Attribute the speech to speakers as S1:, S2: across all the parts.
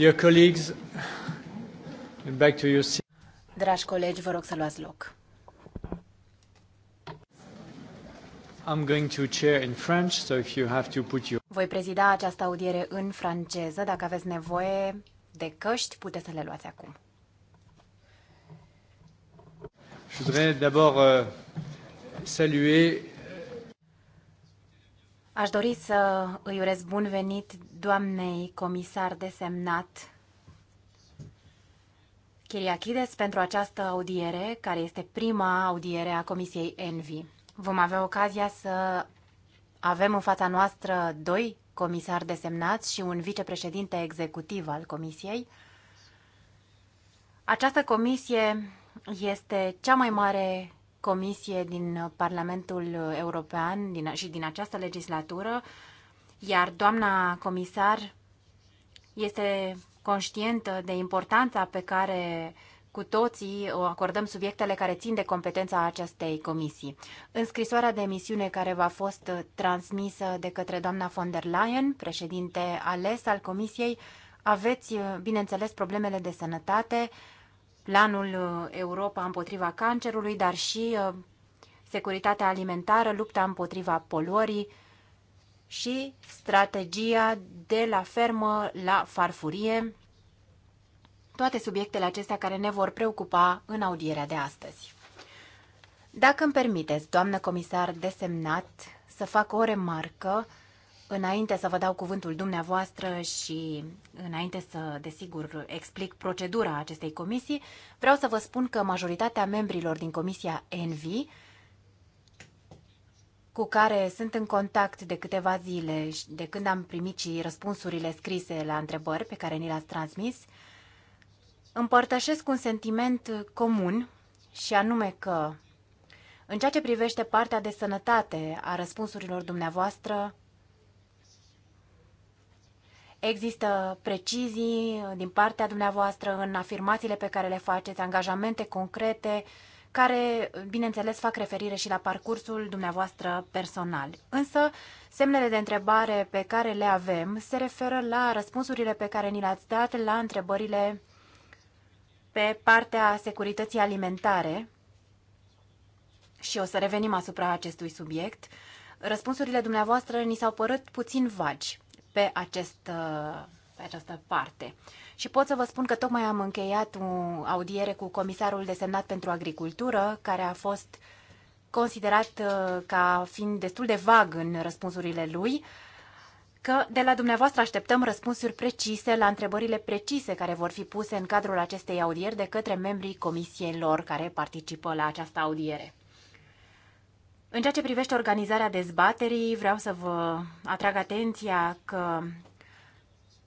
S1: Dear colleagues, back to your seat.
S2: Dragi colegi, vă rog să luați loc. I'm going to chair in French, so if you have to put your... Voi prezida această audiere în franceză. Dacă aveți nevoie de căști, puteți să le luați acum.
S1: Je voudrais d'abord euh, saluer
S2: Aș dori să îi urez bun venit doamnei comisar desemnat Chiriachides pentru această audiere, care este prima audiere a Comisiei Envi. Vom avea ocazia să avem în fața noastră doi comisari desemnați și un vicepreședinte executiv al Comisiei. Această comisie este cea mai mare comisie din Parlamentul European din, și din această legislatură, iar doamna comisar este conștientă de importanța pe care cu toții o acordăm subiectele care țin de competența acestei comisii. În scrisoarea de emisiune care v-a fost transmisă de către doamna von der Leyen, președinte ales al comisiei, aveți, bineînțeles, problemele de sănătate, planul uh, Europa împotriva cancerului, dar și uh, securitatea alimentară, lupta împotriva poluării și strategia de la fermă la farfurie, toate subiectele acestea care ne vor preocupa în audierea de astăzi. Dacă îmi permiteți, doamnă comisar desemnat, să fac o remarcă Înainte să vă dau cuvântul dumneavoastră și înainte să, desigur, explic procedura acestei comisii, vreau să vă spun că majoritatea membrilor din Comisia ENVI cu care sunt în contact de câteva zile de când am primit și răspunsurile scrise la întrebări pe care ni le-ați transmis, împărtășesc un sentiment comun și anume că, în ceea ce privește partea de sănătate a răspunsurilor dumneavoastră, Există precizii din partea dumneavoastră în afirmațiile pe care le faceți, angajamente concrete, care, bineînțeles, fac referire și la parcursul dumneavoastră personal. Însă, semnele de întrebare pe care le avem se referă la răspunsurile pe care ni le-ați dat la întrebările pe partea securității alimentare și o să revenim asupra acestui subiect. Răspunsurile dumneavoastră ni s-au părut puțin vagi pe, acest, uh, pe această parte. Și pot să vă spun că tocmai am încheiat o audiere cu comisarul desemnat pentru agricultură, care a fost considerat uh, ca fiind destul de vag în răspunsurile lui, că de la dumneavoastră așteptăm răspunsuri precise la întrebările precise care vor fi puse în cadrul acestei audieri de către membrii comisiei lor care participă la această audiere. În ceea ce privește organizarea dezbaterii, vreau să vă atrag atenția că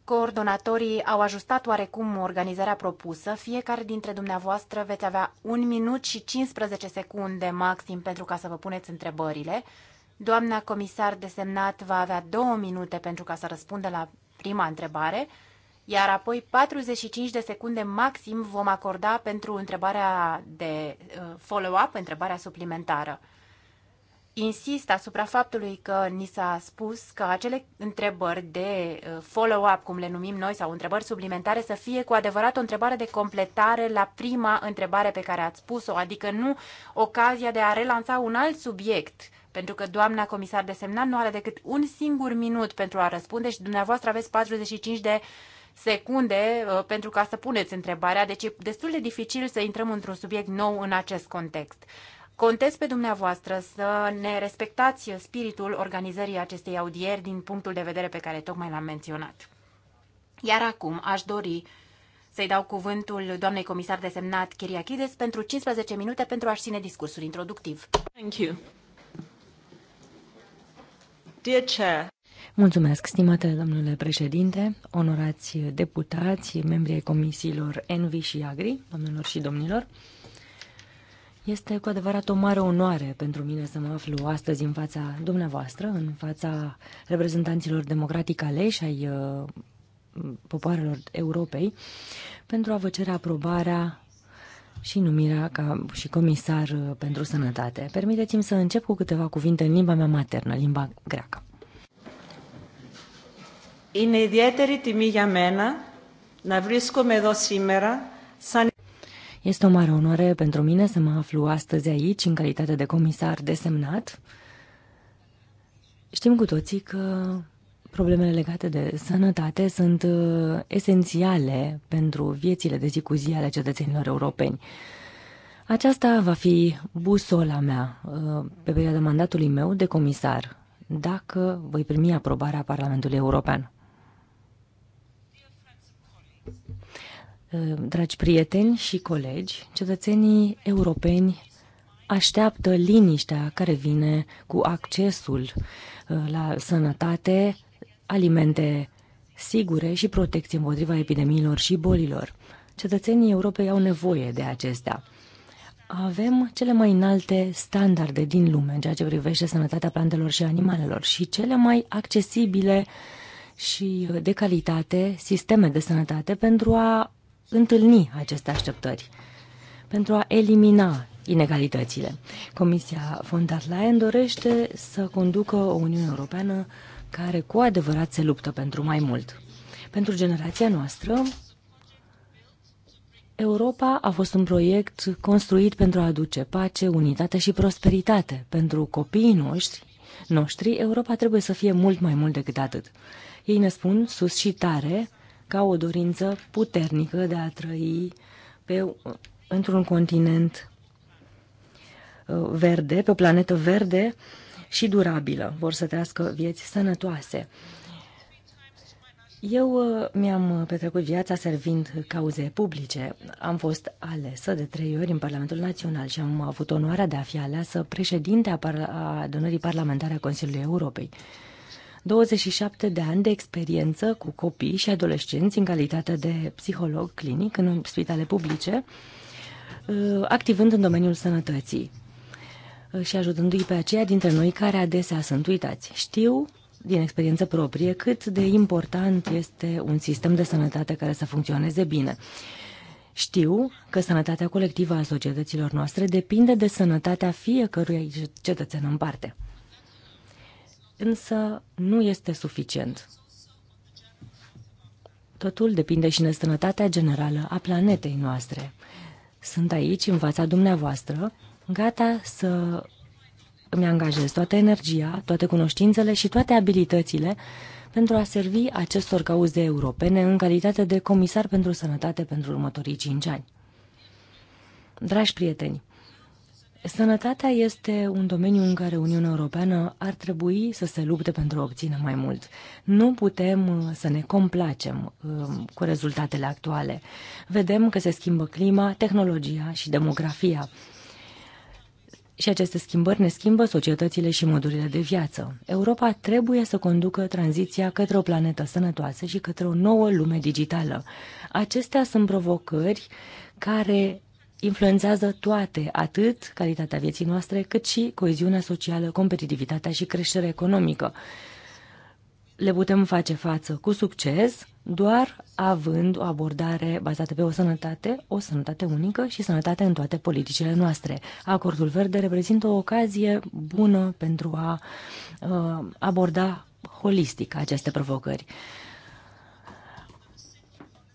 S2: coordonatorii au ajustat oarecum organizarea propusă. Fiecare dintre dumneavoastră veți avea un minut și 15 secunde maxim pentru ca să vă puneți întrebările. Doamna comisar desemnat va avea două minute pentru ca să răspundă la prima întrebare, iar apoi 45 de secunde maxim vom acorda pentru întrebarea de uh, follow-up, întrebarea suplimentară insist asupra faptului că ni s-a spus că acele întrebări de uh, follow-up, cum le numim noi, sau întrebări suplimentare, să fie cu adevărat o întrebare de completare la prima întrebare pe care ați spus-o, adică nu ocazia de a relansa un alt subiect pentru că doamna comisar de semnat nu are decât un singur minut pentru a răspunde și dumneavoastră aveți 45 de secunde uh, pentru ca să puneți întrebarea, deci e destul de dificil să intrăm într-un subiect nou în acest context. Contez pe dumneavoastră să ne respectați spiritul organizării acestei audieri din punctul de vedere pe care tocmai l-am menționat. Iar acum aș dori să-i dau cuvântul doamnei comisar desemnat Chiriachides pentru 15 minute pentru a-și ține discursul introductiv. Thank you. Dear Chair,
S3: Mulțumesc, stimate domnule președinte, onorați deputați, membrii comisiilor Envi și Agri, domnilor și domnilor. Este cu adevărat o mare onoare pentru mine să mă aflu astăzi în fața dumneavoastră, în fața reprezentanților democratic aleși ai uh, popoarelor Europei, pentru a vă cere aprobarea și numirea ca și comisar uh, pentru sănătate. Permiteți-mi să încep cu câteva cuvinte în limba mea maternă, limba greacă. Είναι ιδιαίτερη τιμή για μένα να βρίσκομαι εδώ σήμερα σαν este o mare onoare pentru mine să mă aflu astăzi aici, în calitate de comisar desemnat. Știm cu toții că problemele legate de sănătate sunt uh, esențiale pentru viețile de zi cu zi ale cetățenilor europeni. Aceasta va fi busola mea uh, pe perioada mandatului meu de comisar, dacă voi primi aprobarea Parlamentului European. Ehm, dragi prieteni și colegi, cetățenii europeni așteaptă liniștea care vine cu accesul eh, la sănătate, alimente sigure și protecție împotriva epidemiilor și bolilor. Cetățenii Europei au nevoie de acestea. Avem cele mai înalte standarde din lume în ceea ce privește sănătatea plantelor și animalelor și cele mai accesibile și de calitate sisteme de sănătate pentru a întâlni aceste așteptări, pentru a elimina inegalitățile. Comisia von der Leyen dorește să conducă o Uniune Europeană care cu adevărat se luptă pentru mai mult. Pentru generația noastră, Europa a fost un proiect construit pentru a aduce pace, unitate și prosperitate. Pentru copiii noștri, noștri, Europa trebuie să fie mult mai mult decât atât. Ei ne spun sus și tare ca o dorință puternică de a trăi pe, într-un continent uh, verde, pe o planetă verde și durabilă. Vor să trăiască vieți sănătoase. Eu uh, mi-am petrecut viața servind cauze publice. Am fost alesă de trei ori în Parlamentul Național și am avut onoarea de a fi aleasă președinte a, a adunării parlamentare a Consiliului Europei. 27 de ani de experiență cu copii și adolescenți în calitate de psiholog clinic în spitale publice, uh, activând în domeniul sănătății uh, și ajutându-i pe aceia dintre noi care adesea sunt uitați. Știu din experiență proprie cât de important este un sistem de sănătate care să funcționeze bine. Știu că sănătatea colectivă a societăților noastre depinde de sănătatea fiecărui cetățean în parte însă nu este suficient. Totul depinde și de sănătatea generală a planetei noastre. Sunt aici, în fața dumneavoastră, gata să îmi angajez toată energia, toate cunoștințele și toate abilitățile pentru a servi acestor cauze europene în calitate de comisar pentru sănătate pentru următorii 5 ani. Dragi prieteni, Sănătatea este un domeniu în care Uniunea Europeană ar trebui să se lupte pentru a obține mai mult. Nu putem uh, să ne complacem um, cu rezultatele actuale. Vedem că se schimbă clima, tehnologia și demografia. Și aceste schimbări ne schimbă societățile și modurile de viață. Europa trebuie să conducă tranziția către o planetă sănătoasă și către o nouă lume digitală. Acestea sunt provocări care influențează toate, atât calitatea vieții noastre, cât și coeziunea socială, competitivitatea și creșterea economică. Le putem face față cu succes doar având o abordare bazată pe o sănătate, o sănătate unică și sănătate în toate politicile noastre. Acordul verde reprezintă o ocazie bună pentru a uh, aborda holistic aceste provocări.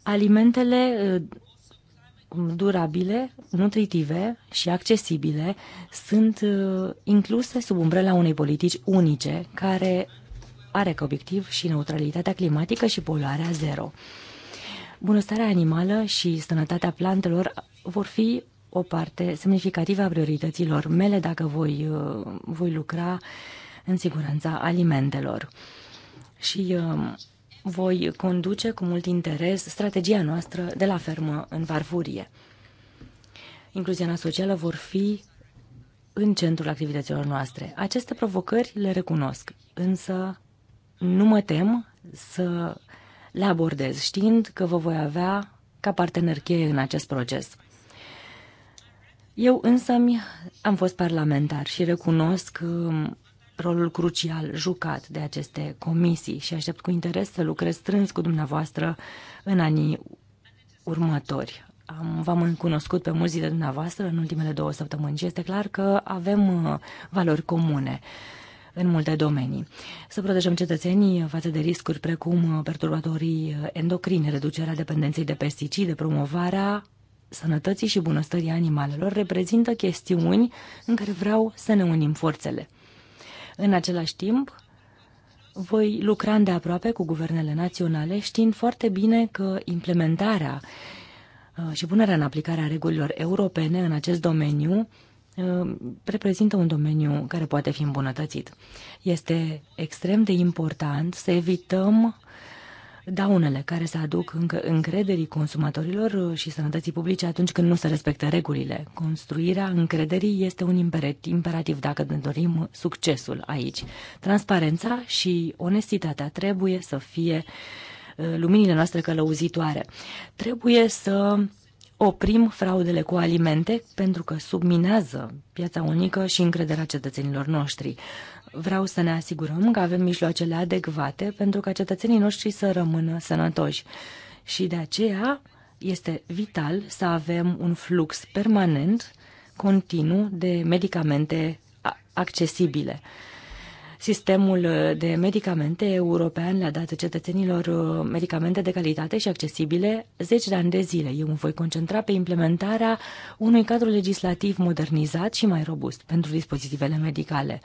S3: Alimentele uh, durabile, nutritive și accesibile sunt uh, incluse sub umbrela unei politici unice care are ca obiectiv și neutralitatea climatică și poluarea zero. Bunăstarea animală și sănătatea plantelor vor fi o parte semnificativă a priorităților mele dacă voi, uh, voi lucra în siguranța alimentelor. Și um, voi conduce cu mult interes strategia noastră de la fermă în varfurie. Incluziunea socială vor fi în centrul activităților noastre. Aceste provocări le recunosc, însă nu mă tem să le abordez, știind că vă voi avea ca partener cheie în acest proces. Eu însă am fost parlamentar și recunosc um, rolul crucial jucat de aceste comisii și aștept cu interes să lucrez strâns cu dumneavoastră în anii următori. Am, v-am cunoscut pe mulți de dumneavoastră în ultimele două săptămâni și este clar că avem uh, valori comune în multe domenii. Să protejăm cetățenii față de riscuri precum uh, perturbatorii endocrine, reducerea dependenței de pesticide, promovarea sănătății și bunăstării animalelor reprezintă chestiuni în care vreau să ne unim forțele. În același timp, voi lucra îndeaproape cu guvernele naționale, știind foarte bine că implementarea uh, și punerea în aplicare a regulilor europene în acest domeniu uh, reprezintă un domeniu care poate fi îmbunătățit. Este extrem de important să evităm daunele care se aduc încă încrederii consumatorilor și sănătății publice atunci când nu se respectă regulile. Construirea încrederii este un imperativ dacă ne dorim succesul aici. Transparența și onestitatea trebuie să fie uh, luminile noastre călăuzitoare. Trebuie să oprim fraudele cu alimente pentru că subminează piața unică și încrederea cetățenilor noștri vreau să ne asigurăm că avem mijloacele adecvate pentru ca cetățenii noștri să rămână sănătoși. Și de aceea este vital să avem un flux permanent, continuu de medicamente accesibile. Sistemul uh, de medicamente european le-a dat cetățenilor uh, medicamente de calitate și accesibile zeci de ani de zile. Eu mă voi concentra pe implementarea unui cadru legislativ modernizat și mai robust pentru dispozitivele medicale.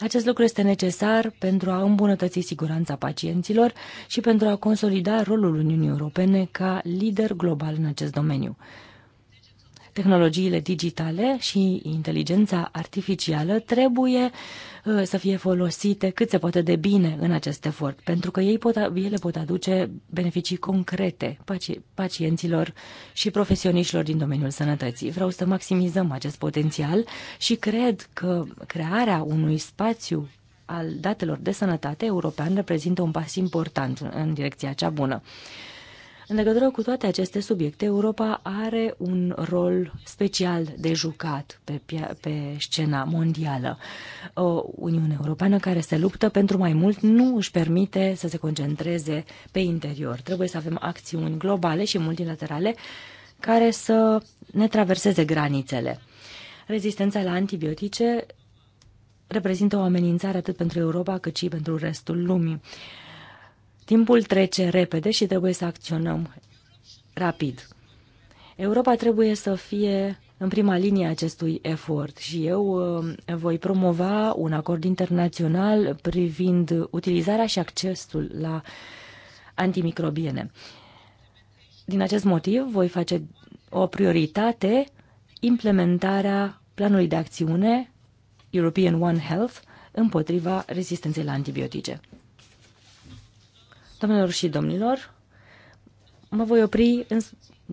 S3: Acest lucru este necesar pentru a îmbunătăți siguranța pacienților și pentru a consolida rolul Uniunii Europene ca lider global în acest domeniu tehnologiile digitale și inteligența artificială trebuie uh, să fie folosite cât se poate de bine în acest efort, pentru că ei pot, ele pot aduce beneficii concrete pacienților și profesioniștilor din domeniul sănătății. Vreau să maximizăm acest potențial și cred că crearea unui spațiu al datelor de sănătate european reprezintă un pas important în direcția cea bună. În legătură cu toate aceste subiecte, Europa are un rol special de jucat pe, pe scena mondială. O Uniune Europeană care se luptă pentru mai mult nu își permite să se concentreze pe interior. Trebuie să avem acțiuni globale și multilaterale care să ne traverseze granițele. Rezistența la antibiotice reprezintă o amenințare atât pentru Europa cât și pentru restul lumii. Uh, Timpul trece repede și trebuie să acționăm rapid. Europa trebuie să fie în prima linie acestui efort și eu uh, voi promova un acord internațional privind utilizarea și accesul la antimicrobiene. Din acest motiv voi face o prioritate implementarea planului de acțiune European One Health împotriva rezistenței la antibiotice. Doamnelor și domnilor, mă voi opri în,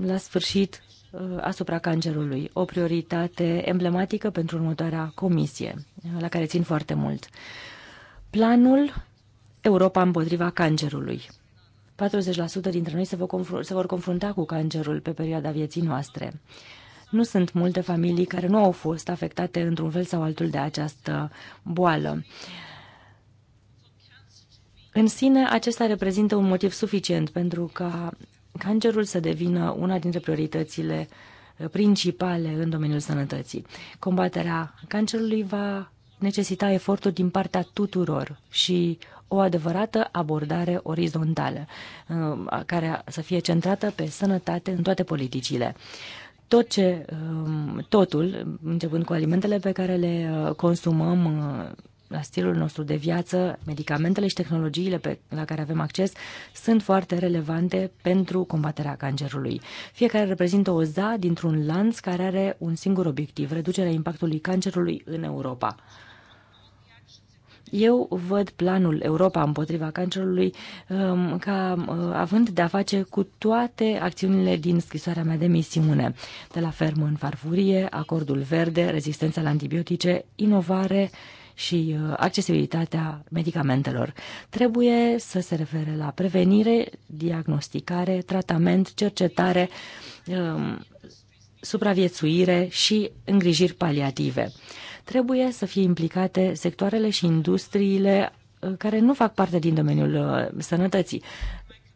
S3: la sfârșit uh, asupra cancerului, o prioritate emblematică pentru următoarea comisie, uh, la care țin foarte mult. Planul Europa împotriva cancerului. 40% dintre noi se vor, se vor confrunta cu cancerul pe perioada vieții noastre. Nu sunt multe familii care nu au fost afectate într-un fel sau altul de această boală. În sine, acesta reprezintă un motiv suficient pentru ca cancerul să devină una dintre prioritățile uh, principale în domeniul sănătății. Combaterea cancerului va necesita eforturi din partea tuturor și o adevărată abordare orizontală, uh, care să fie centrată pe sănătate în toate politicile. Tot ce, um, totul, începând cu alimentele pe care le uh, consumăm la stilul nostru de viață, medicamentele și tehnologiile pe, la care avem acces sunt foarte relevante pentru combaterea cancerului. Fiecare reprezintă o za dintr-un lanț care are un singur obiectiv, reducerea impactului cancerului în Europa. Eu văd planul Europa împotriva cancerului um, ca uh, având de-a face cu toate acțiunile din scrisoarea mea de misiune. De la fermă în farfurie, acordul verde, rezistența la antibiotice, inovare, uh, și uh, accesibilitatea medicamentelor. Trebuie să se refere la prevenire, diagnosticare, tratament, cercetare, um, supraviețuire și îngrijiri paliative. Trebuie să fie implicate sectoarele și industriile uh, care nu fac parte din domeniul uh, sănătății,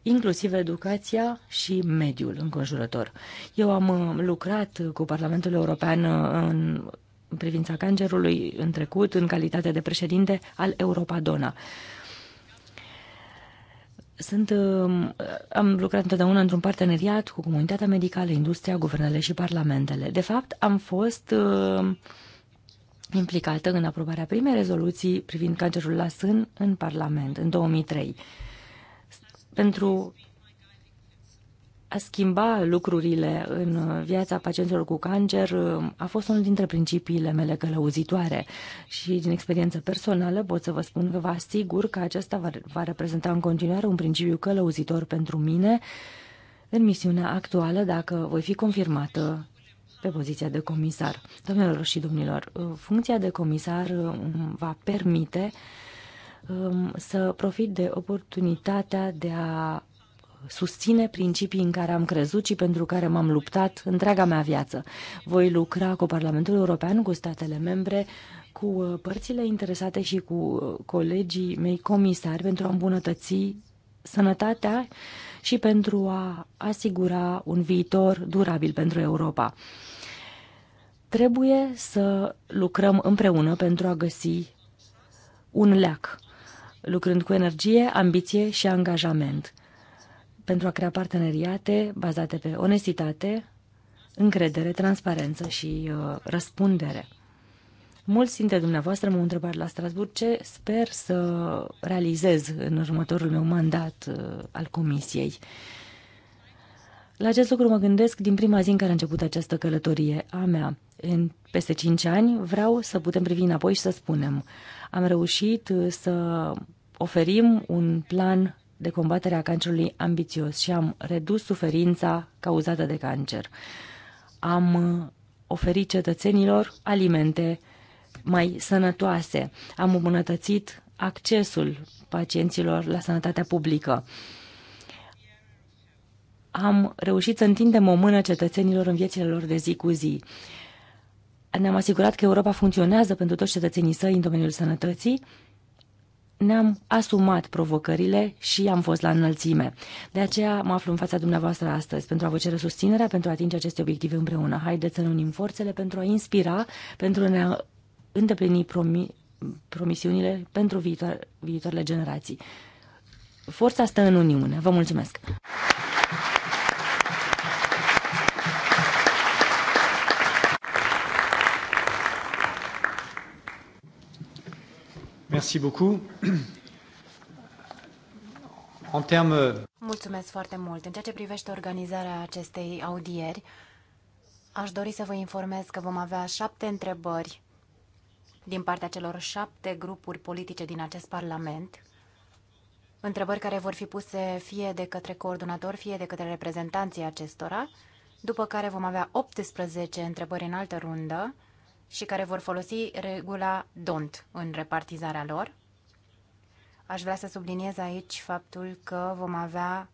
S3: inclusiv educația și mediul înconjurător. Eu am lucrat cu Parlamentul European în în privința cancerului în trecut, în calitate de președinte al Europadona. Sunt, um, am lucrat întotdeauna într-un parteneriat cu comunitatea medicală, industria, guvernele și parlamentele. De fapt, am fost um, implicată în aprobarea primei rezoluții privind cancerul la sân în Parlament, în 2003. Pentru a schimba lucrurile în viața pacienților cu cancer a fost unul dintre principiile mele călăuzitoare și din experiență personală pot să vă spun că vă asigur că acesta va, va reprezenta în continuare un principiu călăuzitor pentru mine în misiunea actuală dacă voi fi confirmată pe poziția de comisar. domnilor și domnilor, funcția de comisar um, va permite um, să profit de oportunitatea de a susține principii în care am crezut și pentru care m-am luptat întreaga mea viață. Voi lucra cu Parlamentul European, cu statele membre, cu uh, părțile interesate și cu uh, colegii mei comisari pentru a îmbunătăți sănătatea și pentru a asigura un viitor durabil pentru Europa. Trebuie să lucrăm împreună pentru a găsi un leac, lucrând cu energie, ambiție și angajament pentru a crea parteneriate bazate pe onestitate, încredere, transparență și uh, răspundere. Mulți dintre dumneavoastră m-au întrebat la Strasburg ce sper să realizez în următorul meu mandat uh, al Comisiei. La acest lucru mă gândesc din prima zi în care a început această călătorie a mea. În peste cinci ani vreau să putem privi înapoi și să spunem am reușit uh, să oferim un plan de combatere a cancerului ambițios și am redus suferința cauzată de cancer. Am uh, oferit cetățenilor alimente mai sănătoase. Am îmbunătățit accesul pacienților la sănătatea publică. Am reușit să întindem o mână cetățenilor în viețile lor de zi cu zi. Ne-am asigurat că Europa funcționează pentru toți cetățenii săi în domeniul sănătății ne-am asumat provocările și am fost la înălțime. De aceea mă aflu în fața dumneavoastră astăzi pentru a vă cere susținerea pentru a atinge aceste obiective împreună. Haideți să ne unim forțele pentru a inspira, pentru a ne îndeplini promi- promisiunile pentru viitoare, viitoarele generații. Forța stă în Uniune. Vă mulțumesc!
S1: Merci beaucoup. În termen...
S2: Mulțumesc foarte mult. În ceea ce privește organizarea acestei audieri, aș dori să vă informez că vom avea șapte întrebări din partea celor șapte grupuri politice din acest Parlament, întrebări care vor fi puse fie de către coordonator, fie de către reprezentanții acestora, după care vom avea 18 întrebări în altă rundă, și care vor folosi regula DONT în repartizarea lor. Aș vrea să subliniez aici faptul că vom avea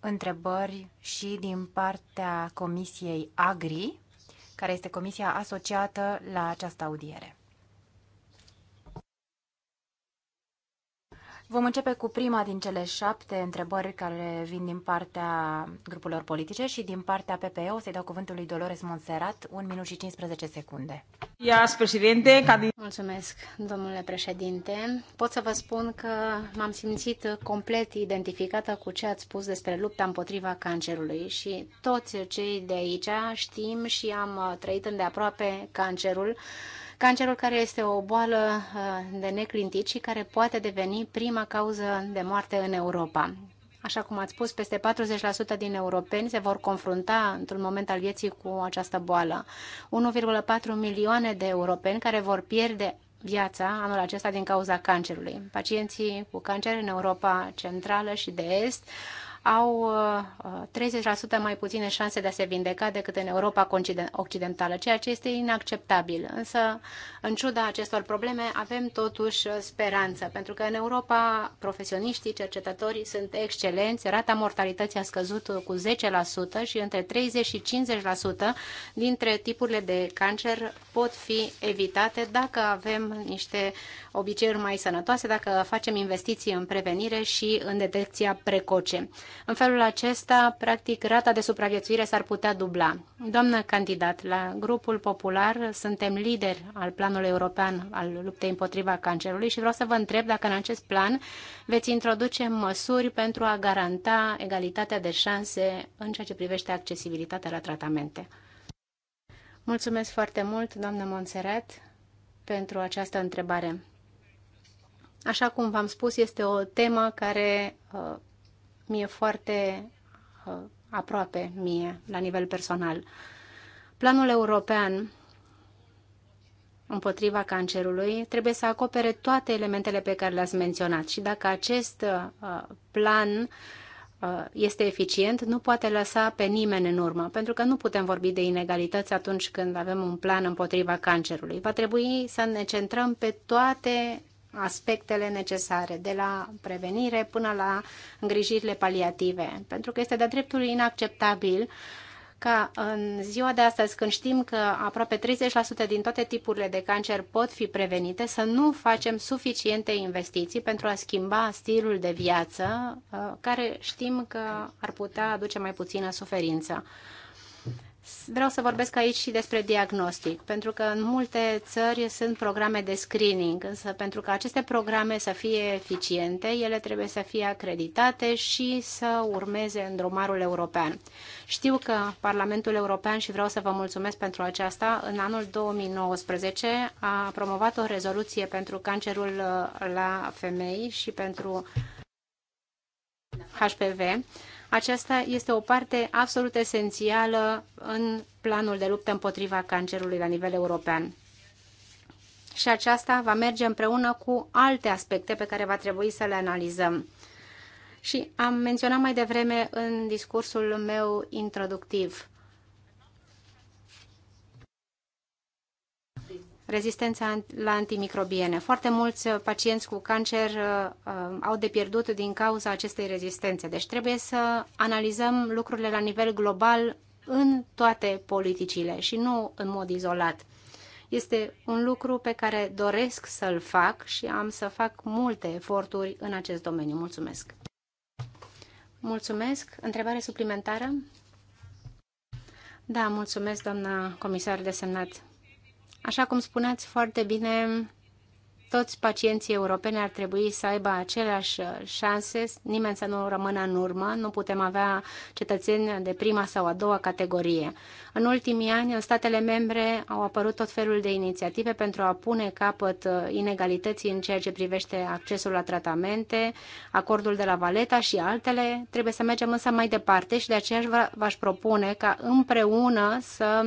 S2: întrebări și din partea Comisiei AGRI, care este comisia asociată la această audiere. Vom începe cu prima din cele șapte întrebări care vin din partea grupurilor politice și din partea PPE. O să-i dau cuvântul lui Dolores Monserrat, un minut și 15 secunde.
S4: Ias, președinte, Mulțumesc, domnule președinte. Pot să vă spun că m-am simțit complet identificată cu ce ați spus despre lupta împotriva cancerului și toți cei de aici știm și am trăit îndeaproape cancerul Cancerul care este o boală uh, de neclintit și care poate deveni prima cauză de moarte în Europa. Așa cum ați spus, peste 40% din europeni se vor confrunta într-un moment al vieții cu această boală. 1,4 milioane de europeni care vor pierde viața anul acesta din cauza cancerului. Pacienții cu cancer în Europa Centrală și de Est au 30% uh, uh, mai puține șanse de a se vindeca decât în Europa Occidentală, ceea ce este inacceptabil. Însă, în ciuda acestor probleme, avem totuși speranță, pentru că în Europa profesioniștii, cercetătorii sunt excelenți, rata mortalității a scăzut cu 10% și între 30 și 50% dintre tipurile de cancer pot fi evitate dacă avem niște obiceiuri mai sănătoase, dacă facem investiții în prevenire și în detecția precoce. În felul acesta, practic, rata de supraviețuire s-ar putea dubla. Doamnă candidat, la grupul popular suntem lider al planului european al luptei împotriva cancerului și vreau să vă întreb dacă în acest plan veți introduce măsuri pentru a garanta egalitatea de șanse în ceea ce privește accesibilitatea la tratamente. Mulțumesc foarte mult, doamnă Monserrat, pentru această întrebare. Așa cum v-am spus, este o temă care uh, mie foarte uh, aproape mie, la nivel personal. Planul european împotriva cancerului trebuie să acopere toate elementele pe care le-ați menționat și dacă acest uh, plan uh, este eficient, nu poate lăsa pe nimeni în urmă, pentru că nu putem vorbi de inegalități atunci când avem un plan împotriva cancerului. Va trebui să ne centrăm pe toate aspectele necesare, de la prevenire până la îngrijirile paliative, pentru că este de-a dreptul inacceptabil ca în ziua de astăzi, când știm că aproape 30% din toate tipurile de cancer pot fi prevenite, să nu facem suficiente investiții pentru a schimba stilul de viață, uh, care știm că ar putea aduce mai puțină suferință. Vreau să vorbesc aici și despre diagnostic, pentru că în multe țări sunt programe de screening, însă pentru că aceste programe să fie eficiente, ele trebuie să fie acreditate și să urmeze în drumarul european. Știu că Parlamentul European, și vreau să vă mulțumesc pentru aceasta, în anul 2019 a promovat o rezoluție pentru cancerul uh, la femei și pentru HPV aceasta este o parte absolut esențială în planul de luptă împotriva cancerului la nivel european. Și aceasta va merge împreună cu alte aspecte pe care va trebui să le analizăm. Și am menționat mai devreme în discursul meu introductiv rezistența la antimicrobiene. Foarte mulți uh, pacienți cu cancer uh, uh, au de pierdut din cauza acestei rezistențe. Deci trebuie să analizăm lucrurile la nivel global în toate politicile și nu în mod izolat. Este un lucru pe care doresc să-l fac și am să fac multe eforturi în acest domeniu. Mulțumesc! Mulțumesc! Întrebare suplimentară? Da, mulțumesc, doamna comisar desemnat. Așa cum spuneați foarte bine, toți pacienții europeni ar trebui să aibă aceleași șanse, nimeni să nu rămână în urmă, nu putem avea cetățeni de prima sau a doua categorie. În ultimii ani, în statele membre au apărut tot felul de inițiative pentru a pune capăt inegalității în ceea ce privește accesul la tratamente, acordul de la Valeta și altele. Trebuie să mergem însă mai departe și de aceea v-aș propune ca împreună să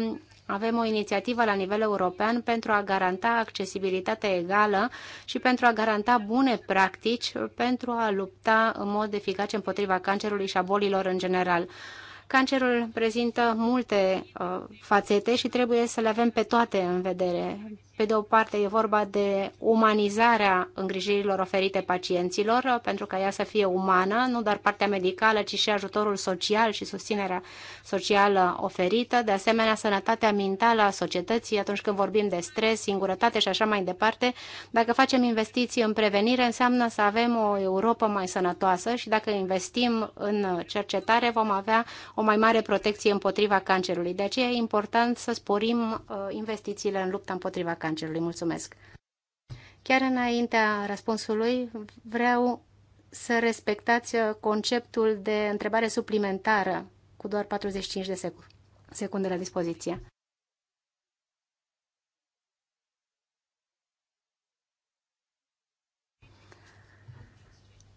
S4: avem o inițiativă la nivel european pentru a garanta accesibilitatea egală și pentru a garanta bune practici pentru a lupta în mod eficace împotriva cancerului și a bolilor în general. Cancerul prezintă multe uh, fațete și trebuie să le avem pe toate în vedere pe de o parte e vorba de umanizarea îngrijirilor oferite pacienților, uh, pentru ca ea să fie umană, nu doar partea medicală, ci și ajutorul social și susținerea socială oferită, de asemenea sănătatea mentală a societății atunci când vorbim de stres, singurătate și așa mai departe. Dacă facem investiții în prevenire, înseamnă să avem o Europa mai sănătoasă și dacă investim în cercetare, vom avea o mai mare protecție împotriva cancerului. De aceea e important să sporim uh, investițiile în lupta împotriva cancerului cancerului. Mulțumesc! Chiar înaintea răspunsului vreau să respectați uh, conceptul de întrebare suplimentară cu doar 45 de secunde la dispoziție.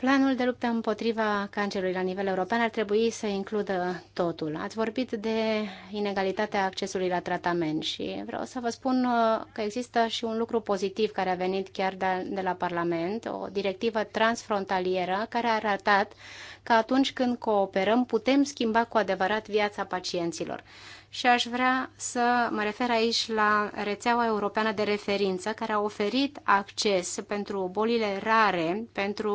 S4: Planul de luptă împotriva cancerului la nivel european ar trebui să includă totul. Ați vorbit de inegalitatea accesului la tratament și vreau să vă spun uh, că există și un lucru pozitiv care a venit chiar de, la Parlament, o directivă transfrontalieră care a arătat că atunci când cooperăm putem schimba cu adevărat viața pacienților și aș vrea să mă refer aici la rețeaua europeană de referință care a oferit acces pentru bolile rare, pentru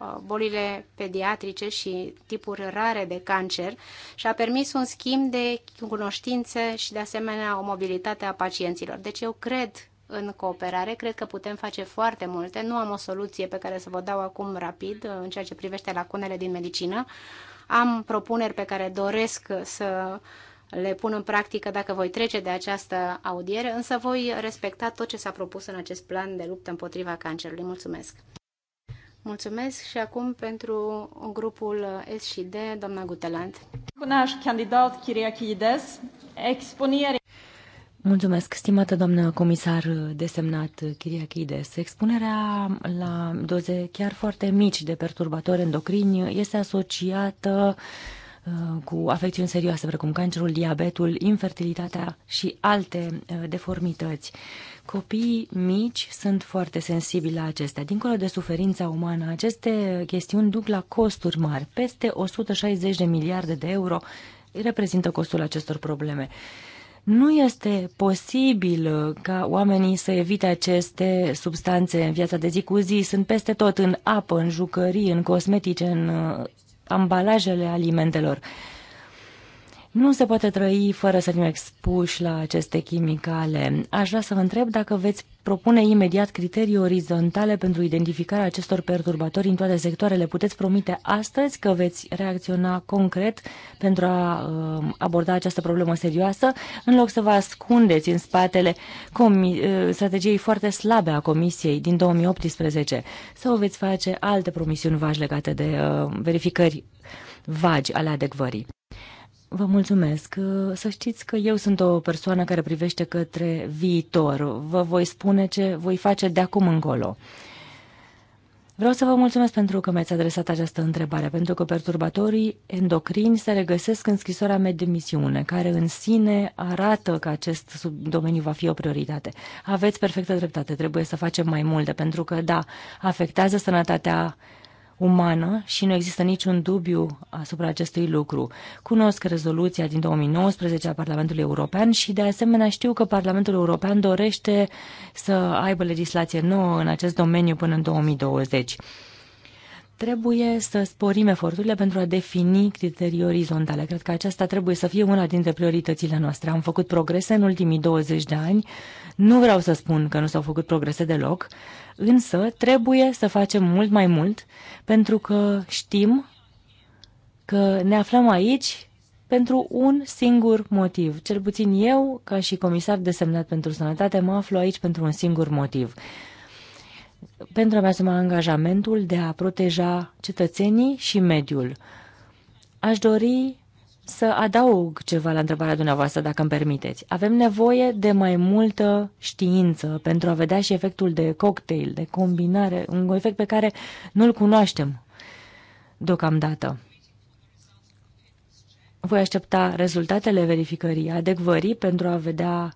S4: uh, bolile pediatrice și tipuri rare de cancer și a permis un schimb de cunoștințe și de asemenea o mobilitate a pacienților. Deci eu cred în cooperare. Cred că putem face foarte multe. Nu am o soluție pe care să vă dau acum rapid uh, în ceea ce privește lacunele din medicină. Am propuneri pe care doresc să le pun în practică dacă voi trece de această audiere, însă voi respecta tot ce s-a propus în acest plan de luptă împotriva cancerului. Mulțumesc! Mulțumesc și acum pentru grupul S și D, doamna Guteland.
S3: candidat Kiriakides, expunere... Mulțumesc, stimată doamnă comisar desemnat Chiriachides. Expunerea la doze chiar foarte mici de perturbatori endocrini este asociată uh, Uh, cu afecțiuni serioase, precum cancerul, diabetul, infertilitatea și alte uh, deformități. Copiii mici sunt foarte sensibili la acestea. Dincolo de suferința umană, aceste chestiuni duc la costuri mari. Peste 160 de miliarde de euro reprezintă costul acestor probleme. Nu este posibil uh, ca oamenii să evite aceste substanțe în viața de zi cu zi. Sunt peste tot, în apă, în jucării, în cosmetice, în ambalajele alimentelor. Nu se poate trăi fără să fim expuși la aceste chimicale. Aș vrea să vă întreb dacă veți propune imediat criterii orizontale pentru identificarea acestor perturbatori în toate sectoarele. Puteți promite astăzi că veți reacționa concret pentru a uh, aborda această problemă serioasă, în loc să vă ascundeți în spatele uh, strategiei foarte slabe a Comisiei din 2018 sau veți face alte promisiuni vagi legate de uh, verificări vagi ale adecvării. Vă mulțumesc. Să știți că eu sunt o persoană care privește către viitor. Vă voi spune ce voi face de acum încolo. Vreau să vă mulțumesc pentru că mi-ați adresat această întrebare, pentru că perturbatorii endocrini se regăsesc în scrisoarea mea de misiune, care în sine arată că acest domeniu va fi o prioritate. Aveți perfectă dreptate, trebuie să facem mai multe, pentru că, da, afectează sănătatea umană și nu există niciun dubiu asupra acestui lucru. Cunosc rezoluția din 2019 a Parlamentului European și de asemenea știu că Parlamentul European dorește să aibă legislație nouă în acest domeniu până în 2020. Trebuie să sporim eforturile pentru a defini criterii orizontale. Cred că aceasta trebuie să fie una dintre prioritățile noastre. Am făcut progrese în ultimii 20 de ani. Nu vreau să spun că nu s-au făcut progrese deloc, însă trebuie să facem mult mai mult pentru că știm că ne aflăm aici pentru un singur motiv. Cel puțin eu, ca și comisar desemnat pentru sănătate, mă aflu aici pentru un singur motiv pentru a-mi asuma angajamentul de a proteja cetățenii și mediul. Aș dori să adaug ceva la întrebarea dumneavoastră, dacă îmi permiteți. Avem nevoie de mai multă știință pentru a vedea și efectul de cocktail, de combinare, un efect pe care nu-l cunoaștem deocamdată. Voi aștepta rezultatele verificării, adecvării, pentru a vedea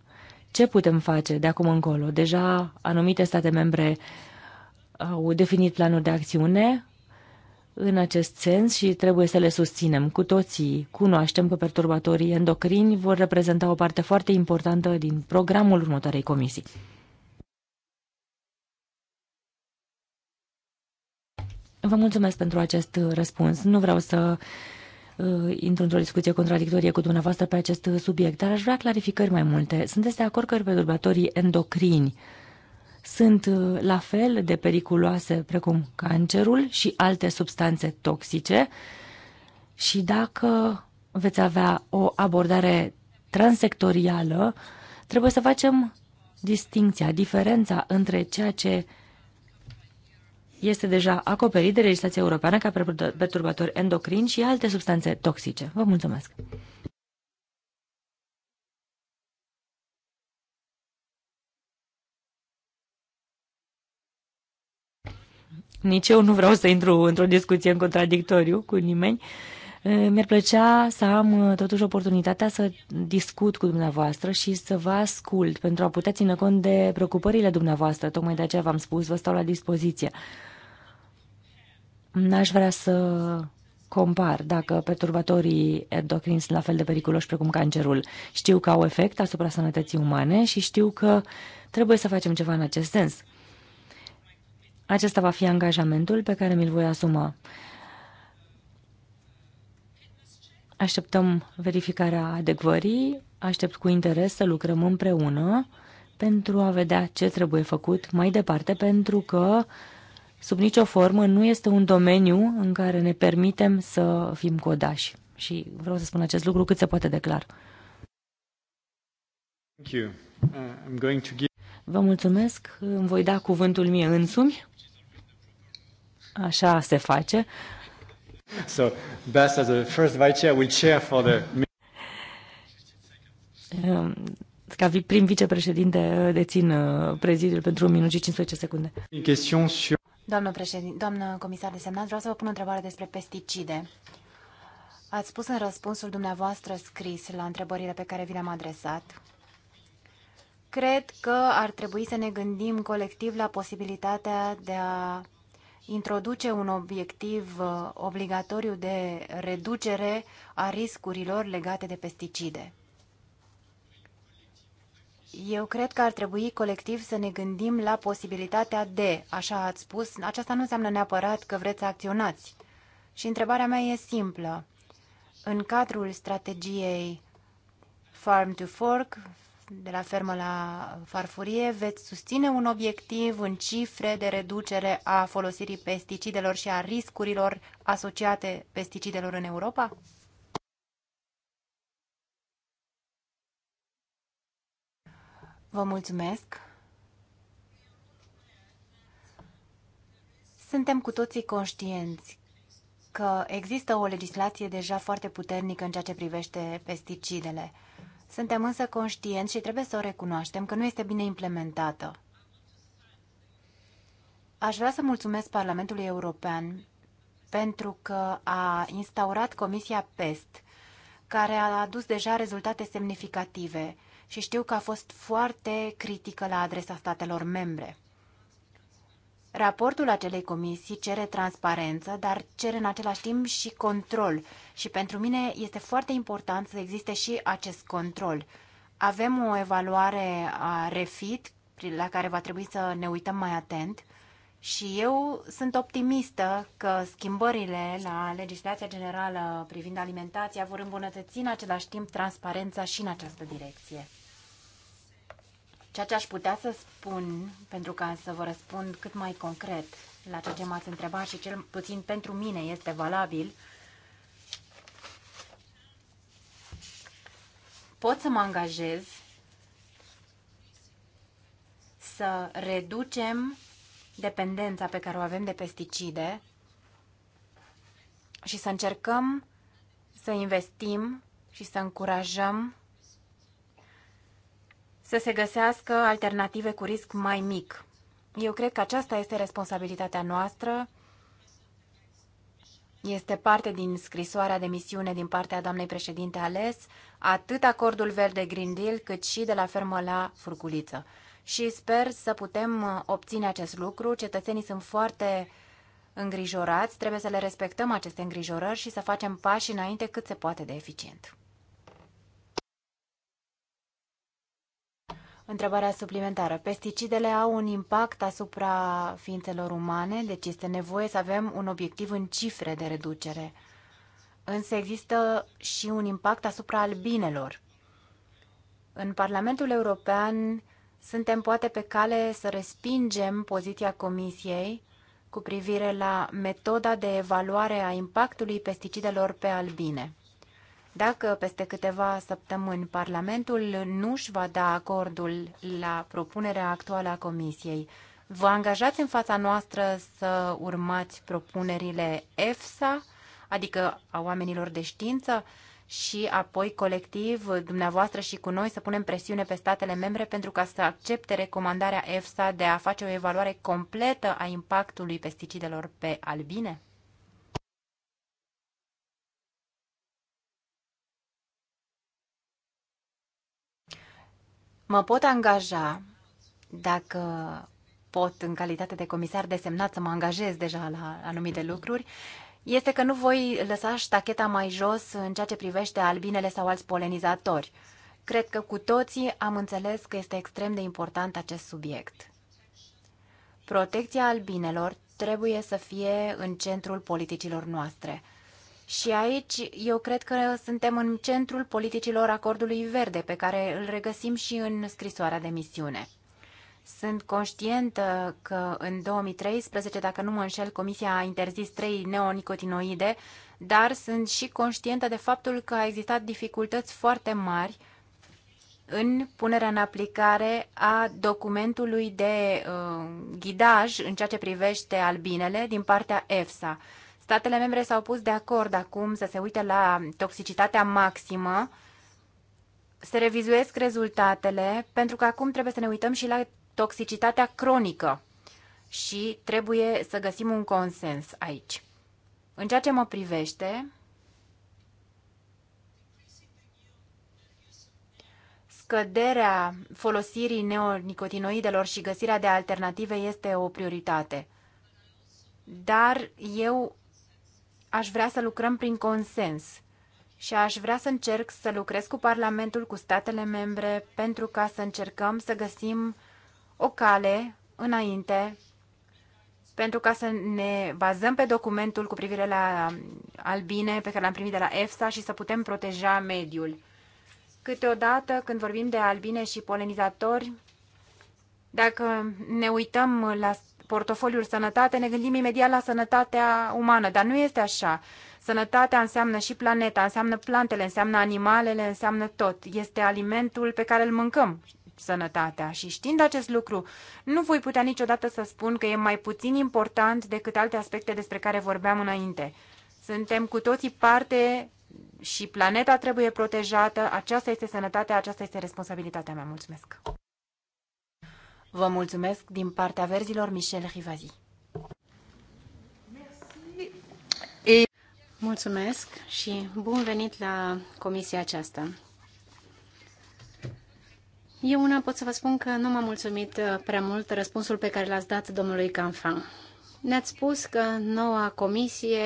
S3: ce putem face de acum încolo. Deja anumite state membre au definit planuri de acțiune în acest sens și trebuie să le susținem. Cu toții cunoaștem că perturbatorii endocrini vor reprezenta o parte foarte importantă din programul următoarei comisii. Vă mulțumesc pentru acest răspuns. Nu vreau să uh, intru într-o discuție contradictorie cu dumneavoastră pe acest subiect, dar aș vrea clarificări mai multe. Sunteți de acord că perturbatorii endocrini uh, sunt uh, la fel de periculoase precum cancerul și alte substanțe toxice și dacă veți avea o abordare transectorială, trebuie să facem distinția, diferența între ceea ce este deja acoperit de legislația europeană ca perturbatori endocrini și alte substanțe toxice. Vă mulțumesc! Nici eu nu vreau să intru într-o discuție în contradictoriu cu nimeni. Mi-ar plăcea să am uh, totuși oportunitatea să discut cu dumneavoastră și să vă ascult pentru a putea ține cont de preocupările dumneavoastră. Tocmai de aceea v-am spus, vă stau la dispoziție. N-aș vrea să compar dacă perturbatorii endocrini sunt la fel de periculoși precum cancerul. Știu că au efect asupra sănătății umane și știu că trebuie să facem ceva în acest sens. Acesta va fi angajamentul pe care mi-l voi asuma. Așteptăm verificarea adecvării, aștept cu interes să lucrăm împreună pentru a vedea ce trebuie făcut mai departe, pentru că sub nicio formă nu este un domeniu în care ne permitem să fim codași. Și vreau să spun acest lucru cât se poate de clar.
S2: Uh,
S3: Vă mulțumesc, îmi voi da cuvântul mie însumi. Așa se face.
S1: So, best as a first vice chair, will chair for the...
S3: Ehm, ca prim vicepreședinte uh, dețin uh, prezidiul pentru 1 minut și 15 secunde.
S2: Doamnă, Doamnă comisar de semnat, vreau să vă pun o întrebare despre pesticide. Ați spus în răspunsul dumneavoastră scris la întrebările pe care vi le-am adresat cred că ar trebui să ne gândim colectiv la posibilitatea de a introduce un obiectiv uh, obligatoriu de reducere a riscurilor legate de pesticide. Eu cred că ar trebui colectiv să ne gândim la posibilitatea de, așa ați spus, aceasta nu înseamnă neapărat că vreți să acționați. Și întrebarea mea e simplă. În cadrul strategiei Farm to Fork, de la fermă la farfurie, veți susține un obiectiv în cifre de reducere a folosirii pesticidelor și a riscurilor asociate pesticidelor în Europa? Vă mulțumesc! Suntem cu toții conștienți că există o legislație deja foarte puternică în ceea ce privește pesticidele. Suntem însă conștienți și trebuie să o recunoaștem că nu este bine implementată. Aș vrea să mulțumesc Parlamentului European pentru că a instaurat Comisia PEST, care a adus deja rezultate semnificative și știu că a fost foarte critică la adresa statelor membre. Raportul acelei comisii cere transparență, dar cere în același timp și control. Și pentru mine este foarte important să existe și acest control. Avem o evaluare a refit la care va trebui să ne uităm mai atent și eu sunt optimistă că schimbările la legislația generală privind alimentația vor îmbunătăți în același timp transparența și în această direcție. Ceea ce aș putea să spun, pentru ca să vă răspund cât mai concret la ceea ce m-ați întrebat și cel puțin pentru mine este valabil, pot să mă angajez să reducem dependența pe care o avem de pesticide și să încercăm să investim și să încurajăm să se găsească alternative cu risc mai mic. Eu cred că aceasta este responsabilitatea noastră. Este parte din scrisoarea de misiune din partea doamnei președinte ales, atât acordul verde Green Deal, cât și de la fermă la furculiță. Și sper să putem obține acest lucru. Cetățenii sunt foarte îngrijorați, trebuie să le respectăm aceste îngrijorări și să facem pași înainte cât se poate de eficient. Întrebarea suplimentară. Pesticidele au un impact asupra ființelor umane, deci este nevoie să avem un obiectiv în cifre de reducere. Însă există și un impact asupra albinelor. În Parlamentul European suntem poate pe cale să respingem poziția Comisiei cu privire la metoda de evaluare a impactului pesticidelor pe albine. Dacă peste câteva săptămâni Parlamentul nu își va da acordul la propunerea actuală a Comisiei, vă angajați în fața noastră să urmați propunerile EFSA, adică a oamenilor de știință, și apoi colectiv, dumneavoastră și cu noi, să punem presiune pe statele membre pentru ca să accepte recomandarea EFSA de a face o evaluare completă a impactului pesticidelor pe albine? Mă pot angaja dacă pot, în calitate de comisar desemnat, să mă angajez deja la anumite lucruri, este că nu voi lăsa ștacheta mai jos în ceea ce privește albinele sau alți polenizatori. Cred că cu toții am înțeles că este extrem de important acest subiect. Protecția albinelor trebuie să fie în centrul politicilor noastre – și aici eu cred că suntem în centrul politicilor acordului verde, pe care îl regăsim și în scrisoarea de misiune. Sunt conștientă că în 2013, dacă nu mă înșel, Comisia a interzis trei neonicotinoide, dar sunt și conștientă de faptul că a existat dificultăți foarte mari în punerea în aplicare a documentului de uh, ghidaj în ceea ce privește albinele din partea EFSA. Statele membre s-au pus de acord acum să se uite la toxicitatea maximă, se revizuiesc rezultatele, pentru că acum trebuie să ne uităm și la toxicitatea cronică și trebuie să găsim un consens aici. În ceea ce mă privește, scăderea folosirii neonicotinoidelor și găsirea de alternative este o prioritate. Dar eu aș vrea să lucrăm prin consens și aș vrea să încerc să lucrez cu Parlamentul, cu statele membre, pentru ca să încercăm să găsim o cale înainte, pentru ca să ne bazăm pe documentul cu privire la albine pe care l-am primit de la EFSA și să putem proteja mediul. Câteodată, când vorbim de albine și polenizatori, dacă ne uităm la portofoliul sănătate, ne gândim imediat la sănătatea umană, dar nu este așa. Sănătatea înseamnă și planeta, înseamnă plantele, înseamnă animalele, înseamnă tot. Este alimentul pe care îl mâncăm, sănătatea. Și știind acest lucru, nu voi putea niciodată să spun că e mai puțin important decât alte aspecte despre care vorbeam înainte. Suntem cu toții parte și planeta trebuie protejată. Aceasta este sănătatea, aceasta este responsabilitatea mea. Mulțumesc! Vă mulțumesc din partea verzilor Michel Rivazi. Mulțumesc și bun venit la
S4: comisia aceasta. Eu una pot să vă spun că nu m-a mulțumit uh, prea mult răspunsul pe care l-ați dat domnului Canfan. Ne-ați spus că noua comisie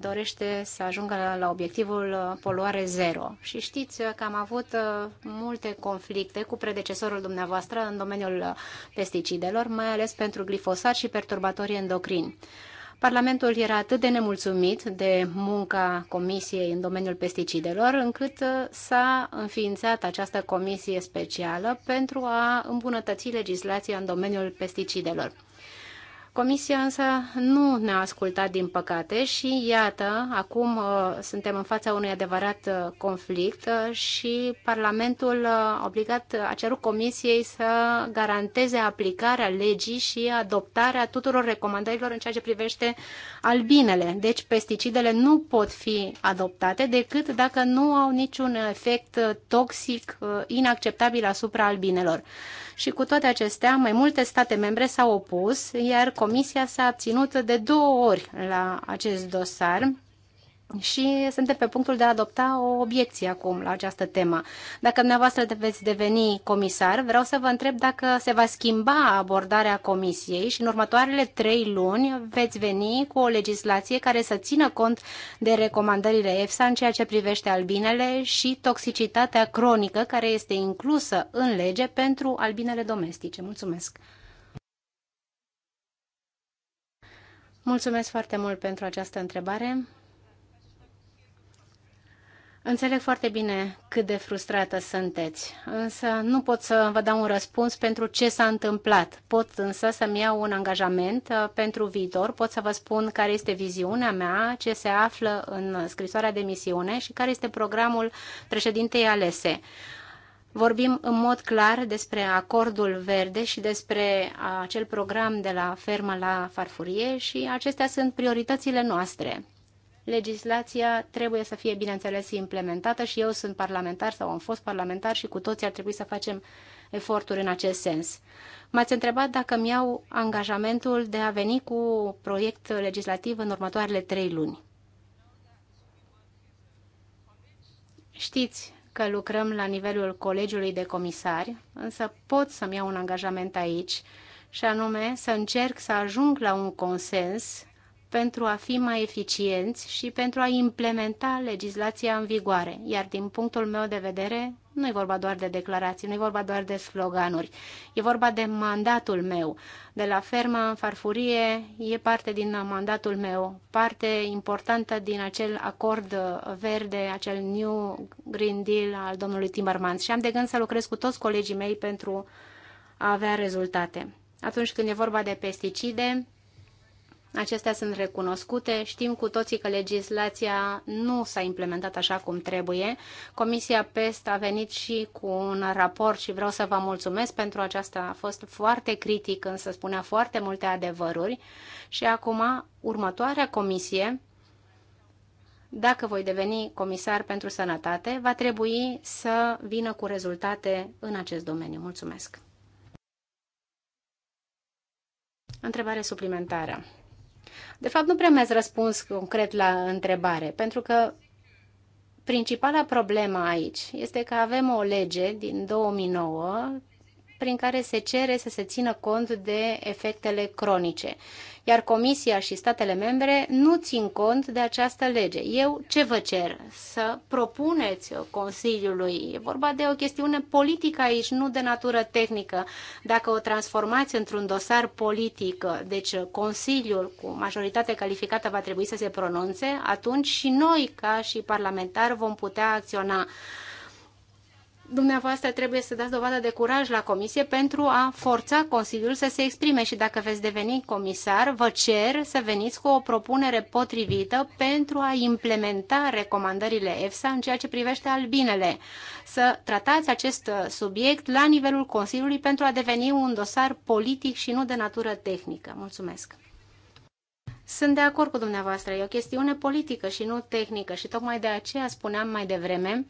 S4: dorește să ajungă la obiectivul uh, poluare zero și știți uh, că am avut uh, multe conflicte cu predecesorul dumneavoastră în domeniul pesticidelor, mai ales pentru glifosat și perturbatorii endocrini. Parlamentul era atât de nemulțumit de munca Comisiei în domeniul pesticidelor, încât s-a înființat această comisie specială pentru a îmbunătăți legislația în domeniul pesticidelor. Comisia însă nu ne-a ascultat, din păcate, și iată, acum uh, suntem în fața unui adevărat uh, conflict uh, și Parlamentul a obligat, a cerut Comisiei să garanteze aplicarea legii și adoptarea tuturor recomandărilor în ceea ce privește albinele. Deci, pesticidele nu pot fi adoptate decât dacă nu au niciun efect toxic inacceptabil asupra albinelor. Și cu toate acestea, mai multe state membre s-au opus, iar Comisia s-a abținut de două ori la acest dosar și suntem pe punctul de a adopta o obiecție acum la această temă. Dacă dumneavoastră veți deveni comisar, vreau să vă întreb dacă se va schimba abordarea comisiei și în următoarele trei luni veți veni cu o legislație care să țină cont de recomandările EFSA în ceea ce privește albinele și toxicitatea cronică care este inclusă în lege pentru albinele domestice. Mulțumesc! Mulțumesc foarte mult pentru această întrebare. Înțeleg foarte bine cât de frustrată sunteți, însă nu pot să vă dau un răspuns pentru ce s-a întâmplat. Pot însă să-mi iau un angajament uh, pentru viitor, pot să vă spun care este viziunea mea, ce se află în scrisoarea de misiune și care este programul președintei alese vorbim în mod clar despre acordul verde și despre acel program de la fermă la farfurie și acestea sunt prioritățile noastre. Legislația trebuie să fie, bineînțeles, implementată și eu sunt parlamentar sau am fost parlamentar și cu toții ar trebui să facem eforturi în acest sens. M-ați întrebat dacă îmi iau angajamentul de a veni cu proiect legislativ în următoarele trei luni. Știți că lucrăm la nivelul colegiului de comisari, însă pot să-mi iau un angajament aici, și anume să încerc să ajung la un consens pentru a fi mai eficienți și pentru a implementa legislația în vigoare. Iar din punctul meu de vedere, nu e vorba doar de declarații, nu e vorba doar de sloganuri. E vorba de mandatul meu. De la fermă în farfurie e parte din mandatul meu, parte importantă din acel acord verde, acel New Green Deal al domnului Timmermans. Și am de gând să lucrez cu toți colegii mei pentru a avea rezultate. Atunci când e vorba de pesticide, Acestea sunt recunoscute. Știm cu toții că legislația nu s-a implementat așa cum trebuie. Comisia PEST a venit și cu un raport și vreau să vă mulțumesc pentru aceasta. A fost foarte critic, însă spunea foarte multe adevăruri. Și acum, următoarea comisie, dacă voi deveni comisar pentru sănătate, va trebui să vină cu rezultate în acest domeniu. Mulțumesc! Întrebare suplimentară. De fapt, nu prea mi-ați răspuns concret la întrebare, pentru că principala problemă aici este că avem o lege din 2009 prin care se cere să se țină cont de efectele cronice. Iar Comisia și statele membre nu țin cont de această lege. Eu ce vă cer? Să propuneți Consiliului. E vorba de o chestiune politică aici, nu de natură tehnică. Dacă o transformați într-un dosar politic, deci Consiliul cu majoritate calificată va trebui să se pronunțe, atunci și noi, ca și parlamentari, vom putea acționa dumneavoastră trebuie să dați dovadă de curaj la comisie pentru a forța Consiliul să se exprime și dacă veți deveni comisar, vă cer să veniți cu o propunere potrivită pentru a implementa recomandările EFSA în ceea ce privește albinele. Să tratați acest subiect la nivelul Consiliului pentru a deveni un dosar politic și nu de natură tehnică. Mulțumesc! Sunt de acord cu dumneavoastră, e o chestiune politică și nu tehnică și tocmai de aceea spuneam mai devreme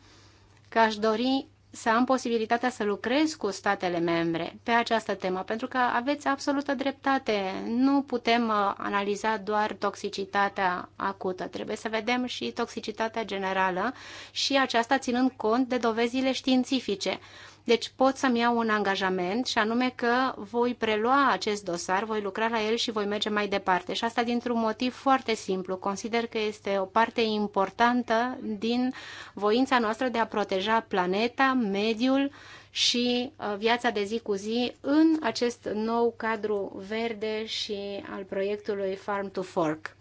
S4: că aș dori să am posibilitatea să lucrez cu statele membre pe această temă, pentru că aveți absolută dreptate. Nu putem uh, analiza doar toxicitatea acută, trebuie să vedem și toxicitatea generală și aceasta ținând cont de dovezile științifice. Deci pot să-mi iau un angajament și anume că voi prelua acest dosar, voi lucra la el și voi merge mai departe. Și asta dintr-un motiv foarte simplu. Consider că este o parte importantă din voința noastră de a proteja planeta, mediul și uh, viața de zi cu zi în acest nou cadru verde și al proiectului Farm to Fork.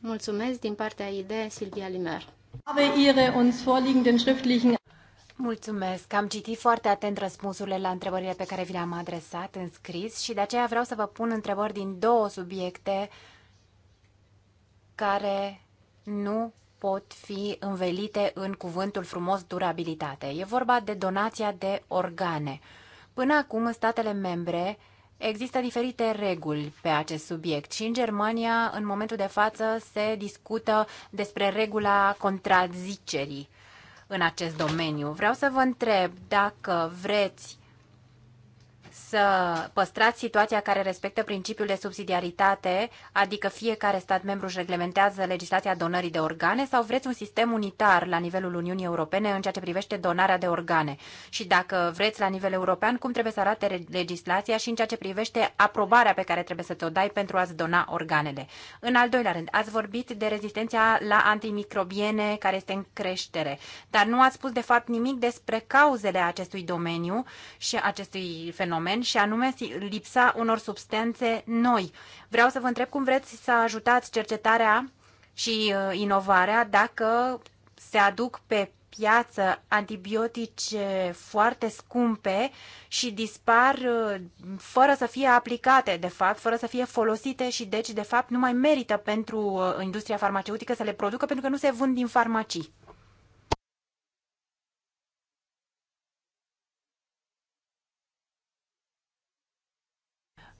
S4: Mulțumesc din partea ID Silvia Limer.
S3: Habe Ihre uns vorliegenden schriftlichen
S2: Mulțumesc. Am citit foarte atent răspunsurile la întrebările pe care vi le-am adresat în scris și de aceea vreau să vă pun întrebări din două subiecte care nu pot fi învelite în cuvântul frumos durabilitate. E vorba de donația de organe. Până acum, în statele membre, Există diferite reguli pe acest subiect și în Germania, în momentul de față, se discută despre regula contrazicerii în acest domeniu. Vreau să vă întreb dacă vreți să păstrați situația care respectă principiul de subsidiaritate, adică fiecare stat membru își reglementează legislația donării de organe, sau vreți un sistem unitar la nivelul Uniunii Europene în ceea ce privește donarea de organe? Și dacă vreți la nivel european, cum trebuie să arate legislația și în ceea ce privește aprobarea pe care trebuie să te-o dai pentru a-ți dona organele? În al doilea rând, ați vorbit de rezistența la antimicrobiene care este în creștere, dar nu ați spus de fapt nimic despre cauzele acestui domeniu și acestui fenomen oameni și anume lipsa unor substanțe noi. Vreau să vă întreb cum vreți să ajutați cercetarea și uh, inovarea dacă se aduc pe piață antibiotice foarte scumpe și dispar uh, fără să fie aplicate, de fapt, fără să fie folosite și deci, de fapt, nu mai merită pentru uh, industria farmaceutică să le producă pentru că nu se vând din farmacii.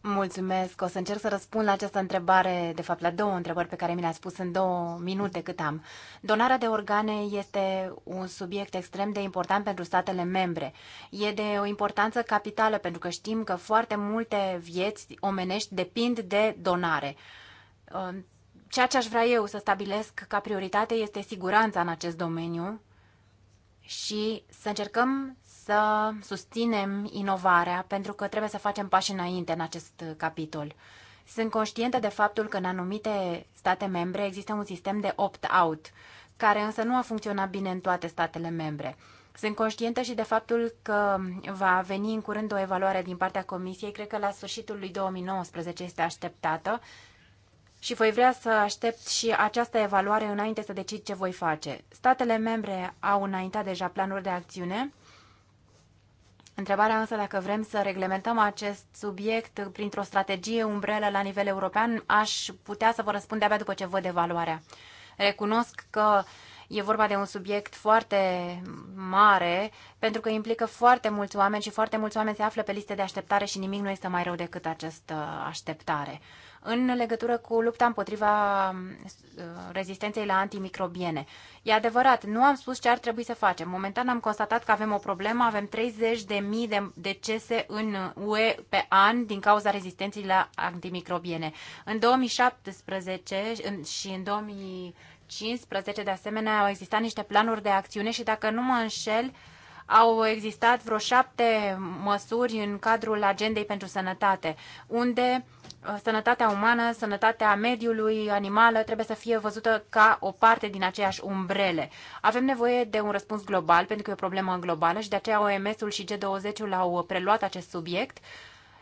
S2: Mulțumesc. O să încerc să răspund la această întrebare, de fapt la două întrebări pe care mi le-a spus în două minute cât am. Donarea de organe este un subiect extrem de important pentru statele membre. E de o importanță capitală pentru că știm că foarte multe vieți omenești depind de donare. Ceea ce aș vrea eu să stabilesc ca prioritate este siguranța în acest domeniu și să încercăm să susținem inovarea, pentru că trebuie să facem pași înainte în acest capitol. Sunt conștientă de faptul că în anumite state membre există un sistem de opt-out, care însă nu a funcționat bine în toate statele membre. Sunt conștientă și de faptul că va veni în curând o evaluare din partea Comisiei, cred că la sfârșitul lui 2019 este așteptată și voi vrea să aștept și această evaluare înainte să decid ce voi face. Statele membre au înaintat deja planuri de acțiune Întrebarea însă dacă vrem să reglementăm acest subiect printr-o strategie umbrelă la nivel european, aș putea să vă răspund abia după ce văd evaluarea. Recunosc că e vorba de un subiect foarte mare, pentru că implică foarte mulți oameni și foarte mulți oameni se află pe liste de așteptare și nimic nu este mai rău decât această așteptare în legătură cu lupta împotriva uh, rezistenței la antimicrobiene. E adevărat, nu am spus ce ar trebui să facem. Momentan am constatat că avem o problemă, avem 30.000 de decese în UE pe an din cauza rezistenței la antimicrobiene. În 2017 și în 2015, de asemenea, au existat niște planuri de acțiune și, dacă nu mă înșel, au existat vreo șapte măsuri în cadrul agendei pentru sănătate, unde uh, sănătatea umană, sănătatea mediului, animală, trebuie să fie văzută ca o parte din aceeași umbrele. Avem nevoie de un răspuns global, pentru că e o problemă globală și de aceea OMS-ul și G20-ul au preluat acest subiect.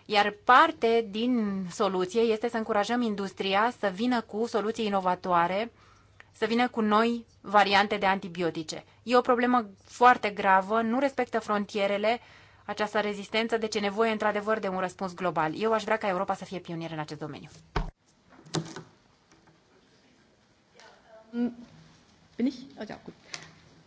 S2: Iar parte din soluție este să încurajăm industria să vină cu soluții inovatoare să vină cu noi variante de antibiotice. E o problemă foarte gravă, nu respectă frontierele această rezistență, deci e nevoie într-adevăr de un răspuns global. Eu aș vrea ca Europa să fie pionieră în acest domeniu.
S1: Bin ich? Oh, ja, gut.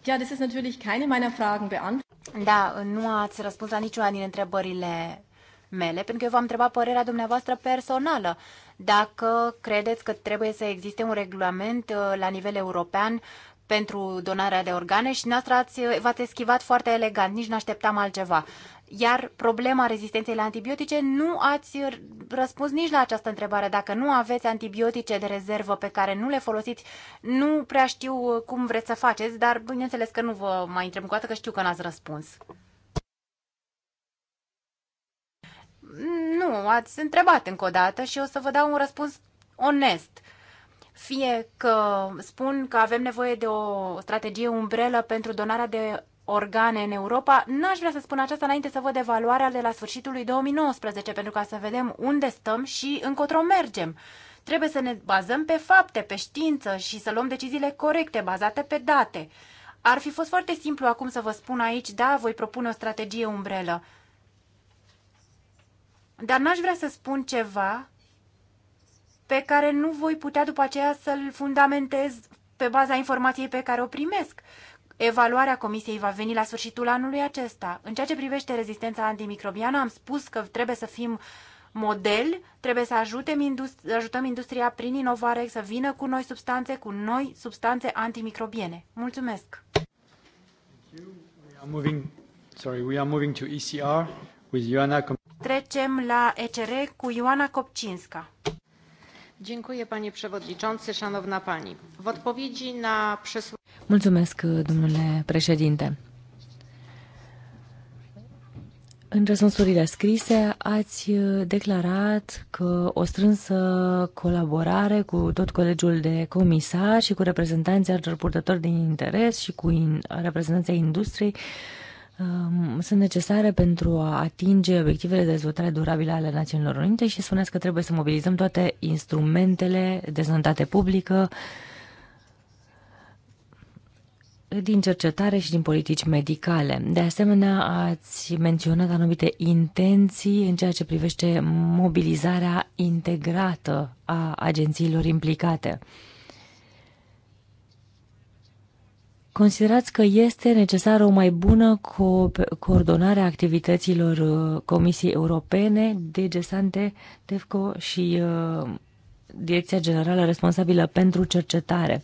S2: Ja, das ist natürlich keine meiner Fragen beantwortet. Da, nu ați răspuns la niciuna din întrebările mele, pentru că eu v-am întrebat părerea dumneavoastră personală. Dacă credeți că trebuie să existe un regulament uh, la nivel european pentru donarea de organe și noastră uh, v-ați eschivat foarte elegant, nici nu așteptam altceva. Iar problema rezistenței la antibiotice, nu ați răspuns nici la această întrebare. Dacă nu aveți antibiotice de rezervă pe care nu le folosiți, nu prea știu uh, cum vreți să faceți, dar bineînțeles că nu vă mai întreb cu că știu că n-ați răspuns. Nu, ați întrebat încă o dată și o să vă dau un răspuns onest. Fie că spun că avem nevoie de o strategie umbrelă pentru donarea de organe în Europa, n-aș vrea să spun aceasta înainte să văd evaluarea de la sfârșitul lui 2019, pentru ca să vedem unde stăm și încotro mergem. Trebuie să ne bazăm pe fapte, pe știință și să luăm deciziile corecte, bazate pe date. Ar fi fost foarte simplu acum să vă spun aici, da, voi propune o strategie umbrelă. Dar n-aș vrea să spun ceva pe care nu voi putea după aceea să-l fundamentez pe baza informației pe care o primesc. Evaluarea comisiei va veni la sfârșitul anului acesta. În ceea ce privește rezistența antimicrobiană, am spus că trebuie să fim model, trebuie să ajutem industri- ajutăm industria prin inovare să vină cu noi substanțe, cu noi substanțe antimicrobiene. Mulțumesc!
S1: Sorry, we are moving to ECR with Ioana.
S2: Trecem la ECR cu Ioana Kopcinska. Dziękuję panie przewodniczący, szanowna pani. W odpowiedzi na
S3: Mulțumesc, domnule președinte. În răspunsurile scrise ați declarat că o strânsă colaborare cu tot colegiul de comisar și cu reprezentanții altor purtători de interes și cu reprezentanții industriei sunt necesare pentru a atinge obiectivele de dezvoltare durabilă ale Națiunilor Unite și spuneți că trebuie să mobilizăm toate instrumentele de sănătate publică din cercetare și din politici medicale. De asemenea, ați menționat anumite intenții în ceea ce privește mobilizarea integrată a agențiilor implicate. Considerați că este necesară o mai bună co- coordonare a activităților uh, Comisiei Europene, DG Sante, TEFCO și uh, Direcția Generală responsabilă pentru cercetare.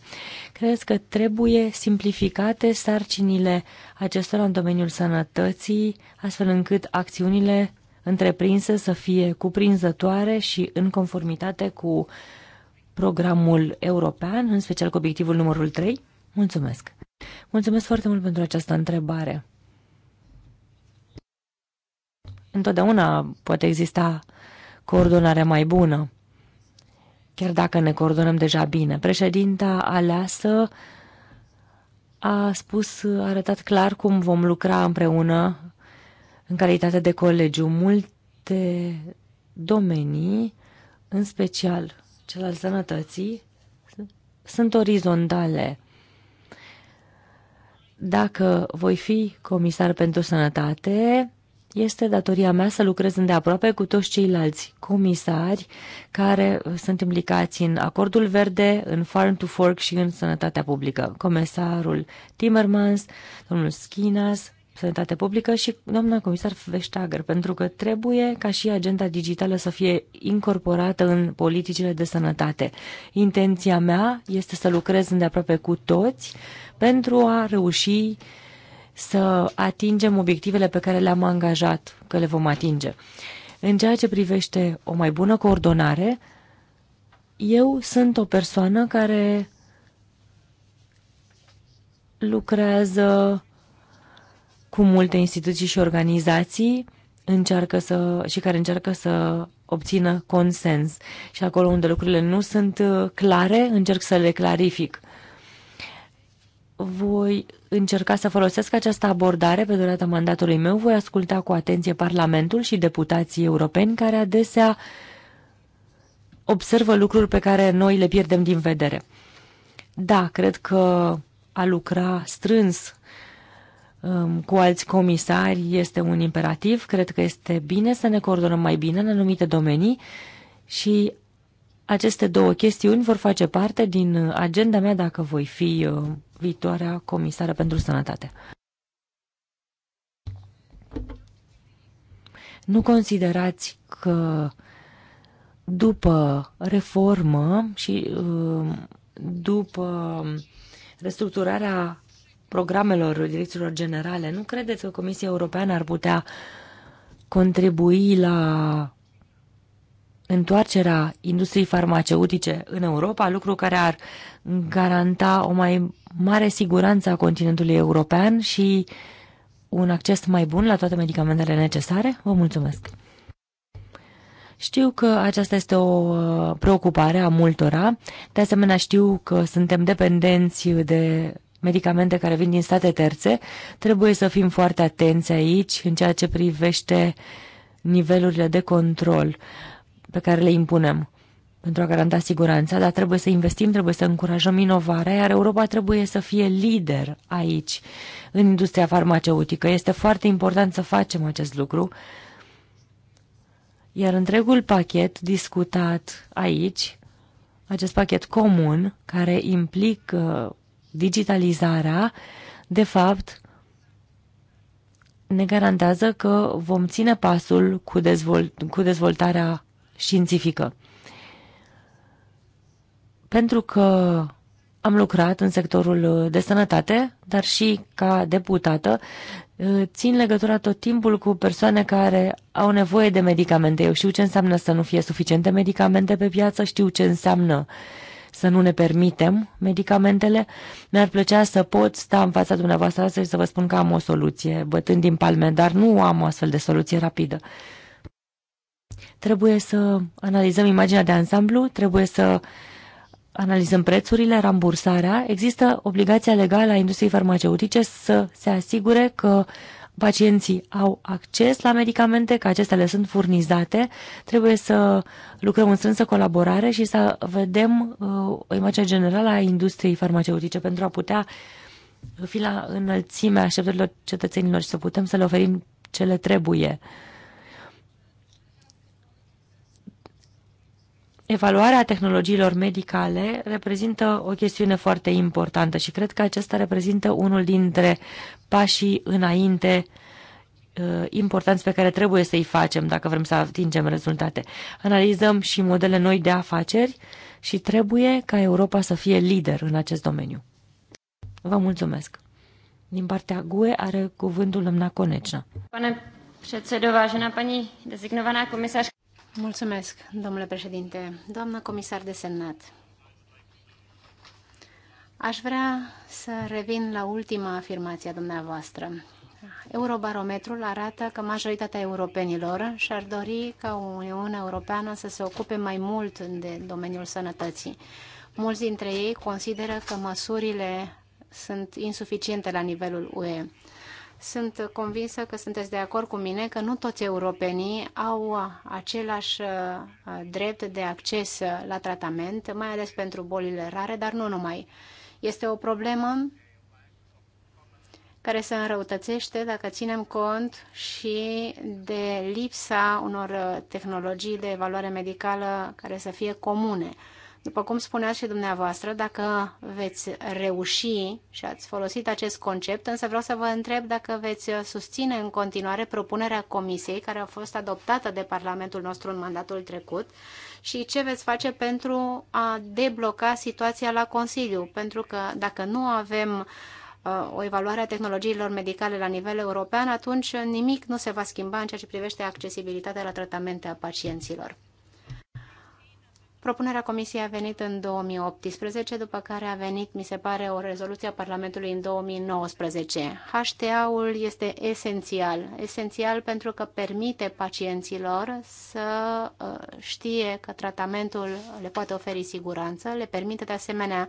S3: Credeți că trebuie simplificate sarcinile acestora în domeniul sănătății, astfel încât acțiunile întreprinse să fie cuprinzătoare și în conformitate cu programul european, în special cu obiectivul numărul 3? Mulțumesc! Mulțumesc foarte mult pentru această întrebare. Întotdeauna poate exista coordonare mai bună, chiar dacă ne coordonăm deja bine. Președinta aleasă a spus, a arătat clar cum vom lucra împreună în calitate de colegiu. Multe domenii, în special cel al sănătății, sunt orizontale. Dacă voi fi comisar pentru sănătate, este datoria mea să lucrez îndeaproape cu toți ceilalți comisari care sunt implicați în acordul verde, în Farm to Fork și în sănătatea publică. Comisarul Timmermans, domnul Schinas, Sănătate Publică și doamna comisar Vestager, pentru că trebuie ca și agenda digitală să fie incorporată în politicile de sănătate. Intenția mea este să lucrez îndeaproape cu toți pentru a reuși să atingem obiectivele pe care le-am angajat că le vom atinge. În ceea ce privește o mai bună coordonare, eu sunt o persoană care lucrează cu multe instituții și organizații încearcă să, și care încearcă să obțină consens. Și acolo unde lucrurile nu sunt uh, clare, încerc să le clarific. Voi încerca să folosesc această abordare pe durata mandatului meu, voi asculta cu atenție Parlamentul și deputații europeni care adesea observă lucruri pe care noi le pierdem din vedere. Da, cred că a lucra strâns Um, cu alți comisari este un imperativ. Cred că este bine să ne coordonăm mai bine în anumite domenii și aceste două chestiuni vor face parte din uh, agenda mea dacă voi fi uh, viitoarea comisară pentru sănătate. Nu considerați că după reformă și uh, după restructurarea programelor direcțiilor generale, nu credeți că Comisia Europeană ar putea contribui la întoarcerea industriei farmaceutice în Europa, lucru care ar garanta o mai mare siguranță a continentului european și un acces mai bun la toate medicamentele necesare? Vă mulțumesc! Știu că aceasta este o uh, preocupare a multora, de asemenea știu că suntem dependenți de medicamente care vin din state terțe. Trebuie să fim foarte atenți aici în ceea ce privește nivelurile de control pe care le impunem pentru a garanta siguranța, dar trebuie să investim, trebuie să încurajăm inovarea, iar Europa trebuie să fie lider aici, în industria farmaceutică. Este foarte important să facem acest lucru. Iar întregul pachet discutat aici, acest pachet comun, care implică digitalizarea, de fapt, ne garantează că vom ține pasul cu, dezvolt, cu dezvoltarea științifică. Pentru că am lucrat în sectorul de sănătate, dar și ca deputată, țin legătura tot timpul cu persoane care au nevoie de medicamente. Eu știu ce înseamnă să nu fie suficiente medicamente pe piață, știu ce înseamnă uh, să nu ne permitem medicamentele. Mi-ar plăcea să pot sta în fața dumneavoastră astăzi să vă spun că am o soluție, bătând din palme, dar nu am o astfel de soluție rapidă. Trebuie să analizăm imaginea de ansamblu, trebuie să analizăm prețurile, rambursarea. Există obligația legală a industriei farmaceutice să se asigure că uh, pacienții au acces la medicamente, că acestea le sunt furnizate. Trebuie să lucrăm în strânsă colaborare și să vedem uh, o imagine generală a industriei farmaceutice pentru a putea fi la înălțimea așteptărilor cetățenilor și să putem să le oferim ce le trebuie. Uh, Evaluarea tehnologiilor medicale reprezintă o chestiune foarte importantă și cred că acesta reprezintă unul dintre pașii înainte uh, importanți pe care trebuie să-i facem dacă vrem să atingem rezultate. Analizăm și modele noi de afaceri și trebuie ca Europa să fie lider în acest domeniu. Vă mulțumesc! Din partea GUE are cuvântul Lămna Conecna. Pane předsedo, vážená paní
S4: designovaná Mulțumesc, domnule președinte. Doamna comisar desemnat, aș vrea să revin la ultima afirmație a dumneavoastră. Eurobarometrul arată că majoritatea europenilor și-ar dori ca Uniunea Europeană să se ocupe mai mult de domeniul sănătății. Mulți dintre ei consideră că măsurile sunt insuficiente la nivelul UE. Sunt convinsă că sunteți de acord cu mine că nu toți europenii au același uh, drept de acces la tratament, mai ales pentru bolile rare, dar nu numai. Este o problemă care se înrăutățește dacă ținem cont și de lipsa unor uh, tehnologii de evaluare medicală care să fie comune. După cum spuneați și dumneavoastră, dacă veți reuși și ați folosit acest concept, însă vreau să vă întreb dacă veți susține în continuare propunerea Comisiei care a fost adoptată de Parlamentul nostru în mandatul trecut și ce veți face pentru a debloca situația la Consiliu, pentru că dacă nu avem uh, o evaluare a tehnologiilor medicale la nivel european, atunci nimic nu se va schimba în ceea ce privește accesibilitatea la tratamente a pacienților. Propunerea Comisiei a venit în 2018, după care a venit, mi se pare, o rezoluție a Parlamentului în 2019. HTA-ul este esențial. Esențial pentru că permite pacienților să uh, știe că tratamentul le poate oferi siguranță, le permite de asemenea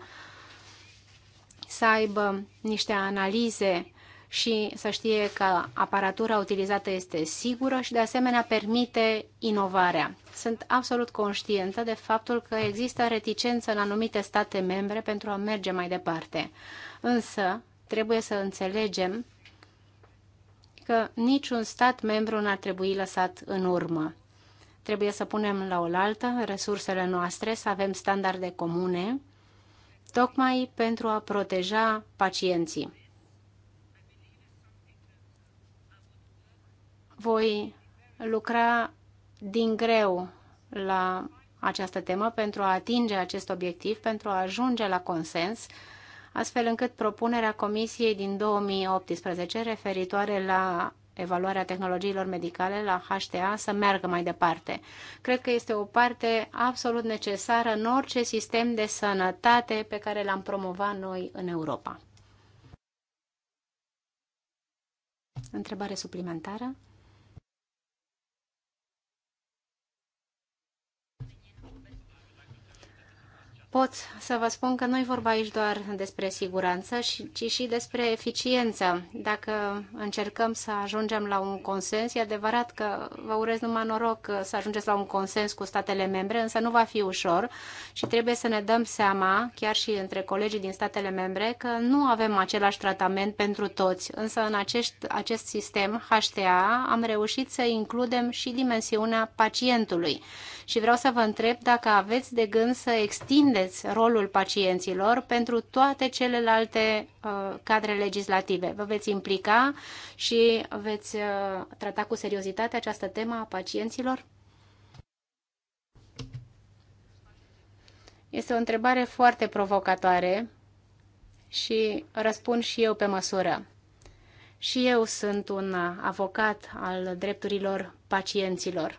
S4: să aibă niște analize și să știe că aparatura utilizată este sigură și de asemenea permite inovarea. Sunt absolut conștientă de faptul că există reticență în anumite state membre pentru a merge mai departe. Însă, trebuie să înțelegem că niciun stat membru n-ar trebui lăsat în urmă. Trebuie să punem la oaltă resursele noastre, să avem standarde comune, tocmai pentru a proteja pacienții. voi lucra din greu la această temă pentru a atinge acest obiectiv, pentru a ajunge la consens, astfel încât propunerea Comisiei din 2018 referitoare la evaluarea tehnologiilor medicale la HTA să meargă mai departe. Cred că este o parte absolut necesară în orice sistem de sănătate pe care l-am promovat noi în Europa. Întrebare suplimentară? pot să vă spun că nu i vorba aici doar despre siguranță, ci și despre eficiență. Dacă încercăm să ajungem la un consens, e adevărat că vă urez numai noroc să ajungeți la un consens cu statele membre, însă nu va fi ușor și trebuie să ne dăm seama, chiar și între colegii din statele membre, că nu avem același tratament pentru toți. Însă în acest, acest sistem HTA am reușit să includem și dimensiunea pacientului și vreau să vă întreb dacă aveți de gând să extindeți rolul pacienților pentru toate celelalte uh, cadre legislative. Vă veți implica și veți uh, trata cu seriozitate această temă a pacienților? Este o întrebare foarte provocatoare și răspund și eu pe măsură. Și eu sunt un uh, avocat al drepturilor pacienților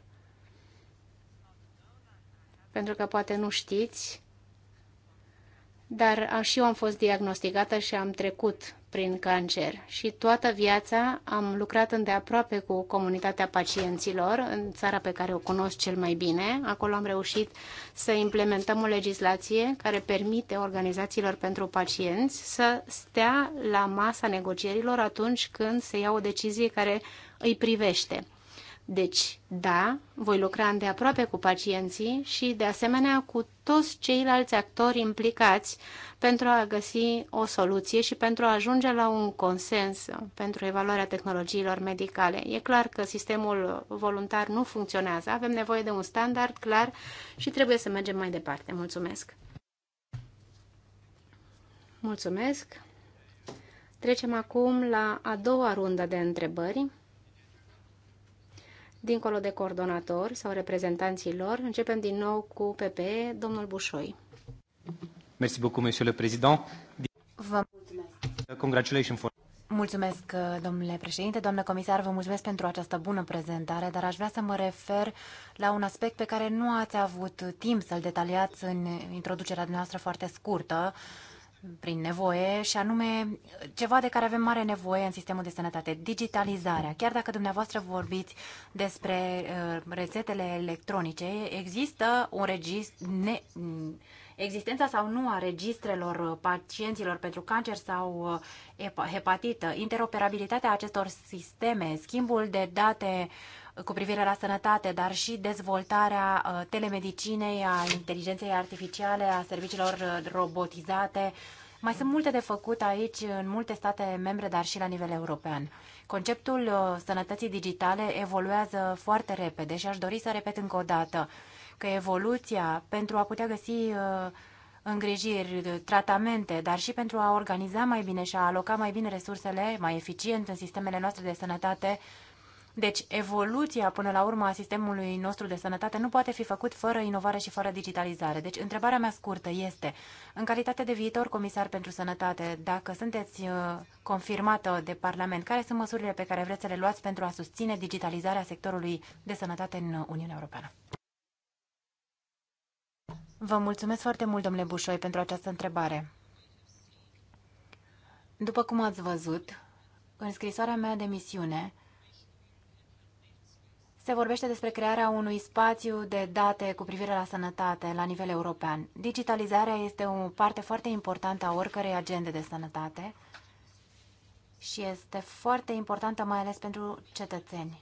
S4: pentru că poate nu știți, dar și eu am fost diagnosticată și am trecut prin cancer și toată viața am lucrat îndeaproape cu comunitatea pacienților în țara pe care o cunosc cel mai bine. Acolo am reușit să implementăm o legislație care permite organizațiilor pentru pacienți să stea la masa negocierilor atunci când se ia o decizie care îi privește. Deci, da, voi lucra îndeaproape cu pacienții și, de asemenea, cu toți ceilalți actori implicați pentru a găsi o soluție și pentru a ajunge la un consens pentru evaluarea tehnologiilor medicale. E clar că sistemul voluntar nu funcționează, avem nevoie de un standard clar și trebuie să mergem mai departe. Mulțumesc! Mulțumesc! Trecem acum la a doua rundă de întrebări dincolo de coordonatori sau reprezentanții lor. Începem din nou cu PPE, domnul Bușoi. Mersi beaucoup, monsieur le président.
S2: Vă mulțumesc.
S4: Congratulations for...
S2: Mulțumesc, domnule președinte, doamnă comisar, vă mulțumesc pentru această bună prezentare, dar aș vrea să mă refer la un aspect pe care nu ați avut timp să-l detaliați în introducerea noastră foarte scurtă, prin nevoie și anume ceva de care avem mare nevoie în sistemul de sănătate, digitalizarea. Chiar dacă dumneavoastră vorbiți despre uh, rețetele electronice, există un registru, ne, mm, existența sau nu a registrelor uh, pacienților pentru cancer sau uh, hepatită, interoperabilitatea acestor sisteme, schimbul de date uh, cu privire la sănătate, dar și dezvoltarea uh, telemedicinei, a inteligenței artificiale, a serviciilor uh, robotizate. Mai sunt multe de făcut aici în multe state membre, dar și la nivel european. Conceptul uh, sănătății digitale evoluează foarte repede și aș dori să repet încă o dată că evoluția pentru a putea găsi îngrijiri, tratamente, dar și pentru a organiza mai bine și a aloca mai bine resursele, mai eficient în sistemele noastre de sănătate, deci, evoluția până la urmă a sistemului nostru de sănătate nu poate fi făcut fără inovare și fără digitalizare. Deci, întrebarea mea scurtă este, în calitate de viitor comisar pentru sănătate, dacă sunteți uh, confirmată de Parlament, care sunt măsurile pe care vreți să le luați pentru a susține digitalizarea sectorului de sănătate în Uniunea Europeană? Vă mulțumesc foarte mult, domnule Bușoi, pentru această întrebare. După cum ați văzut, în scrisoarea mea de misiune, se vorbește despre crearea unui spațiu de date cu privire la sănătate la nivel european. Digitalizarea este o parte foarte importantă a oricărei agende de sănătate și este foarte importantă mai ales pentru cetățeni.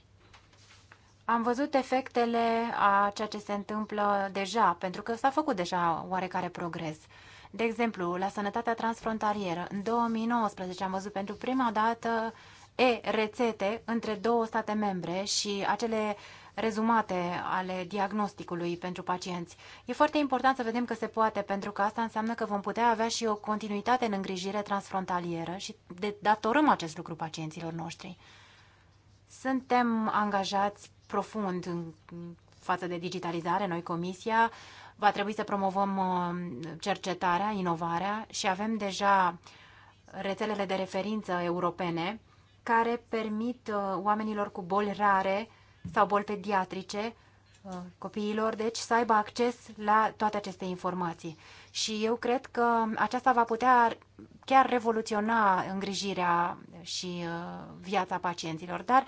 S2: Am văzut efectele a ceea ce se întâmplă deja, pentru că s-a făcut deja oarecare progres. De exemplu, la sănătatea transfrontalieră, în 2019 am văzut pentru prima dată uh, e-rețete între două state membre și acele rezumate ale diagnosticului pentru pacienți. E foarte important să vedem că se poate, pentru că asta înseamnă că vom putea avea și o continuitate în îngrijire transfrontalieră și de datorăm acest lucru pacienților noștri. Suntem angajați profund în față de digitalizare, noi comisia, va trebui să promovăm uh, cercetarea, inovarea și avem deja rețelele de referință europene care permit uh, oamenilor cu boli rare sau boli pediatrice, uh, copiilor, deci să aibă acces la toate aceste informații. Și eu cred că aceasta va putea chiar revoluționa îngrijirea și uh, viața pacienților. Dar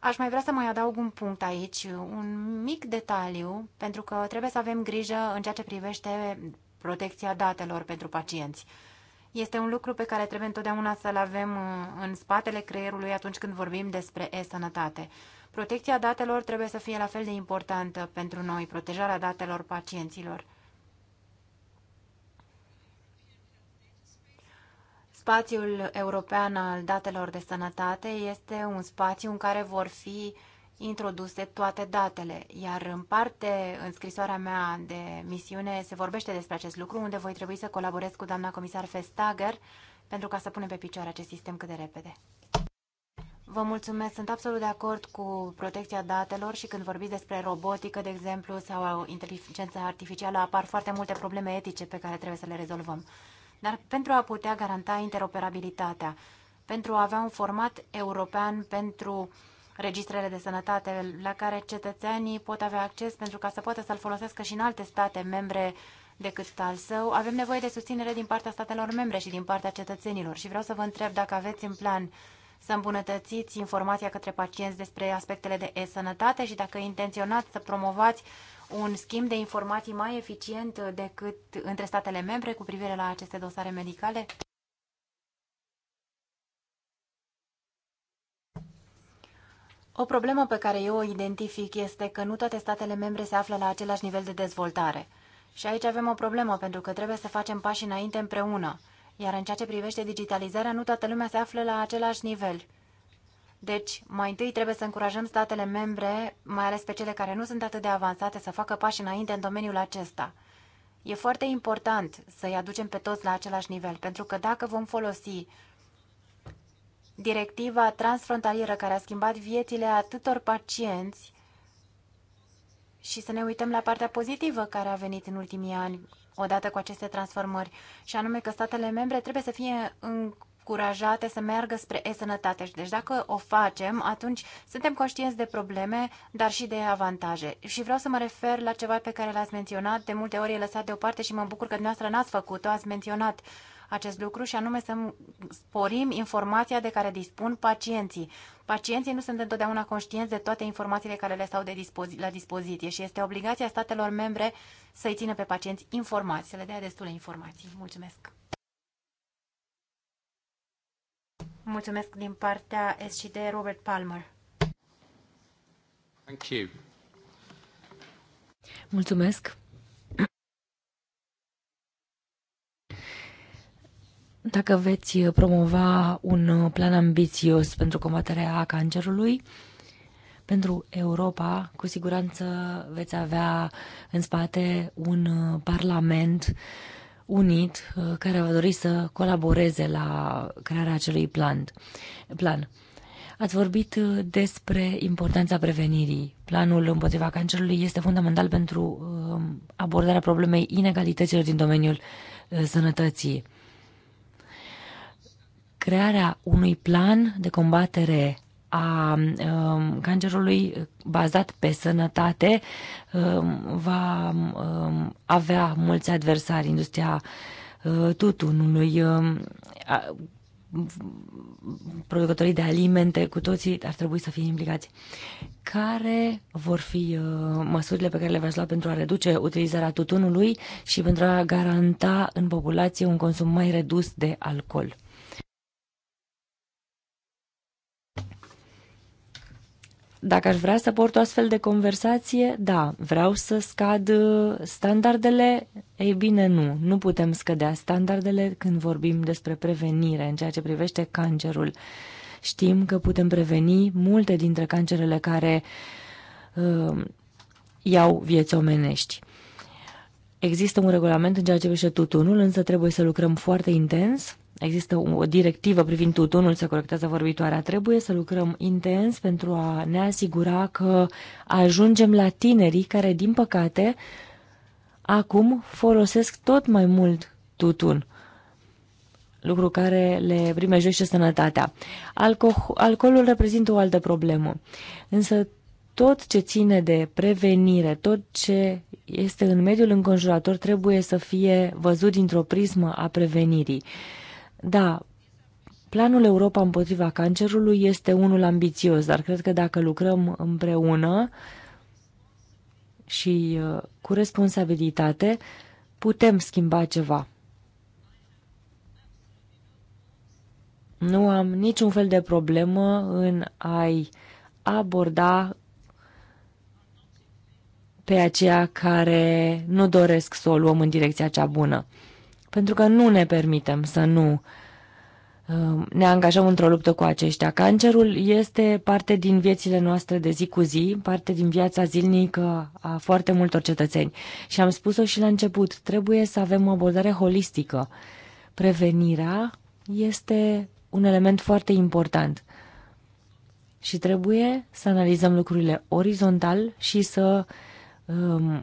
S2: aș mai vrea să mai adaug un punct aici, un mic detaliu, pentru că trebuie să avem grijă în ceea ce privește protecția datelor pentru pacienți. Uh, este un lucru pe care trebuie întotdeauna să-l avem uh, în spatele creierului atunci când vorbim despre e-sănătate. Protecția datelor trebuie să fie la fel de importantă pentru noi, protejarea datelor pacienților. Spațiul european al datelor de sănătate este un spațiu în care vor fi uh, introduse toate datele, iar în parte, în scrisoarea mea de misiune, se vorbește despre acest lucru, unde voi trebui să colaborez cu doamna comisar Festager pentru ca să punem pe picioare acest sistem cât de repede. Vă mulțumesc, sunt absolut de acord cu protecția datelor și când vorbiți despre robotică, de exemplu, sau inteligența artificială, apar foarte multe probleme etice pe care trebuie să le rezolvăm. Dar pentru a putea garanta interoperabilitatea, pentru a avea un format european pentru uh, registrele de sănătate la care cetățenii pot avea acces pentru ca să poată să-l folosească și în alte state membre decât al său, avem nevoie de susținere din partea statelor membre și din partea cetățenilor. Și vreau să vă întreb dacă aveți în plan să îmbunătățiți informația către pacienți despre aspectele de e-sănătate și dacă intenționați să promovați un schimb de informații mai eficient decât între statele membre cu privire la aceste dosare medicale? O problemă pe care eu o identific este că nu toate statele membre se află la același nivel de dezvoltare. Și aici avem o problemă, pentru că trebuie să facem pași înainte împreună. Iar în ceea ce privește digitalizarea, nu toată lumea se află la același nivel. Deci, mai întâi trebuie să încurajăm statele membre, mai ales pe cele care nu sunt atât de avansate, să facă pași înainte în domeniul acesta. E foarte important să-i aducem pe toți la același nivel, pentru că dacă vom folosi directiva transfrontalieră care a schimbat viețile atâtor pacienți și să ne uităm la partea pozitivă care a venit în ultimii ani odată cu aceste transformări, și anume că statele membre trebuie să fie încurajate să meargă spre e-sănătate. Deci dacă o facem, atunci suntem conștienți de probleme, dar și de avantaje. Și vreau să mă refer la ceva pe care l-ați menționat. De multe ori e lăsat deoparte și mă bucur că dumneavoastră n-ați făcut-o, ați menționat uh, acest lucru și anume să sporim informația de care dispun pacienții. Pacienții nu sunt întotdeauna conștienți de toate informațiile care le stau de dispozi- la dispoziție și este obligația statelor membre să-i țină pe pacienți informați, să le dea destule informații. Mulțumesc! Mulțumesc din partea SCD Robert Palmer.
S3: Thank you. Mulțumesc. dacă veți promova un plan ambițios pentru combaterea cancerului, pentru Europa, cu siguranță veți avea în spate un parlament unit uh, care va dori să colaboreze la crearea acelui plan. plan. Ați vorbit uh, despre importanța prevenirii. Planul împotriva cancerului este fundamental pentru uh, abordarea problemei inegalităților din domeniul sănătății crearea unui plan de combatere a um, cancerului bazat pe sănătate um, va um, avea mulți adversari. Industria uh, tutunului, um, a, producătorii de alimente, cu toții ar trebui să fie implicați. Care vor fi uh, măsurile pe care le veți lua pentru a reduce utilizarea tutunului și pentru a garanta în populație un consum mai redus de alcool? Dacă aș vrea să port o astfel de conversație, da, vreau să scad uh, standardele? Ei bine, nu. Nu putem scădea standardele când vorbim despre prevenire în ceea ce privește cancerul. Știm că putem preveni multe dintre cancerele care uh, iau vieți omenești. Există un regulament în ceea ce privește tutunul, însă trebuie să lucrăm foarte intens există o directivă privind tutunul, se corectează vorbitoarea. Trebuie să lucrăm intens pentru a ne asigura că ajungem la tinerii care, din păcate, acum folosesc tot mai mult tutun lucru care le primejește sănătatea. Alco- alcoolul reprezintă o altă problemă, însă tot ce ține de prevenire, tot ce este în mediul înconjurător trebuie să fie văzut dintr-o prismă a prevenirii. Uh, da, planul Europa împotriva cancerului este unul ambițios, dar cred că dacă lucrăm împreună și uh, cu responsabilitate, putem schimba ceva. Nu am niciun fel de problemă în a-i aborda pe aceia care nu doresc să o luăm în direcția cea bună pentru că nu ne permitem să nu uh, ne angajăm într-o luptă cu aceștia. Cancerul este parte din viețile noastre de zi cu zi, parte din viața zilnică a foarte multor cetățeni. Și am spus-o și la început, trebuie să avem o abordare holistică. Prevenirea este un element foarte important și trebuie să analizăm lucrurile orizontal și să um,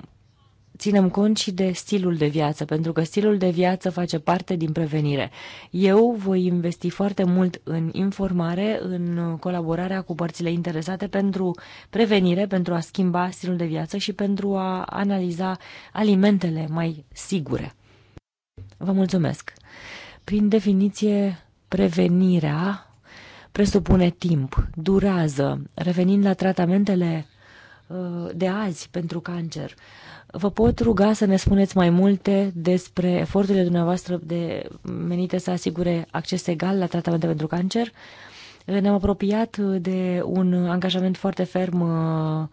S3: ținem cont și de stilul de viață, pentru că stilul de viață face parte din prevenire. Eu voi investi foarte mult în informare, în colaborarea cu părțile interesate pentru prevenire, pentru a schimba stilul de viață și pentru a analiza alimentele mai sigure. Vă mulțumesc! Prin definiție, prevenirea presupune timp, durează, revenind la tratamentele uh, de azi pentru cancer. Vă pot ruga să ne spuneți mai multe despre eforturile dumneavoastră de menite să asigure acces egal la tratamente pentru cancer. Ne-am apropiat de un angajament foarte ferm uh,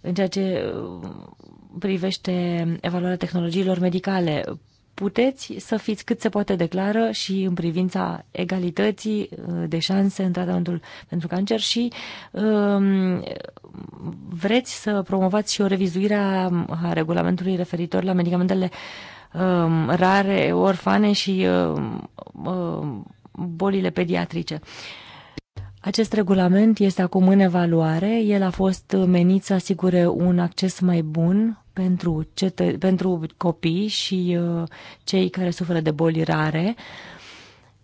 S3: în ceea ce uh, privește evaluarea tehnologiilor medicale puteți să fiți cât se poate declară și în privința egalității uh, de șanse în tratamentul pentru cancer și um, vreți să promovați și o revizuire a regulamentului referitor la medicamentele um, rare, orfane și um, um bolile pediatrice. Uh, acest regulament este acum în evaluare. El a fost menit să asigure un acces mai bun pentru, cetă- pentru copii și uh, cei care suferă de boli rare.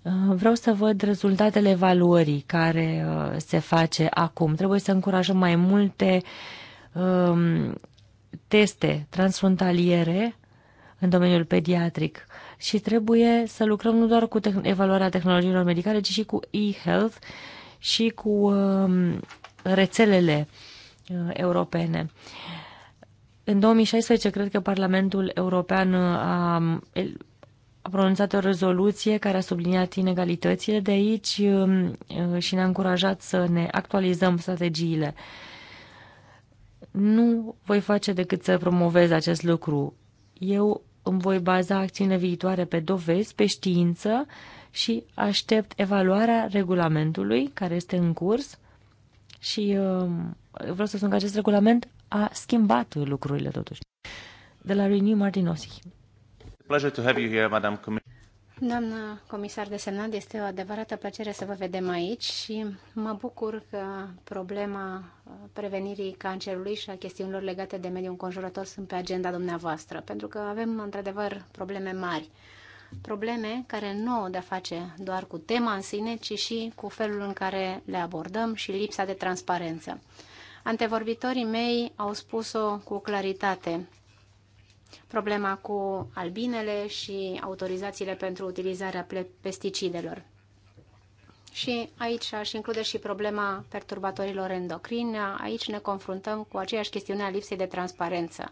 S3: Uh, vreau să văd rezultatele evaluării care uh, se face acum. Trebuie să încurajăm mai multe um, teste transfrontaliere în domeniul pediatric și trebuie să lucrăm nu doar cu te- evaluarea tehnologiilor medicale, ci și cu e-health, uh, și cu um, rețelele uh, europene. În 2016, cred că Parlamentul European a, um, a pronunțat o rezoluție care a subliniat inegalitățile de aici um, uh, și ne-a încurajat să ne actualizăm strategiile. Nu voi face decât să promovez acest lucru. Eu îmi voi baza acțiunile viitoare pe dovezi, pe știință, uh, și aștept evaluarea regulamentului care este în curs și um, vreau să spun că acest regulament a schimbat lucrurile totuși. De la Renew Martinosi.
S1: Pleasure to have you here, Madam Commissioner.
S4: Doamna comisar de semnat, este o adevărată plăcere să vă vedem aici și mă bucur că problema uh, prevenirii cancerului și a chestiunilor legate de mediul înconjurător sunt pe agenda dumneavoastră, pentru că avem într-adevăr probleme mari probleme care nu au de-a face doar cu tema în sine, ci și cu felul în care le abordăm și lipsa de transparență. Antevorbitorii mei au spus-o cu claritate. Problema cu albinele și autorizațiile pentru utilizarea pesticidelor. Și aici aș include și problema perturbatorilor endocrine. Aici ne confruntăm cu aceeași chestiune a lipsei de transparență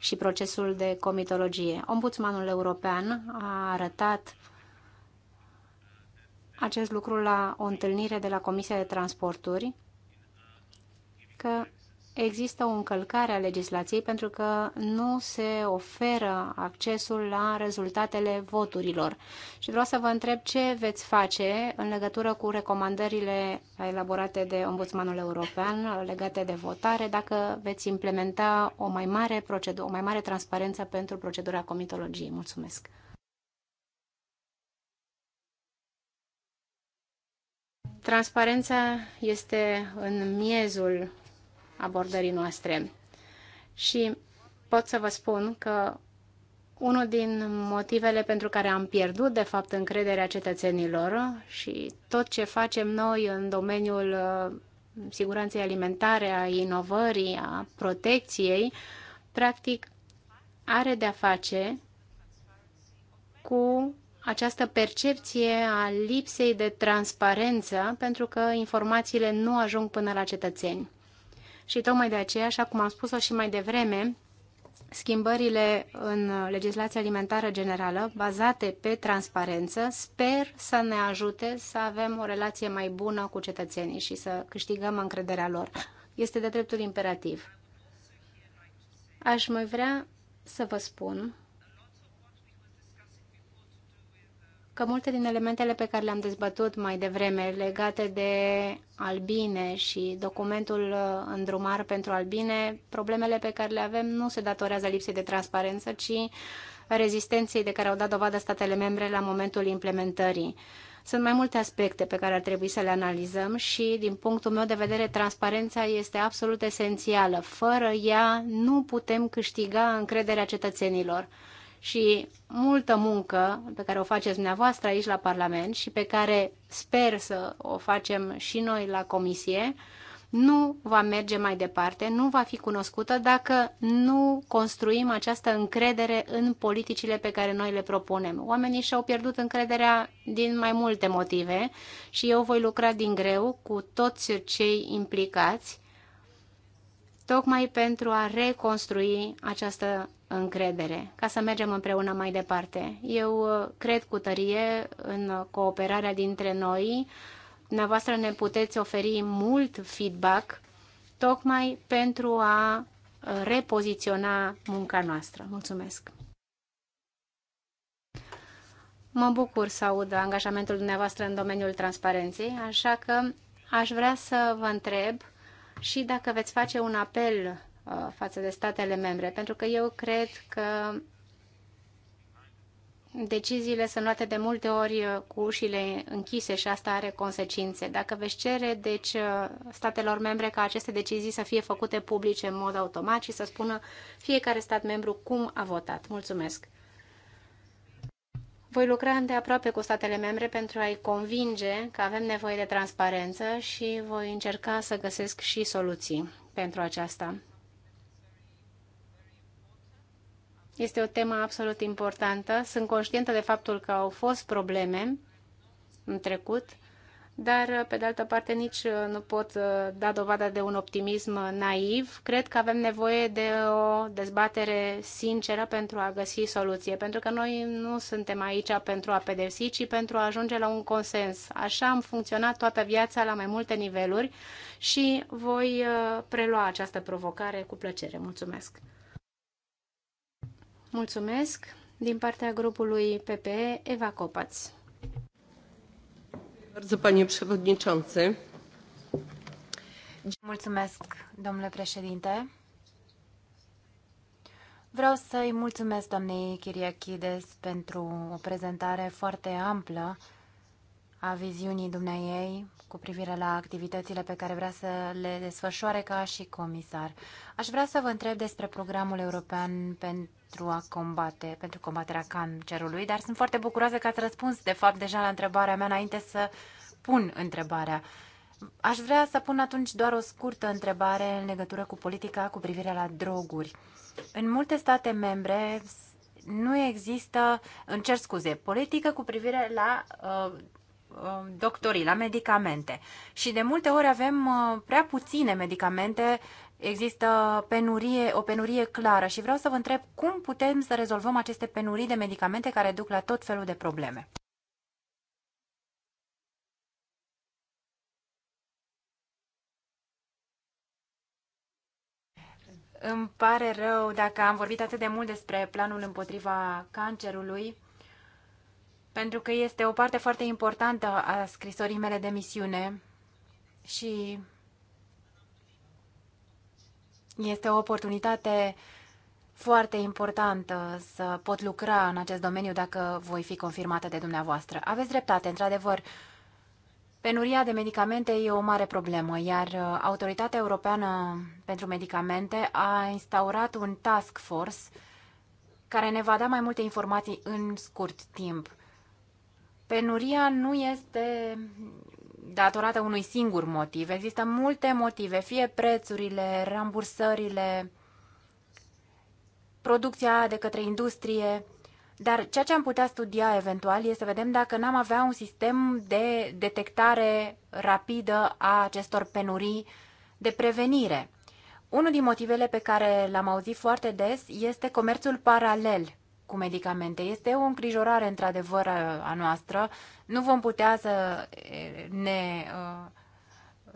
S4: și procesul de comitologie. Ombudsmanul european a arătat acest lucru la o întâlnire de la Comisia de Transporturi că există o încălcare a legislației pentru că nu se oferă accesul la rezultatele voturilor. Și vreau să vă întreb ce veți face în legătură cu recomandările elaborate de Ombudsmanul European legate de votare, dacă veți implementa o mai mare, procedu- o mai mare transparență pentru procedura comitologiei. Mulțumesc! Transparența este în miezul abordării noastre. Și pot să vă spun că unul din motivele pentru care am pierdut, de fapt, încrederea cetățenilor și tot ce facem noi în domeniul uh, siguranței alimentare, a inovării, a protecției, practic are de-a face cu această percepție a lipsei de transparență pentru că informațiile nu ajung până la cetățeni. Și tocmai de aceea, așa cum am spus-o și mai devreme, schimbările în legislația alimentară generală, bazate pe transparență, sper să ne ajute să avem o relație mai bună cu cetățenii și să câștigăm încrederea lor. Este de dreptul imperativ. Aș mai vrea să vă spun că multe din elementele pe care le-am dezbătut mai devreme legate de albine și documentul uh, îndrumar pentru albine, problemele pe care le avem nu se datorează lipsei de transparență, ci rezistenței de care au dat dovadă statele membre la momentul implementării. Sunt mai multe aspecte pe care ar trebui să le analizăm și, din punctul meu de vedere, transparența este absolut esențială. Fără ea nu putem câștiga încrederea cetățenilor și multă muncă pe care o faceți dumneavoastră aici la Parlament și pe care sper să o facem și noi la Comisie, nu va merge mai departe, nu va fi cunoscută dacă nu construim această încredere în politicile pe care noi le propunem. Oamenii și-au pierdut încrederea din mai multe motive și eu voi lucra din greu cu toți cei implicați tocmai pentru a reconstrui această încredere, ca să mergem împreună mai departe. Eu uh, cred cu tărie în cooperarea dintre noi. Dumneavoastră ne puteți oferi mult feedback tocmai pentru a repoziționa munca noastră. Mulțumesc! Mă bucur să aud angajamentul dumneavoastră în domeniul transparenței, așa că aș vrea să vă întreb și dacă veți face un apel uh, față de statele membre, pentru că eu cred că deciziile sunt luate de multe ori uh, cu ușile închise și asta are consecințe. Dacă veți cere, deci, uh, statelor membre ca aceste decizii să fie făcute publice în mod automat și să spună fiecare stat membru cum a votat. Mulțumesc! Voi lucra îndeaproape cu statele membre pentru a-i convinge că avem nevoie de transparență și voi încerca să găsesc și soluții pentru aceasta. Este o temă absolut importantă. Sunt conștientă de faptul că au fost probleme în trecut, dar pe de altă parte nici uh, nu pot uh, da dovada de un optimism naiv. Cred că avem nevoie de o dezbatere sinceră pentru a găsi soluție, pentru că noi nu suntem aici pentru a pedepsi, ci pentru a ajunge la un consens. Așa am funcționat toată viața la mai multe niveluri și voi uh, prelua această provocare cu plăcere. Mulțumesc! Mulțumesc! Din partea grupului PPE,
S2: Eva Copați. Mulțumesc, domnule președinte. Vreau să-i mulțumesc doamnei Kiriakides pentru o prezentare foarte amplă a viziunii dumneaei cu privire la activitățile pe care vrea să le desfășoare ca și comisar. Aș vrea să vă întreb despre programul european pentru pentru a combate, pentru combaterea cancerului, dar sunt foarte bucuroasă că ați răspuns, de fapt, deja la întrebarea mea înainte să pun întrebarea. Aș vrea să pun atunci doar o scurtă întrebare în legătură cu politica cu privire la droguri. În multe state membre nu există, îmi cer scuze, politică cu privire la uh, uh doctorii, la medicamente. Și de multe ori avem uh, prea puține medicamente Există penurie, o penurie clară și vreau să vă întreb cum putem să rezolvăm aceste penurii de medicamente care duc la tot felul de probleme. Îmi pare rău dacă am vorbit atât de mult despre planul împotriva cancerului, pentru că este o parte foarte importantă a scrisorii mele de misiune și este o oportunitate foarte importantă să pot lucra în acest domeniu dacă voi fi confirmată de dumneavoastră. Aveți dreptate, într-adevăr, penuria de medicamente e o mare problemă, iar uh, Autoritatea Europeană pentru Medicamente a instaurat un task force care ne va da mai multe informații în scurt timp. Penuria nu este datorată unui singur motiv. Există multe motive, fie prețurile, rambursările, producția de către industrie, dar ceea ce am putea studia eventual este să vedem dacă n-am avea un sistem de detectare rapidă a acestor penurii de prevenire. Unul din motivele pe care l-am auzit foarte des este comerțul paralel cu medicamente. Este o îngrijorare, într-adevăr, a noastră. Nu vom putea să ne ă,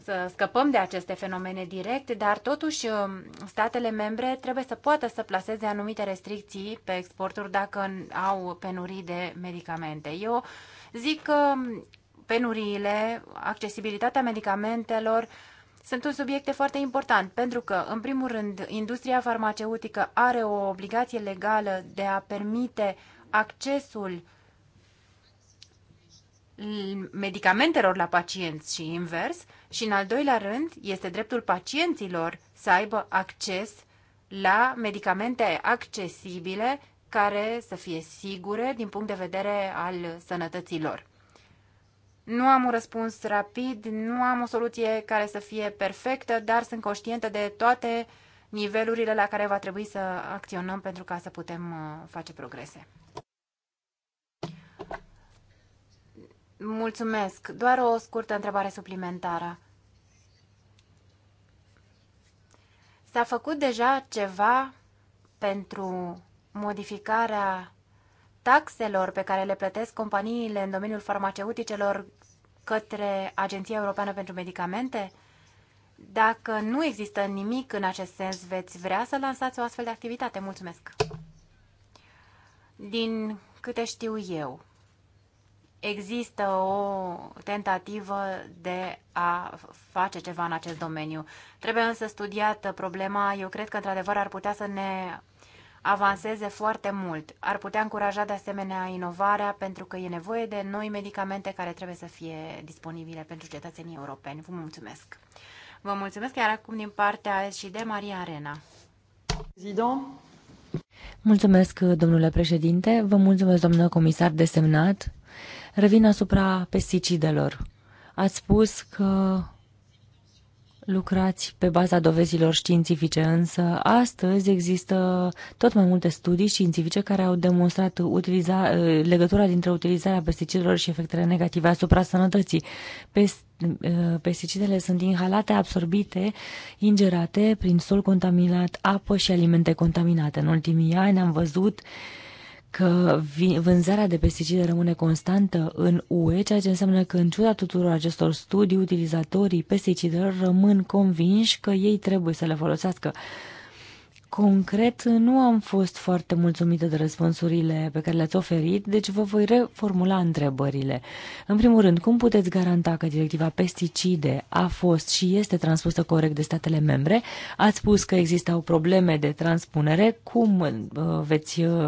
S2: să scăpăm de aceste fenomene direct, dar totuși ă, statele membre trebuie să poată să plaseze anumite restricții pe exporturi dacă au penurii de medicamente. Eu zic că penuriile, accesibilitatea medicamentelor, sunt un subiect foarte important, pentru că, în primul rând, industria farmaceutică are o obligație legală de a permite accesul medicamentelor la pacienți și invers, și, în al doilea rând, este dreptul pacienților să aibă acces la medicamente accesibile care să fie sigure din punct de vedere al sănătății lor. Nu am un răspuns rapid, nu am o soluție care să fie perfectă, dar sunt conștientă de toate nivelurile la care va trebui să acționăm pentru ca să putem uh, face progrese. Mulțumesc. Doar o scurtă întrebare suplimentară. S-a făcut deja ceva pentru modificarea taxelor pe care le plătesc companiile în domeniul farmaceuticelor către Agenția Europeană pentru Medicamente? Dacă nu există nimic în acest sens, veți vrea să lansați o astfel de activitate? Mulțumesc! Din câte știu eu, există o tentativă de a face ceva în acest domeniu. Trebuie însă studiată problema. Eu cred că, într-adevăr, ar putea să ne avanseze foarte mult. Ar putea încuraja de asemenea inovarea pentru că e nevoie de noi medicamente care trebuie să fie disponibile pentru cetățenii europeni. Vă mulțumesc! Vă mulțumesc chiar acum din partea și de Maria Arena. Zidon.
S3: Mulțumesc, domnule președinte. Vă mulțumesc, domnule comisar desemnat. Revin asupra pesticidelor. Ați spus că lucrați pe baza dovezilor științifice, însă astăzi există tot mai multe studii științifice care au demonstrat utiliza, eh, legătura dintre utilizarea pesticidelor și efectele negative asupra sănătății. Eh, pesticidele sunt inhalate, absorbite, ingerate prin sol contaminat, apă și alimente contaminate. În ultimii ani am văzut uh, că vânzarea de pesticide rămâne constantă în UE, ceea ce înseamnă că în ciuda tuturor acestor studii, utilizatorii pesticidelor rămân convinși că ei trebuie să le folosească. Concret, nu am fost foarte mulțumită de răspunsurile pe care le-ați oferit, deci vă voi reformula întrebările. În primul rând, cum puteți garanta că directiva pesticide a fost și este transpusă corect de statele membre? Ați spus că existau probleme de transpunere. Cum uh, veți uh,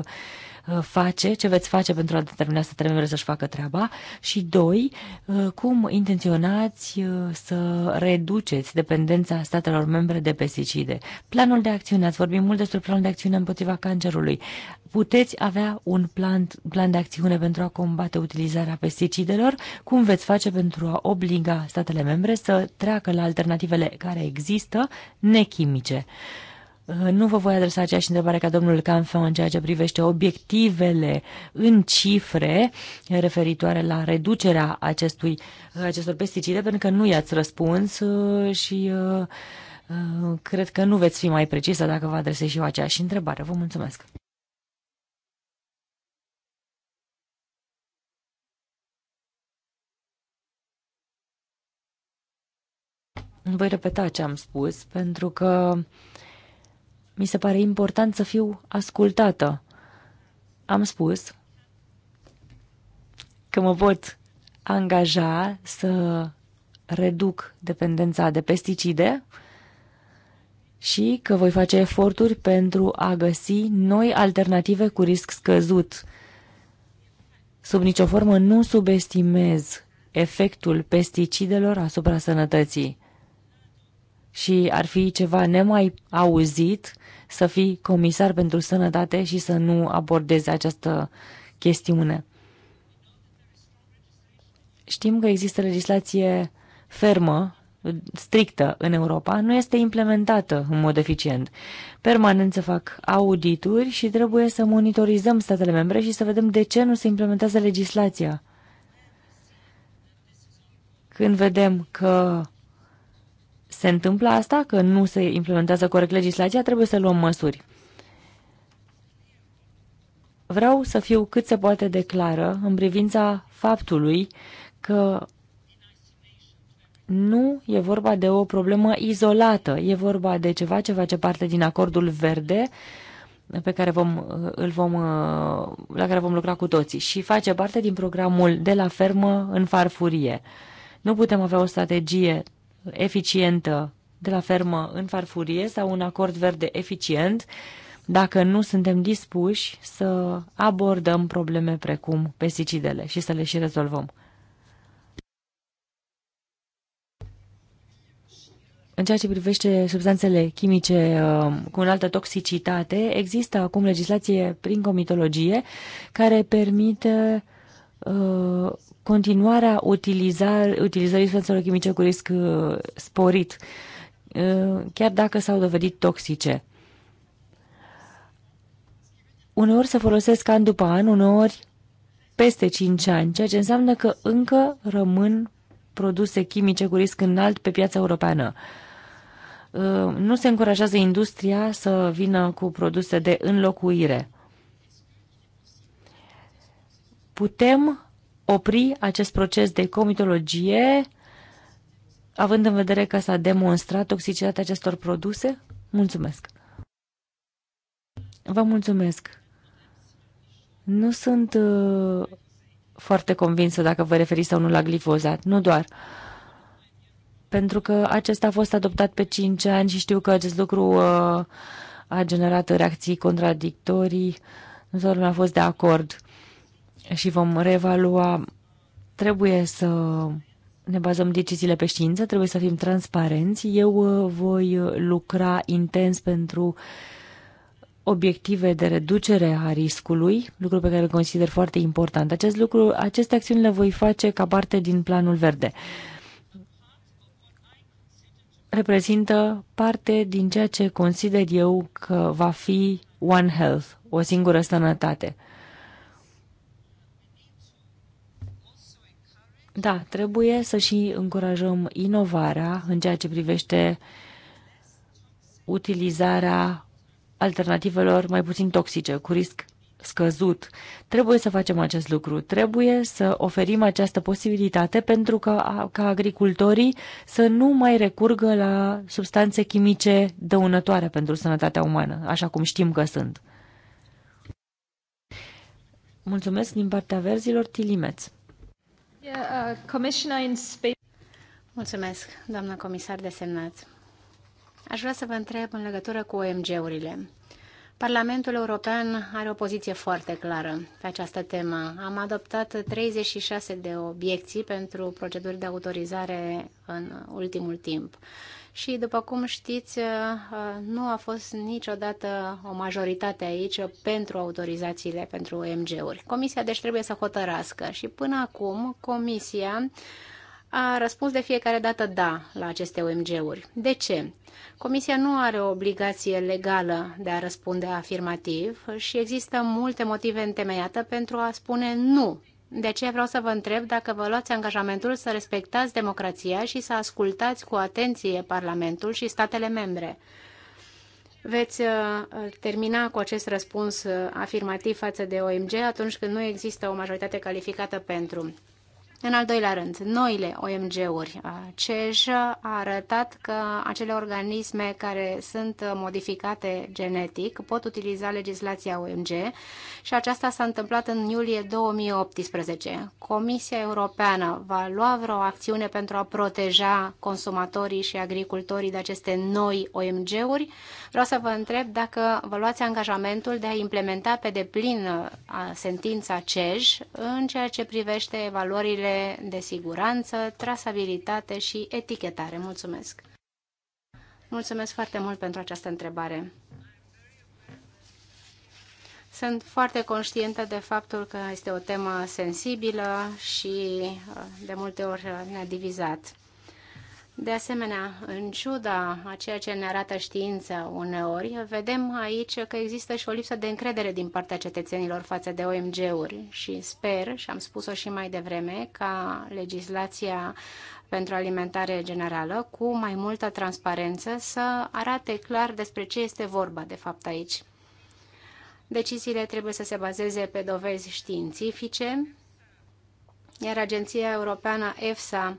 S3: Uh, face, ce veți face pentru a determina statele membre să-și facă treaba și, doi, uh, cum intenționați uh, să reduceți dependența statelor membre de pesticide. Planul de acțiune, ați vorbit mult despre planul de acțiune împotriva cancerului. Puteți avea un plan, plan de acțiune pentru a combate utilizarea pesticidelor? Cum veți face pentru a obliga statele membre să treacă la alternativele care există, nechimice? Uh, nu vă voi adresa aceeași întrebare ca domnul Canfeu în ceea ce privește obiectivele în cifre referitoare la reducerea acestui, uh, acestor pesticide, pentru că nu i-ați răspuns uh, și cred că nu veți fi mai precisă dacă vă adresez și eu aceeași întrebare. Vă mulțumesc! Voi repeta ce am spus, pentru că mi se pare important să fiu ascultată. Am spus că mă pot angaja să reduc dependența de pesticide și că voi face eforturi pentru a găsi noi alternative cu risc scăzut. Sub nicio formă nu subestimez efectul pesticidelor asupra sănătății. Și ar fi ceva nemai auzit să fii comisar pentru sănătate și să nu abordezi această chestiune. Știm că există legislație fermă, strictă în Europa, nu este implementată în mod eficient. Permanent să fac audituri și trebuie să monitorizăm statele membre și să vedem de ce nu se implementează legislația. Când vedem că se întâmplă asta, că nu se implementează corect legislația, trebuie să luăm măsuri. Vreau să fiu cât se poate de clară în privința faptului că nu e vorba de o problemă izolată, e vorba de ceva ce face parte din acordul verde pe care vom, îl vom, la care vom lucra cu toții și face parte din programul de la fermă în farfurie. Nu putem avea o strategie eficientă de la fermă în farfurie sau un acord verde eficient dacă nu suntem dispuși să abordăm probleme precum pesticidele și să le și rezolvăm. În ceea ce privește substanțele chimice uh, cu înaltă toxicitate, există acum legislație prin comitologie care permite Uh, continuarea utilizar, utilizării substanțelor chimice cu risc uh, sporit, uh, chiar dacă s-au dovedit toxice. Uneori se folosesc an după an, uneori peste 5 ani, ceea ce înseamnă că încă rămân produse chimice cu risc înalt pe piața europeană. Nu se încurajează industria să vină cu produse de înlocuire. Putem opri acest proces de comitologie având în vedere că s-a demonstrat toxicitatea acestor produse? Mulțumesc! Vă mulțumesc! Nu sunt uh, foarte convinsă dacă vă referiți sau nu la glifozat, nu doar. Pentru că acesta a fost adoptat pe 5 ani și știu că acest lucru uh, a generat reacții contradictorii. Nu toată lumea a fost de acord. Uh, și vom reevalua, trebuie să ne bazăm deciziile pe știință, trebuie să fim transparenți. Eu uh, voi uh, lucra intens pentru obiective de reducere a riscului, lucru pe care îl consider foarte important. Acest lucru, aceste acțiuni le voi face ca parte din planul verde. Reprezintă parte din ceea ce consider eu că va fi One Health, o singură sănătate. Da, trebuie să și încurajăm inovarea în ceea ce privește utilizarea alternativelor mai puțin toxice, cu risc scăzut. Trebuie să facem acest lucru. Trebuie să oferim această posibilitate pentru ca, ca agricultorii să nu mai recurgă la substanțe chimice dăunătoare pentru sănătatea umană, așa cum știm că sunt. Mulțumesc din partea verzilor, Tilimeț.
S4: Uh, Mulțumesc, doamna comisar de semnat. Aș vrea să vă întreb în legătură cu OMG-urile. Parlamentul European are o poziție foarte clară pe această temă. Am adoptat 36 de obiecții pentru proceduri de autorizare în ultimul timp și, după cum știți, uh, nu a fost niciodată o majoritate aici pentru autorizațiile pentru OMG-uri. Comisia, deci, trebuie să hotărască și până acum Comisia a răspuns de fiecare dată da la aceste OMG-uri. De ce? Comisia nu are o obligație legală de a răspunde afirmativ și există multe motive întemeiate pentru a spune nu de ce vreau să vă întreb dacă vă luați angajamentul să respectați democrația și să ascultați cu atenție Parlamentul și statele membre. Veți uh, termina cu acest răspuns uh, afirmativ față de OMG atunci când nu există o majoritate calificată pentru. În al doilea rând, noile OMG-uri. CEJ a arătat că acele organisme care sunt modificate genetic pot utiliza legislația OMG și aceasta s-a întâmplat în iulie 2018. Comisia Europeană va lua vreo acțiune pentru a proteja consumatorii și agricultorii de aceste noi OMG-uri? Vreau să vă întreb dacă vă luați angajamentul de a implementa pe deplin uh, sentința CEJ în ceea ce privește valorile de siguranță, trasabilitate și etichetare. Mulțumesc! Mulțumesc foarte mult pentru această întrebare. Sunt foarte conștientă de faptul că este o temă sensibilă și uh, de multe ori uh, ne-a divizat. De asemenea, în ciuda a ceea ce ne arată știința uneori, vedem aici că există și o lipsă de încredere din partea cetățenilor față de OMG-uri și sper, și am spus-o și mai devreme, ca legislația pentru alimentare generală cu mai multă transparență să arate clar despre ce este vorba de fapt aici. Deciziile trebuie să se bazeze pe dovezi științifice, iar Agenția Europeană EFSA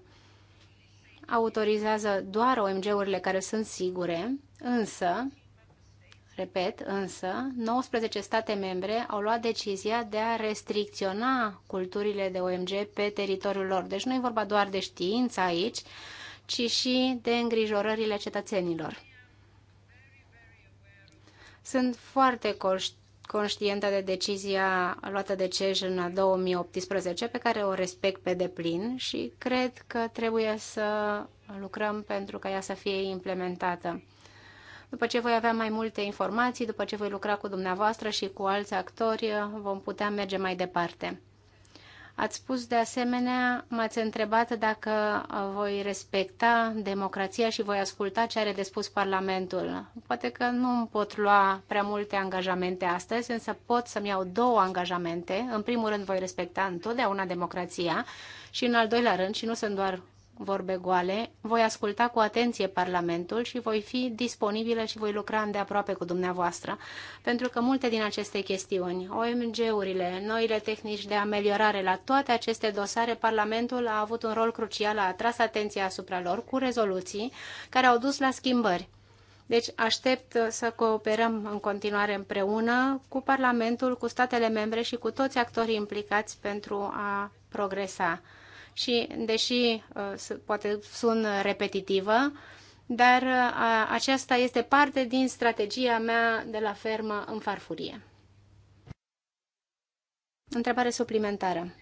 S4: autorizează doar OMG-urile care sunt sigure, însă, repet, însă, 19 state membre au luat decizia de a restricționa culturile de OMG pe teritoriul lor. Deci nu e vorba doar de știință aici, ci și de îngrijorările cetățenilor. Sunt foarte conștientă de decizia luată de CEJ în 2018, pe care o respect pe deplin și cred că trebuie să lucrăm pentru ca ea să fie implementată. După ce voi avea mai multe informații, după ce voi lucra cu dumneavoastră și cu alți actori, vom putea merge mai departe. Ați spus de asemenea, m-ați întrebat dacă uh, voi respecta democrația și voi asculta ce are de spus Parlamentul. Poate că nu îmi pot lua prea multe angajamente astăzi, însă pot să-mi iau două angajamente. În primul rând voi respecta întotdeauna democrația și în al doilea rând, și nu sunt doar vorbe goale, voi asculta cu atenție Parlamentul și voi fi disponibilă și voi lucra îndeaproape cu dumneavoastră, pentru că multe din aceste chestiuni, OMG-urile, noile tehnici de ameliorare la toate aceste dosare, Parlamentul a avut un rol crucial, a atras atenția asupra lor cu rezoluții care au dus la schimbări. Deci aștept să cooperăm în continuare împreună cu Parlamentul, cu statele membre și cu toți actorii implicați pentru a progresa și, deși uh, poate sun repetitivă, dar uh, aceasta este parte din strategia mea de la fermă în farfurie. Întrebare suplimentară.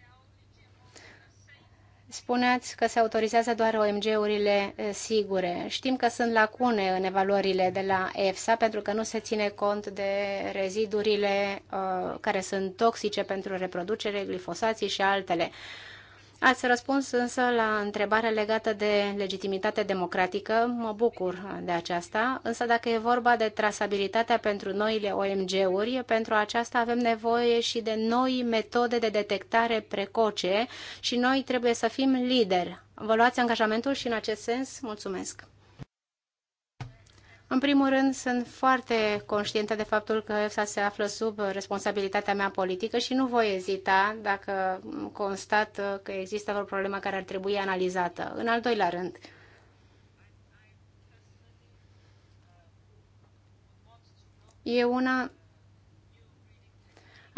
S4: Spuneați că se autorizează doar OMG-urile uh, sigure. Știm că sunt lacune în evaluările de la EFSA pentru că nu se ține cont de rezidurile uh, care sunt toxice pentru reproducere, glifosații și altele. Uh, Ați răspuns însă la întrebarea legată de legitimitate democratică. Mă bucur de aceasta, însă dacă e vorba de trasabilitatea pentru noile OMG-uri, pentru aceasta avem nevoie și de noi metode de detectare precoce și noi trebuie să fim lideri. Vă luați angajamentul și în acest sens mulțumesc. În primul rând, sunt foarte conștientă de faptul că EFSA se află sub responsabilitatea mea politică și nu voi ezita dacă constat că există o problemă care ar trebui analizată. În al doilea rând, eu una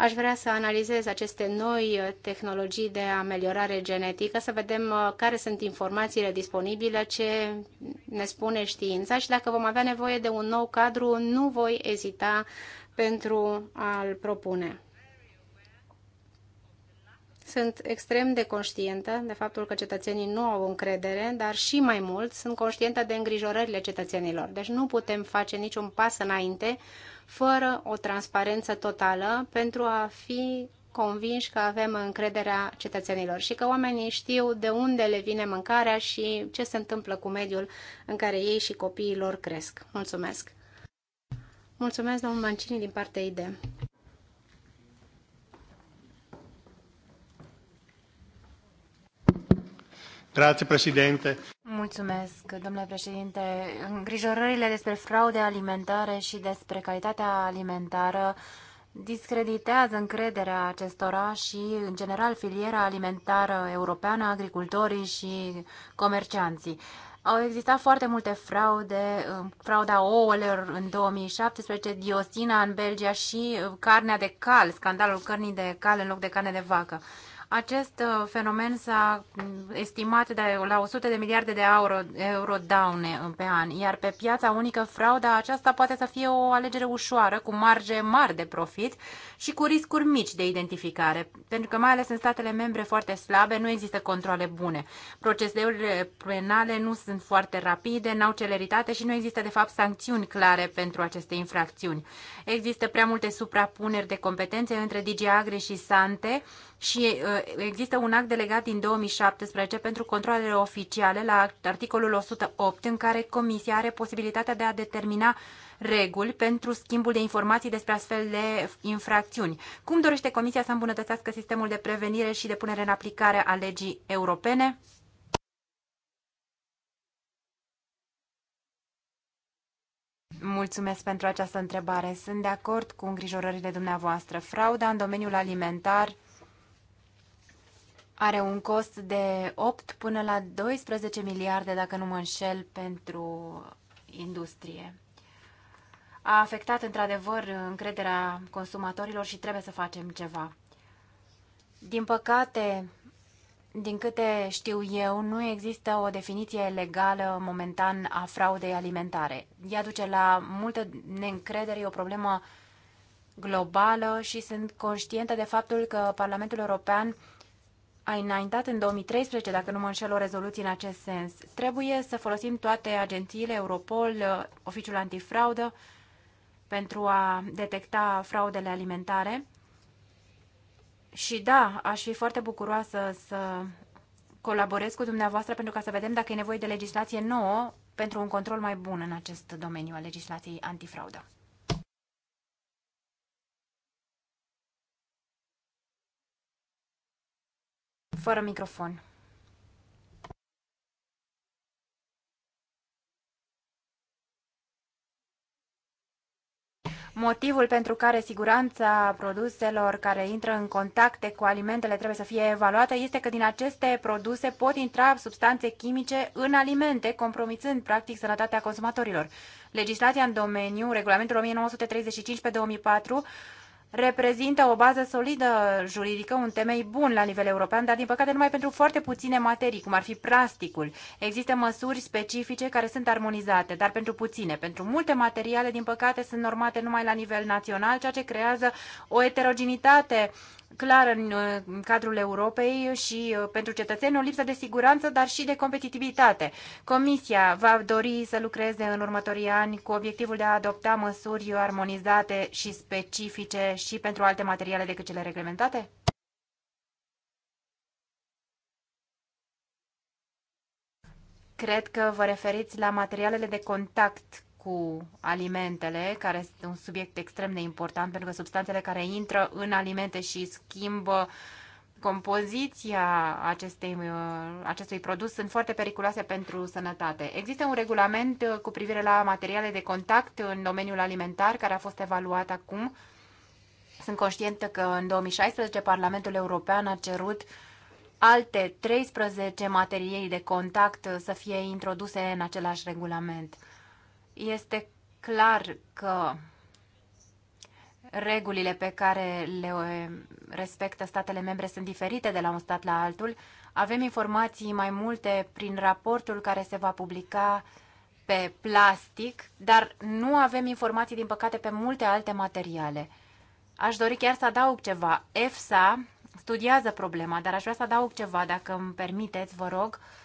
S4: Aș vrea să analizez aceste noi uh, tehnologii de ameliorare genetică, să vedem uh, care sunt informațiile disponibile, ce ne spune știința și dacă vom avea nevoie de un nou cadru, nu voi ezita pentru a-l propune. Sunt extrem de conștientă de faptul că cetățenii nu au încredere, dar și mai mult sunt conștientă de îngrijorările cetățenilor. Deci nu putem face niciun pas înainte fără o transparență totală pentru a fi convinși că avem încrederea cetățenilor și că oamenii știu de unde le vine mâncarea și ce se întâmplă cu mediul în care ei și copiii lor cresc. Mulțumesc! Mulțumesc, domnul Mancini, din
S2: partea IDE. Grazie, Mulțumesc, domnule președinte. Îngrijorările despre fraude alimentare și despre calitatea alimentară discreditează încrederea acestora și, în general, filiera alimentară europeană, agricultorii și comercianții. Au existat foarte multe fraude, uh, frauda ouălor în 2017, diosina în Belgia și uh, carnea de cal, scandalul cărnii de cal în loc de carne de vacă. Acest uh, fenomen s-a mm, estimat de la 100 de miliarde de euro, euro daune uh, pe an, iar pe piața unică frauda aceasta poate să fie o alegere ușoară, cu marge mari de profit și cu riscuri mici de identificare, pentru că mai ales în statele membre foarte slabe nu există controle bune. procesele penale nu sunt foarte rapide, n-au celeritate și nu există de fapt sancțiuni clare pentru aceste infracțiuni. Există prea multe suprapuneri de competențe între DG Agri și Sante, și uh, există un act delegat din 2017 pentru controlele oficiale la articolul 108 în care Comisia are posibilitatea de a determina reguli pentru schimbul de informații despre astfel de infracțiuni. Cum dorește Comisia să îmbunătățească sistemul de prevenire și de punere în aplicare a legii europene? Mulțumesc pentru această întrebare. Sunt de acord cu îngrijorările dumneavoastră. Frauda în domeniul alimentar are un cost de 8 până la 12 miliarde, dacă nu mă înșel, pentru industrie. A afectat într-adevăr încrederea consumatorilor și trebuie să facem ceva. Din păcate, din câte știu eu, nu există o definiție legală momentan a fraudei alimentare. Ea duce la multă neîncredere, e o problemă globală și sunt conștientă de faptul că Parlamentul European a înaintat în 2013, dacă nu mă înșel, o rezoluție în acest sens. Trebuie să folosim toate agențiile, Europol, Oficiul Antifraudă, pentru a detecta fraudele alimentare. Și da, aș fi foarte bucuroasă să colaborez cu dumneavoastră pentru ca să vedem dacă e nevoie de legislație nouă pentru un control mai bun în acest domeniu al legislației antifraudă. fără microfon. Motivul pentru care siguranța produselor care intră în contacte cu alimentele trebuie să fie evaluată este că din aceste produse pot intra substanțe chimice în alimente, compromițând practic sănătatea consumatorilor. Legislația în domeniu, regulamentul 1935 pe 2004, reprezintă o bază solidă juridică, un temei bun la nivel european, dar din păcate numai pentru foarte puține materii, cum ar fi plasticul. Există măsuri specifice care sunt armonizate, dar pentru puține. Pentru multe materiale, din păcate, sunt normate numai la nivel național, ceea ce creează o eterogenitate clară uh, în cadrul Europei și uh, pentru cetățeni o lipsă de siguranță, dar și de competitivitate. Comisia va dori să lucreze în următorii ani cu obiectivul de a adopta măsuri armonizate și specifice și pentru alte materiale decât cele reglementate? Cred că vă referiți la materialele de contact cu alimentele, care este un subiect extrem de important, pentru că substanțele care intră în alimente și schimbă compoziția acestei, uh, acestui produs sunt foarte periculoase pentru sănătate. Există un regulament uh, cu privire la materiale de contact în domeniul alimentar care a fost evaluat acum. Sunt conștientă că în 2016 Parlamentul European a cerut alte 13 materii de contact să fie introduse în același regulament. Este clar că regulile pe care le uh, respectă statele membre sunt diferite de la un stat la altul. Avem informații mai multe prin raportul care se va publica pe plastic, dar nu avem informații, din păcate, pe multe alte materiale. Aș dori chiar să adaug ceva. EFSA studiază problema, dar aș vrea să adaug ceva, dacă îmi permiteți, vă rog. Uh,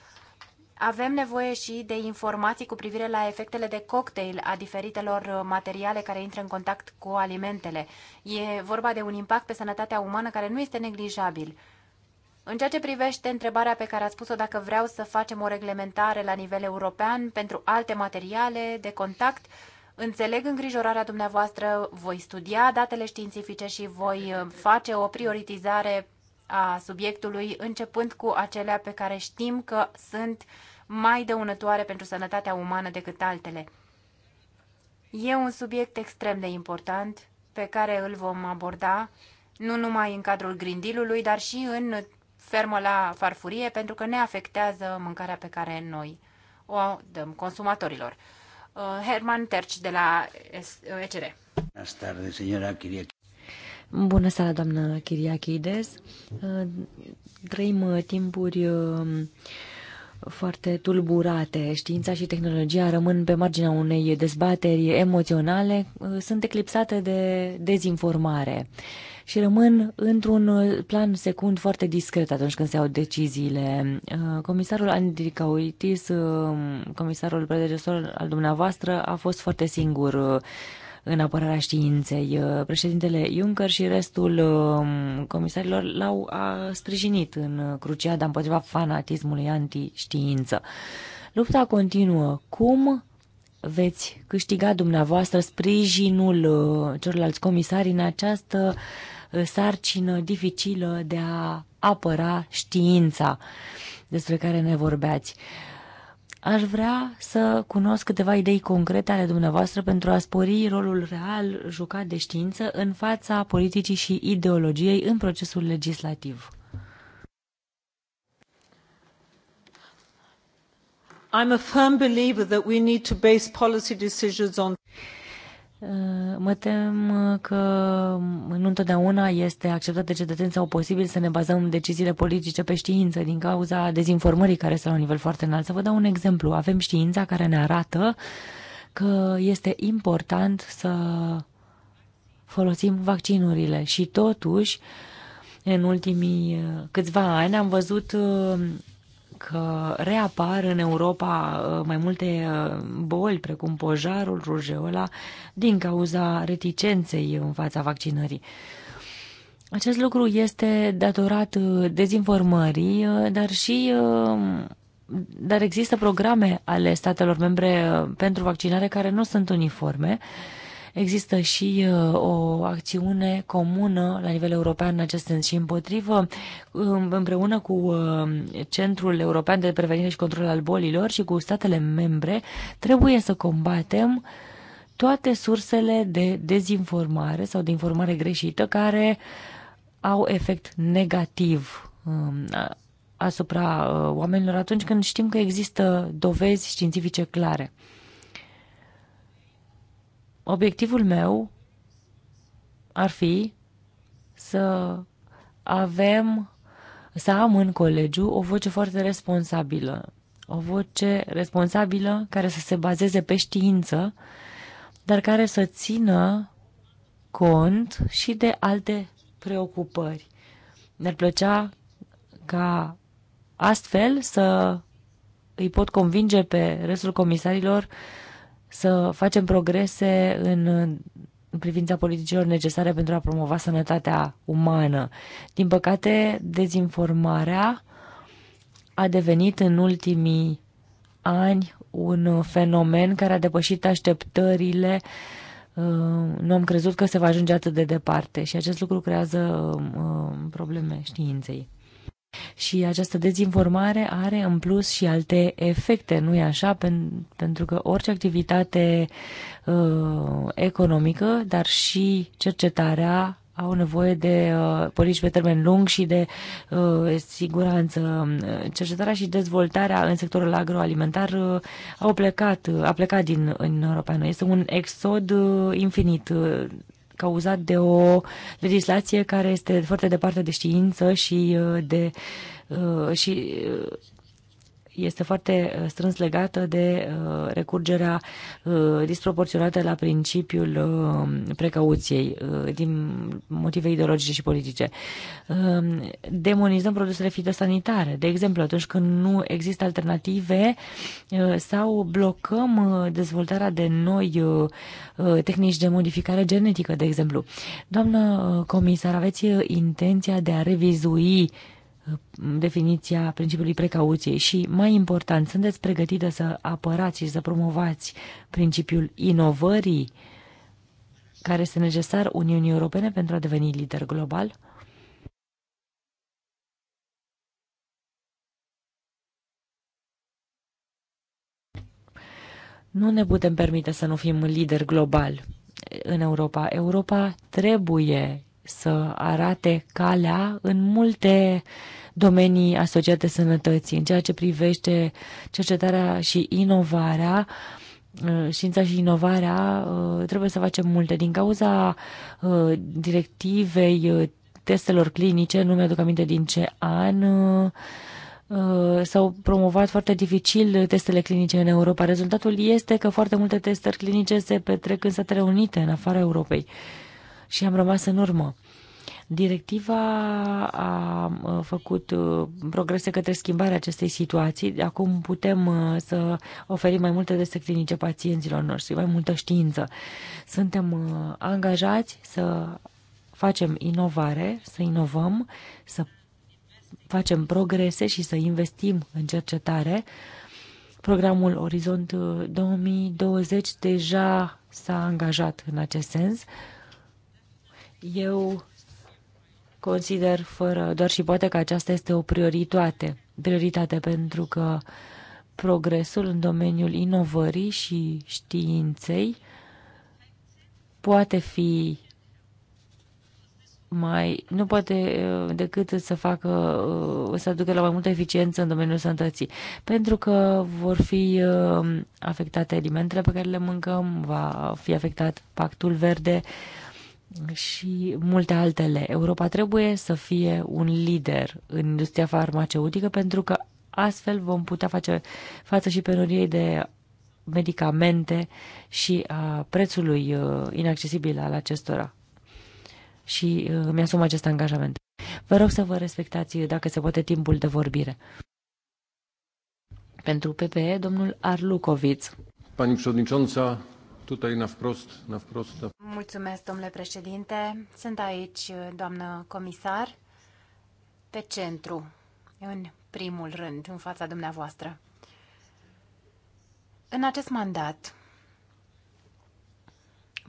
S2: avem nevoie și de informații cu privire la efectele de cocktail a diferitelor uh, materiale care intră în contact cu alimentele. E vorba de un impact pe sănătatea umană care nu este neglijabil. În ceea ce privește întrebarea pe care a spus-o dacă vreau să facem o reglementare la nivel european pentru alte materiale de contact, Înțeleg îngrijorarea dumneavoastră, voi studia datele științifice și voi uh, face o prioritizare a subiectului, începând cu acelea pe care știm că sunt mai dăunătoare pentru sănătatea umană decât altele. E un subiect extrem de important pe care îl vom aborda nu numai în cadrul grindilului, dar și în fermă la farfurie, pentru că ne afectează mâncarea pe care noi o dăm consumatorilor. Uh, Herman Terci de la ECR.
S3: Bună seara, doamnă Chides. Uh, trăim uh, timpuri um, foarte tulburate. Știința și tehnologia rămân pe marginea unei dezbateri emoționale, uh, sunt eclipsate de dezinformare și rămân într-un plan secund foarte discret atunci când se iau deciziile. Comisarul Andricauitis, comisarul predecesor al dumneavoastră, a fost foarte singur în apărarea științei. Uh, președintele Juncker și restul um, comisarilor l-au sprijinit în cruciada împotriva fanatismului antiștiință. Lupta continuă. Cum veți câștiga dumneavoastră sprijinul uh, celorlalți comisari în această uh, sarcină dificilă de a apăra știința despre care ne vorbeați? Aș vrea să cunosc câteva idei concrete ale dumneavoastră pentru a spori rolul real jucat de știință în fața politicii și ideologiei în procesul legislativ. I'm a firm believer that we need to base policy decisions on Uh, mă tem uh, că nu întotdeauna este acceptat de cetățeni sau posibil să ne bazăm deciziile politice pe știință din cauza dezinformării care sunt la un nivel foarte înalt. Să vă dau un exemplu. Avem știința care ne arată că este important să folosim vaccinurile și totuși în ultimii uh, câțiva ani am văzut că reapar în Europa uh, mai multe uh, boli, precum pojarul, rujeola, din cauza reticenței în fața vaccinării. Acest lucru este datorat uh, dezinformării, dar și dar există programe ale statelor membre pentru vaccinare care nu sunt uniforme Există și uh, o acțiune comună la nivel european în acest sens și împotrivă, um, împreună cu uh, Centrul European de Prevenire și Control al Bolilor și cu statele membre, trebuie să combatem toate sursele de dezinformare sau de informare greșită care au efect negativ um, asupra uh, oamenilor atunci când știm că există dovezi științifice clare. Obiectivul meu ar fi să avem, să am în colegiu o voce foarte responsabilă, o voce responsabilă care să se bazeze pe știință, dar care să țină cont și de alte preocupări. Ne-ar plăcea ca astfel să îi pot convinge pe restul comisarilor uh, să facem progrese în în privința politicilor necesare pentru a promova sănătatea umană. Din păcate, dezinformarea a devenit în ultimii ani un fenomen care a depășit așteptările. Uh, nu am crezut că se va ajunge atât de departe și acest lucru creează uh, probleme științei. Și această dezinformare are în plus și alte efecte, nu e așa? Pen- pentru că orice activitate uh, economică, dar și cercetarea au nevoie de uh, politici pe termen lung și de uh, siguranță. Cercetarea și dezvoltarea în sectorul agroalimentar uh, au plecat, uh, a plecat din Uniunea Europeană. Este un exod uh, infinit. Uh, cauzat de o legislație care este foarte departe de știință și uh, de uh, și uh, este foarte uh, strâns legată de uh, recurgerea uh, disproporționată la principiul um, precauției din motive ideologice și politice. Um, demonizăm produsele fitosanitare, de exemplu, atunci când nu există alternative sau blocăm dezvoltarea de noi tehnici de modificare genetică, de exemplu. Doamnă comisar, aveți intenția de a revizui definiția principiului precauției și, mai important, sunteți pregătită să apărați și să promovați principiul inovării care este necesar Uniunii Europene pentru a deveni lider global? Nu ne putem permite să nu fim lider global în Europa. Europa trebuie să arate calea în multe domenii asociate sănătății, în ceea ce privește cercetarea și inovarea. Uh, știința și inovarea uh, trebuie să facem multe. Din cauza uh, directivei testelor clinice, nu mi-aduc aminte din ce an, s-au promovat foarte dificil testele clinice în Europa. Rezultatul este că foarte multe testări clinice se petrec în Statele Unite, în afara Europei și am rămas în urmă. Directiva a făcut uh, progrese către schimbarea acestei situații. Acum putem uh, să oferim mai multe teste clinice pacienților noștri, mai multă știință. Suntem uh, angajați să facem inovare, să inovăm, să facem progrese și să investim în cercetare. Programul Orizont 2020 deja s-a angajat în acest sens. Eu consider fără doar și poate că aceasta este o prioritate, prioritate pentru că progresul în domeniul inovării și științei poate fi mai, nu poate uh, decât să facă, uh, să aducă la mai multă eficiență în domeniul sănătății. Pentru că vor fi uh, afectate alimentele pe care le mâncăm, va fi afectat pactul verde, și multe altele. Europa trebuie să fie un lider în industria farmaceutică pentru că astfel vom putea face față și penuriei de medicamente și a prețului uh, inaccesibil al acestora. Și uh, mi asum acest angajament. Vă rog să vă respectați, uh, dacă se poate, timpul de vorbire. Pentru PPE, domnul Arlucoviț. Pani președinte, tutaj na wprost, na wprost. Na...
S2: Mulțumesc, domnule președinte. Sunt aici, doamnă comisar, pe centru, în primul rând, în fața dumneavoastră. În acest mandat,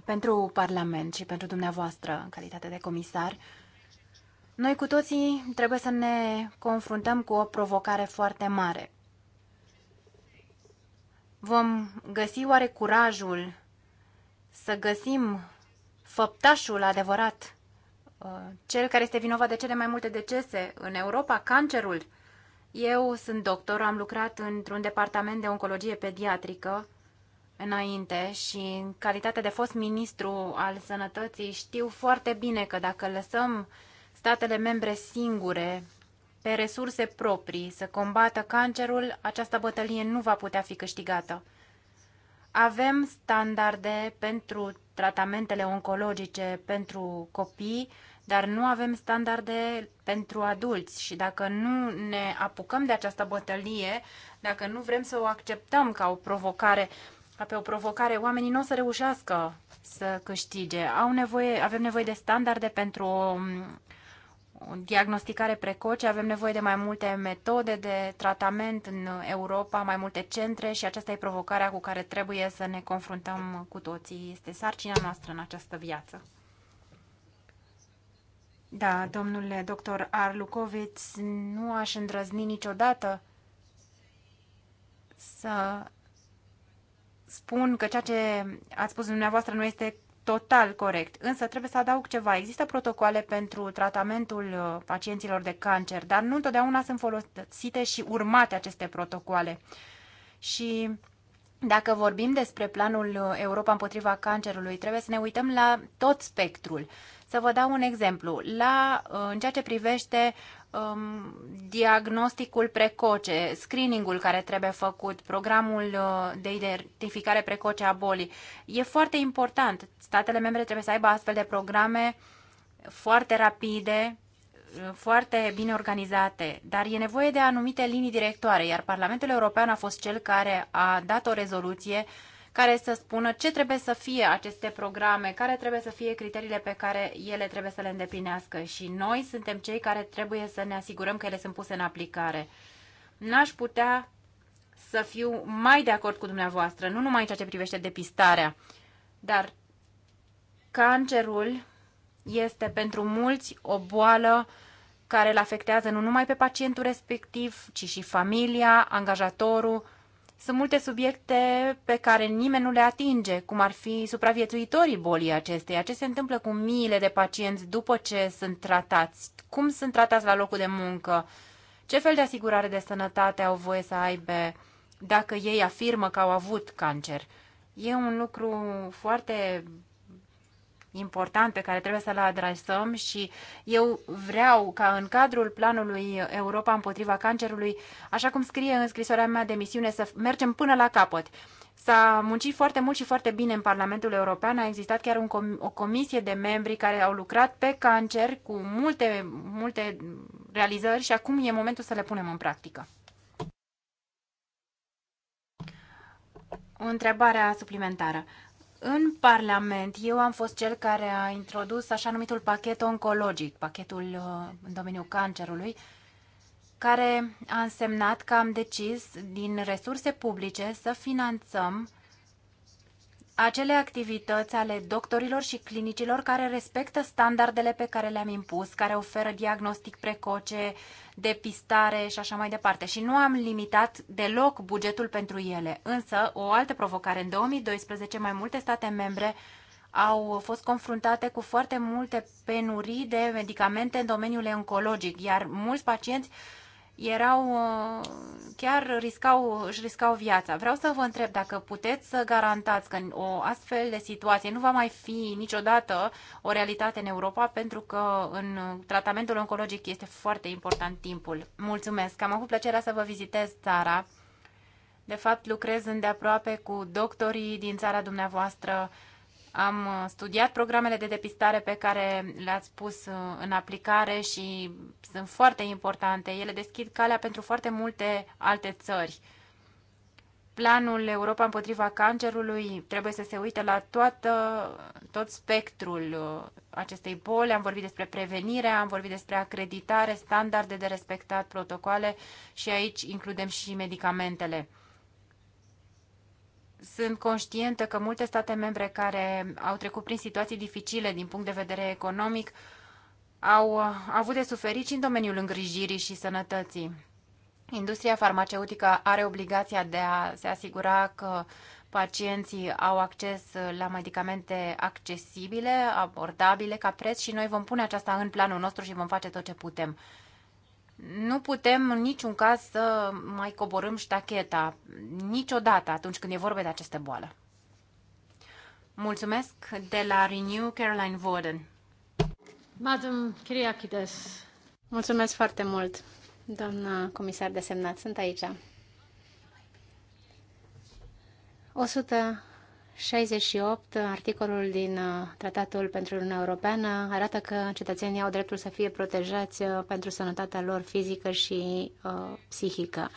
S2: pentru Parlament și pentru dumneavoastră, în calitate de comisar, noi cu toții trebuie să ne confruntăm cu o provocare foarte mare. Vom găsi oare curajul să găsim făptașul adevărat, uh, cel care este vinovat de cele mai multe decese în Europa, cancerul. Eu sunt doctor, am lucrat într-un departament de oncologie pediatrică înainte și în calitate de fost ministru al sănătății știu foarte bine că dacă lăsăm statele membre singure pe resurse proprii să combată cancerul, această bătălie nu va putea fi câștigată. Avem standarde pentru tratamentele oncologice pentru copii, dar nu avem standarde pentru adulți și dacă nu ne apucăm de această bătălie, dacă nu vrem să o acceptăm ca o provocare, ca pe o provocare, oamenii nu o să reușească să câștige. Au nevoie, avem nevoie de standarde pentru o um, diagnosticare precoce, avem nevoie de mai multe metode de tratament în Europa, mai multe centre și aceasta e provocarea cu care trebuie să ne confruntăm cu toții. Este sarcina noastră în această viață. Da, domnule doctor Arlucoviț, nu aș îndrăzni niciodată să spun că ceea ce ați spus dumneavoastră nu este total corect. Însă trebuie să adaug ceva. Există protocoale pentru tratamentul uh, pacienților de cancer, dar nu întotdeauna sunt folosite și urmate aceste protocoale. Și dacă vorbim despre planul uh, Europa împotriva cancerului, trebuie să ne uităm la tot spectrul. Să vă dau un exemplu. La, uh, în ceea ce privește um, diagnosticul precoce, screeningul care trebuie făcut, programul uh, de identificare precoce a bolii, e foarte important. Statele membre trebuie să aibă astfel de programe foarte rapide, uh, foarte bine organizate, dar e nevoie de anumite linii directoare, iar Parlamentul European a fost cel care a dat o rezoluție uh, care să spună ce trebuie să fie aceste programe, care trebuie să fie criteriile pe care ele trebuie să le îndeplinească și noi suntem cei care trebuie să ne asigurăm că ele sunt puse în aplicare. N-aș putea să fiu mai de acord cu dumneavoastră, nu numai în ceea ce privește depistarea, dar cancerul este pentru mulți o boală care îl afectează nu numai pe pacientul respectiv, ci și familia, angajatorul, sunt multe subiecte pe care nimeni nu le atinge, cum ar fi supraviețuitorii bolii acesteia. Ce se întâmplă cu miile de pacienți după ce sunt tratați? Cum sunt tratați la locul de muncă? Ce fel de asigurare de sănătate au voie să aibă dacă ei afirmă că au avut cancer? E un lucru foarte important pe care trebuie să le adresăm și eu vreau ca în cadrul planului Europa împotriva cancerului, așa cum scrie în scrisoarea mea de misiune, să mergem până la capăt. S-a muncit foarte mult și foarte bine în Parlamentul European. A existat chiar un com- o comisie de membri care au lucrat pe cancer cu multe, multe realizări și acum e momentul să le punem în practică. O întrebare suplimentară. În Parlament, eu am fost cel care a introdus așa numitul pachet oncologic, pachetul uh, în domeniul cancerului, care a însemnat că am decis din resurse publice să finanțăm acele activități ale doctorilor și clinicilor care respectă standardele pe care le-am impus, care oferă diagnostic precoce, depistare și așa mai departe. Și nu am limitat deloc bugetul pentru ele. Însă, o altă provocare, în 2012, mai multe state membre au fost confruntate cu foarte multe penurii de medicamente în domeniul oncologic, iar mulți pacienți erau uh, chiar riscau, își riscau viața. Vreau să vă întreb dacă puteți să garantați că o astfel de situație nu va mai fi niciodată o realitate în Europa, pentru că în tratamentul oncologic este foarte important timpul. Mulțumesc! Am avut plăcerea să vă vizitez țara. De fapt, lucrez îndeaproape cu doctorii din țara dumneavoastră am uh, studiat programele de depistare pe care le-ați pus uh, în aplicare și sunt foarte importante. Ele deschid calea pentru foarte multe alte țări. Planul Europa împotriva cancerului trebuie să se uite la toată, tot spectrul uh, acestei boli. Am vorbit despre prevenire, am vorbit despre acreditare, standarde de respectat, protocoale și aici includem și medicamentele. Sunt conștientă că multe state membre care au trecut prin situații dificile din punct de vedere economic uh, au avut de suferit și în domeniul îngrijirii și sănătății. Industria farmaceutică are obligația de a se asigura că pacienții au acces la medicamente accesibile, abordabile ca preț și noi vom pune aceasta în planul nostru și vom face tot ce putem nu putem în niciun caz să mai coborâm ștacheta niciodată atunci când e vorba de această boală. Mulțumesc de la Renew Caroline Warden. Madam Kiriakides. Mulțumesc foarte mult, doamna
S4: comisar desemnat. Sunt aici. 100 68, articolul din uh, Tratatul pentru Uniunea Europeană, arată că cetățenii au dreptul să fie protejați uh, pentru sănătatea lor fizică și uh, psihică.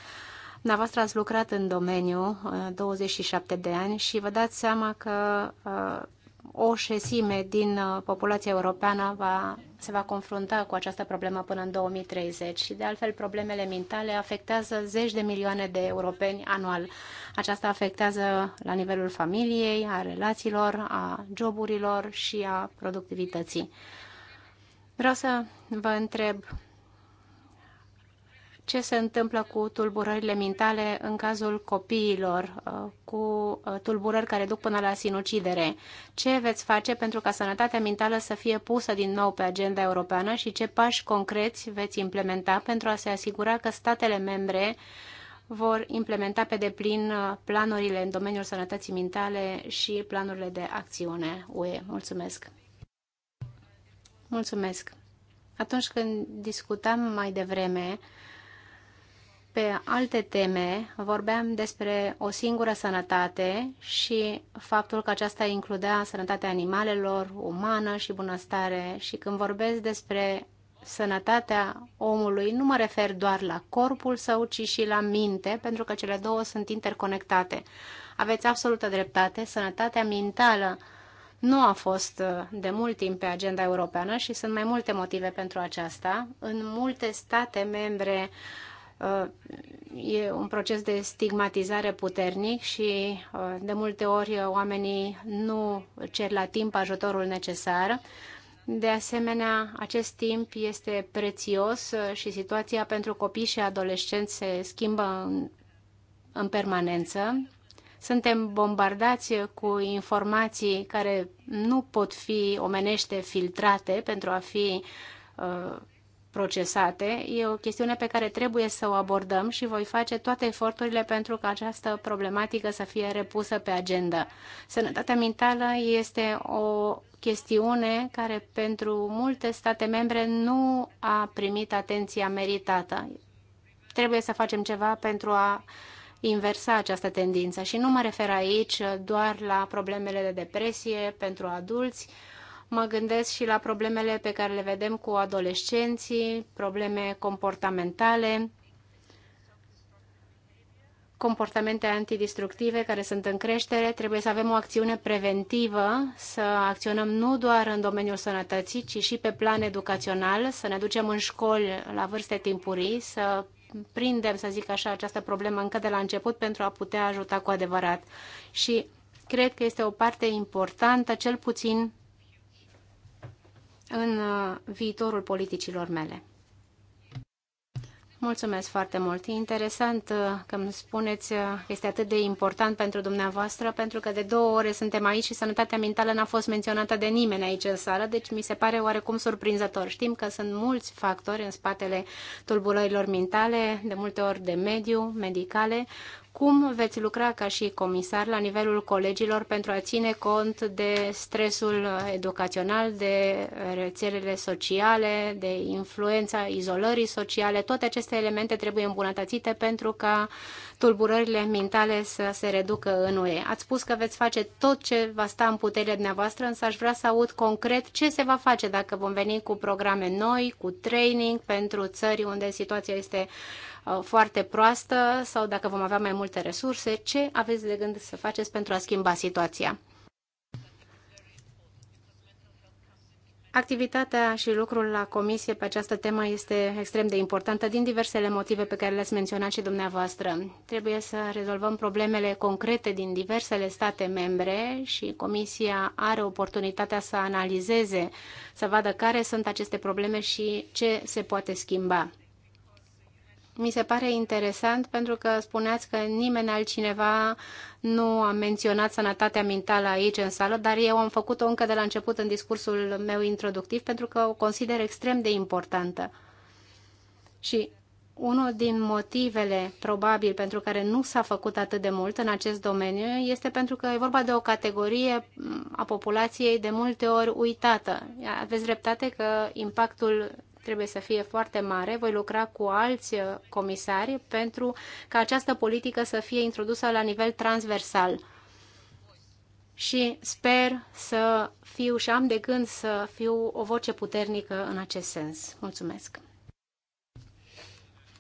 S4: Dumneavoastră ați lucrat în domeniu uh, 27 de ani și vă dați seama că uh, o șesime din uh, populația europeană va se va confrunta cu această problemă până în 2030 și de altfel problemele mentale afectează zeci de milioane de europeni anual. Aceasta afectează la nivelul familiei, a relațiilor, a joburilor și a productivității. Vreau să vă întreb ce se întâmplă cu tulburările mentale în cazul copiilor, uh, cu uh, tulburări care duc până la sinucidere. Ce veți face pentru ca sănătatea mentală să fie pusă din nou pe agenda europeană și ce pași concreți veți implementa pentru a se asigura că statele membre vor implementa pe deplin uh, planurile în domeniul sănătății mentale și planurile de acțiune UE. Mulțumesc! Mulțumesc! Atunci când discutam mai devreme, pe alte teme vorbeam despre o singură sănătate și faptul că aceasta includea sănătatea animalelor, umană și bunăstare. Și când vorbesc despre sănătatea omului, nu mă refer doar la corpul său, ci și la minte, pentru că cele două sunt interconectate. Aveți absolută dreptate, sănătatea mentală nu a fost de mult timp pe agenda europeană și sunt mai multe motive pentru aceasta. În multe state membre, uh, e un proces de stigmatizare puternic și uh, de multe ori uh, oamenii nu cer la timp ajutorul necesar. De asemenea, acest timp este prețios uh, și situația pentru copii și adolescenți se schimbă în, în permanență. Suntem bombardați cu informații care nu pot fi omenește filtrate pentru a fi uh, procesate, e o chestiune pe care trebuie să o abordăm și voi face toate eforturile pentru ca această problematică să fie repusă pe agenda. Sănătatea mentală este o chestiune care pentru multe state membre nu a primit atenția meritată. Trebuie să facem ceva pentru a inversa această tendință și nu mă refer aici doar la problemele de depresie pentru adulți, Mă gândesc și la problemele pe care le vedem cu adolescenții, probleme comportamentale, comportamente antidistructive care sunt în creștere, trebuie să avem o acțiune preventivă, să acționăm nu doar în domeniul sănătății, ci și pe plan educațional, să ne ducem în școli la vârste timpurii, să prindem, să zic așa, această problemă încă de la început pentru a putea ajuta cu adevărat. Și cred că este o parte importantă, cel puțin în uh, viitorul politicilor mele. Mulțumesc foarte mult. E interesant uh, că îmi spuneți uh, că este atât de important pentru dumneavoastră, pentru că de două ore suntem aici și sănătatea mentală n-a fost menționată de nimeni aici în sală, deci mi se pare oarecum surprinzător. Știm că sunt mulți factori în spatele tulburărilor mentale, de multe ori de mediu, medicale, cum veți lucra ca și comisar la nivelul colegilor pentru a ține cont de stresul educațional, de rețelele sociale, de influența izolării sociale? Toate aceste elemente trebuie îmbunătățite pentru ca tulburările mentale să se reducă în UE. Ați spus că veți face tot ce va sta în puterea dumneavoastră, însă aș vrea să aud concret ce se va face dacă vom veni cu programe noi, cu training pentru țări unde situația este uh, Uh, foarte proastă sau dacă vom avea mai multe resurse, ce aveți de gând să faceți pentru a schimba situația? Activitatea și lucrul la comisie pe această temă este extrem de importantă din diversele motive pe care le-ați menționat și dumneavoastră. Trebuie să rezolvăm problemele concrete din diversele state membre și comisia are oportunitatea să analizeze, să vadă care sunt aceste probleme și ce se poate schimba mi se pare interesant pentru că spuneați că nimeni altcineva nu a menționat sănătatea mentală aici în sală, dar eu am făcut-o încă de la început în discursul meu introductiv pentru că o consider extrem de importantă. Și unul din motivele, probabil, pentru care nu s-a făcut atât de mult în acest domeniu este pentru că e vorba de o categorie a populației de multe ori uitată. Aveți dreptate că impactul trebuie să fie foarte mare. Voi lucra cu alți uh, comisari pentru ca această politică să fie introdusă la nivel transversal. Și sper să fiu și am de gând să fiu o voce puternică în acest sens. Mulțumesc!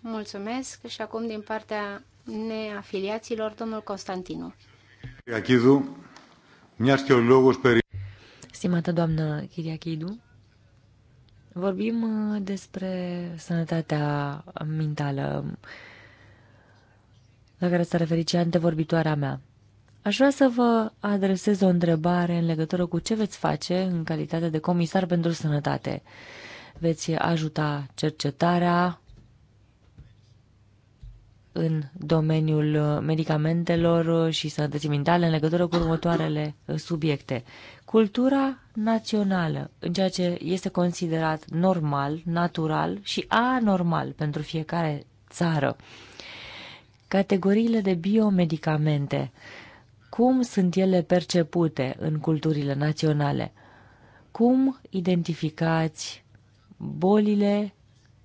S4: Mulțumesc și acum din partea neafiliaților, domnul Constantinu.
S1: Chiriachidu, mi-a
S3: Stimată doamnă Chiriachidu, Vorbim uh, despre sănătatea mentală la care s-a referit și antevorbitoarea mea. Aș vrea să vă adresez o întrebare în legătură cu ce veți face în calitate de comisar pentru sănătate. Veți ajuta cercetarea în domeniul medicamentelor și sănătății mentale în legătură cu următoarele subiecte. Cultura națională, în ceea ce este considerat normal, natural și anormal pentru fiecare țară. Categoriile de biomedicamente, cum sunt ele percepute în culturile naționale? Cum identificați bolile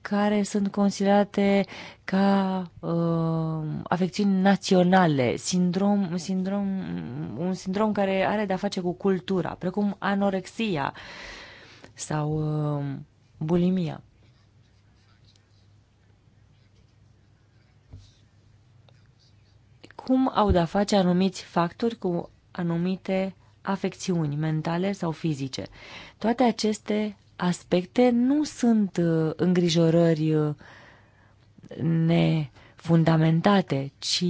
S3: care sunt considerate ca uh, afecțiuni naționale, sindrom, sindrom, un sindrom care are de-a face cu cultura, precum anorexia sau uh, bulimia. Cum au de-a face anumiți factori cu anumite afecțiuni mentale sau fizice? Toate aceste aspecte nu sunt uh, îngrijorări uh, nefundamentate, ci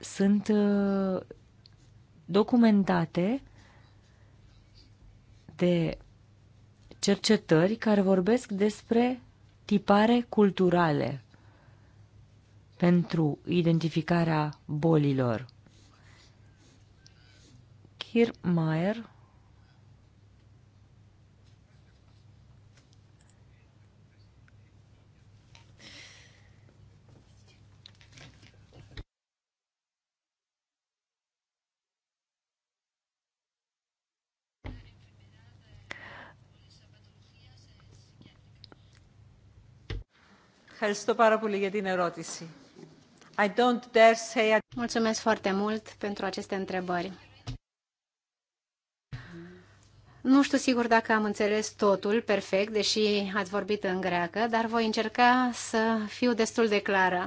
S3: sunt uh, documentate de cercetări care vorbesc despre tipare culturale pentru identificarea bolilor. Kirchmeier Ευχαριστώ πάρα πολύ για την ερώτηση.
S4: I don't dare say... Mulțumesc foarte mult pentru aceste întrebări. Nu știu sigur dacă am înțeles totul perfect, deși ați vorbit în greacă, dar voi încerca să fiu destul de clară.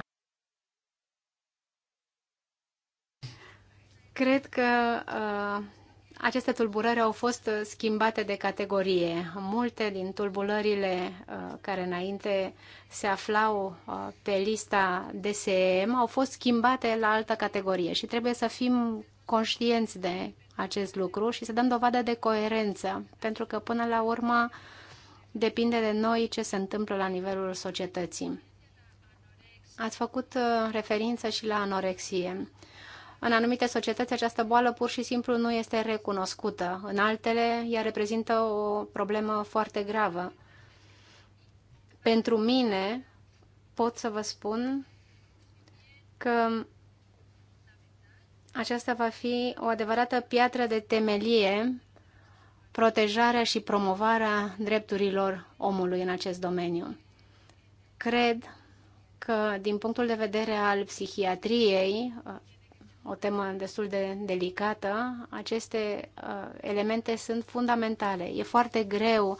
S4: Cred că uh, aceste tulburări au fost uh, schimbate de categorie. Multe din tulburările uh, care înainte se aflau uh, pe lista DSM au fost schimbate la altă categorie și trebuie să fim conștienți de acest lucru și să dăm dovadă de coerență, pentru că până la urmă depinde de noi ce se întâmplă la nivelul societății. Ați făcut referință și la anorexie. În anumite societăți această boală pur și simplu nu este recunoscută. În altele, ea reprezintă o problemă foarte gravă. Pentru mine, pot să vă spun că aceasta va fi o adevărată piatră de temelie, protejarea și promovarea drepturilor omului în acest domeniu. Cred că, din punctul de vedere al psihiatriei, o temă destul de delicată, aceste uh, elemente sunt fundamentale. E foarte greu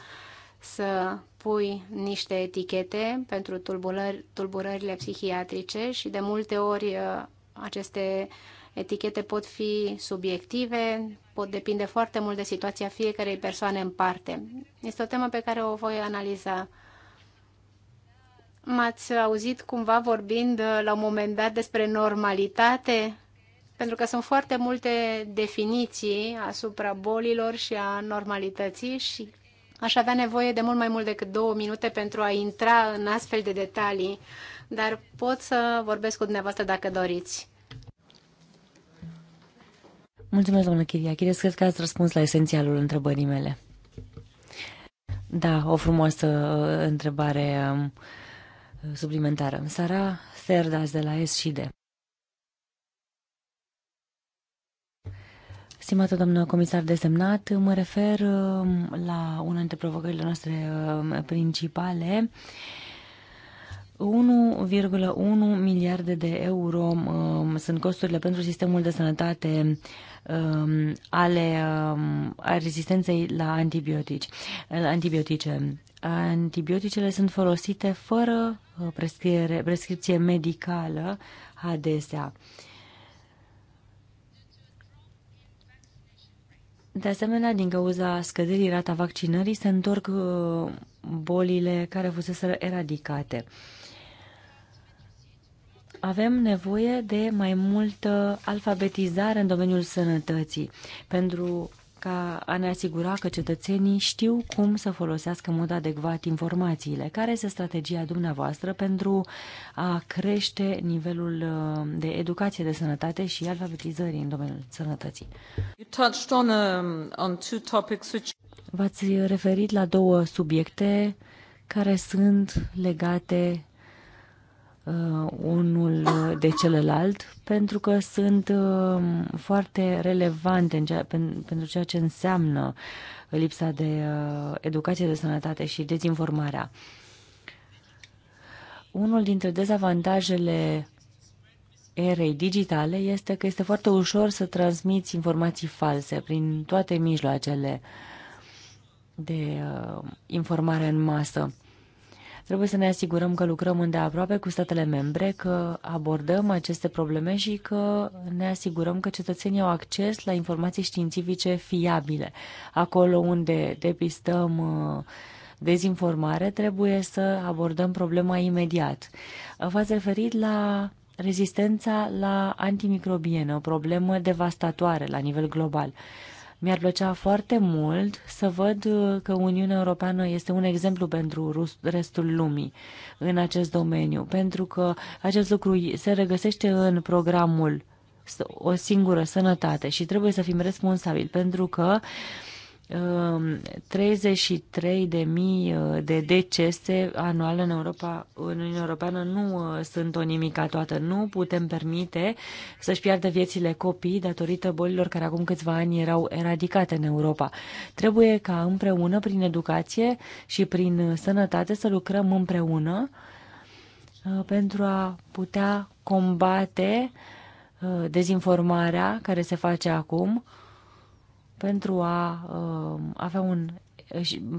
S4: să pui niște etichete pentru tulburări, tulburările psihiatrice și de multe ori uh, aceste etichete pot fi subiective, pot depinde foarte mult de situația fiecarei persoane în parte. Este o temă pe care o voi analiza. M-ați auzit cumva vorbind uh, la un moment dat despre normalitate? pentru că sunt foarte multe definiții asupra bolilor și a normalității și aș avea nevoie de mult mai mult decât două minute pentru a intra în astfel de detalii, dar pot să vorbesc cu dumneavoastră dacă doriți.
S3: Mulțumesc, doamnă Chiria, Cred că ați răspuns la esențialul întrebării mele. Da, o frumoasă uh, întrebare um, suplimentară. Sara Serdas de la SCD. Stimată doamnă comisar desemnat, mă refer um, la una dintre provocările noastre um, principale. 1,1 miliarde de euro um, sunt costurile pentru sistemul de sănătate ale rezistenței la antibiotici. antibiotice. Antibioticele sunt folosite fără uh, prescriere, prescripție medicală adesea. De asemenea, din cauza scăderii rata vaccinării, se întorc uh, bolile care fusese eradicate. Avem nevoie de mai multă alfabetizare în domeniul sănătății pentru ca a ne asigura că cetățenii știu cum să folosească în mod adecvat informațiile. Care este strategia dumneavoastră pentru a crește nivelul uh, de educație de sănătate și alfabetizării în domeniul sănătății? Um, V-ați referit la două subiecte care sunt legate Uh, unul uh, de celălalt, pentru că sunt uh, foarte relevante în ceea, pentru ceea ce înseamnă lipsa de educație de sănătate și dezinformarea. Unul dintre dezavantajele erei digitale este că este foarte ușor să transmiți informații false prin toate mijloacele de informare în masă. Trebuie să ne asigurăm că lucrăm îndeaproape cu statele membre, că abordăm aceste probleme și că ne asigurăm că cetățenii au acces la informații științifice fiabile. Acolo unde depistăm uh, dezinformare, trebuie să abordăm problema imediat. Uh, v-ați referit la rezistența la antimicrobiene, o problemă devastatoare la nivel global. Mi-ar plăcea foarte mult să văd uh, că Uniunea Europeană este un exemplu pentru restul lumii în acest domeniu, pentru că acest lucru se regăsește în programul o singură sănătate și trebuie să fim responsabili, pentru că uh, 33.000 ehm, eh, de decese anual în Europa, în Uniunea Europeană nu eh, sunt o nimica toată. Nu putem permite să-și piardă viețile copii datorită bolilor care acum câțiva ani erau eradicate în Europa. Trebuie ca împreună, prin educație și prin eh, sănătate, să lucrăm împreună pentru a putea combate dezinformarea care se face acum, pentru a um, avea un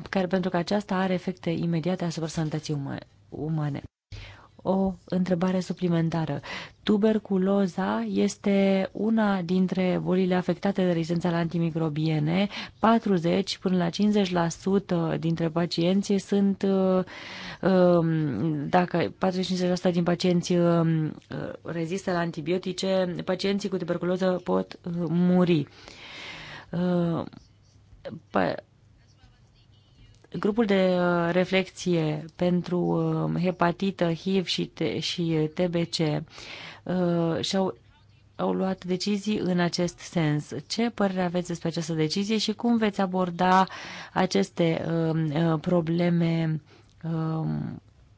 S3: care, pentru că aceasta are efecte imediate asupra sănătății umane. O întrebare suplimentară. Tuberculoza este una dintre bolile afectate de rezistența la antimicrobiene. 40 până la 50% dintre pacienți sunt, uh, um, dacă 45% din pacienți uh, rezistă la antibiotice, pacienții cu tuberculoză pot uh, muri. Grupul de uh, reflexie pentru uh, hepatită, HIV și, și TBC uh, și-au au luat decizii în acest sens. Ce părere aveți despre această decizie și cum veți aborda aceste um, uh, probleme uh,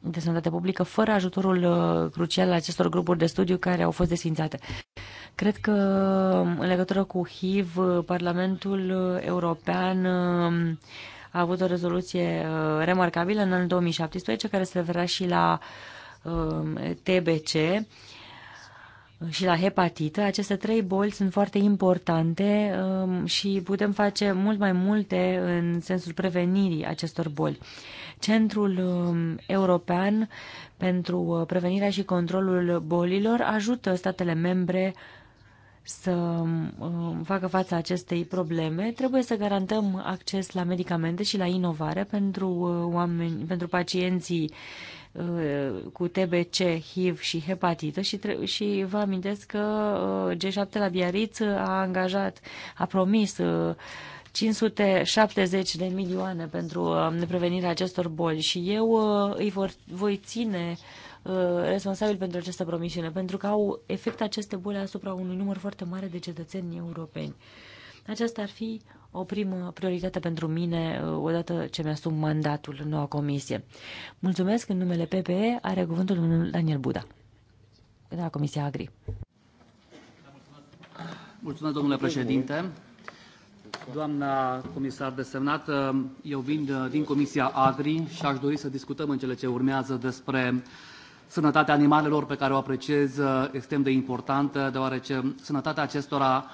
S3: de sănătate publică fără ajutorul uh, crucial al acestor grupuri de studiu care au fost desfințate? Cred că în legătură cu HIV, Parlamentul European a avut o rezoluție uh, remarcabilă în anul 2017 care se referea și la um, TBC uh, și la hepatită. Aceste trei boli sunt foarte importante um, și putem face mult mai multe în sensul prevenirii acestor boli. Centrul um, European pentru uh, Prevenirea și Controlul Bolilor ajută statele membre să um, facă față acestei probleme, trebuie să garantăm acces la medicamente și la inovare pentru, uh, oameni, pentru pacienții uh, cu TBC, HIV și hepatită și, și vă amintesc că uh, G7 la Biarritz a angajat, a promis 570 de milioane pentru prevenirea acestor boli și eu îi vor, voi ține uh, Uh, responsabili pentru această promisiune, pentru că au efect aceste boli asupra unui număr foarte mare de cetățeni europeni. Aceasta ar fi o primă prioritate pentru mine uh, odată ce mi-asum mandatul în noua comisie. Mulțumesc în numele PPE, are cuvântul domnul Daniel Buda de la Comisia Agri.
S1: Mulțumesc, domnule președinte. Doamna comisar desemnată, eu vin din Comisia Agri și aș dori să discutăm în cele ce urmează despre sănătatea animalelor pe care o apreciez uh, extrem de importantă, deoarece sănătatea acestora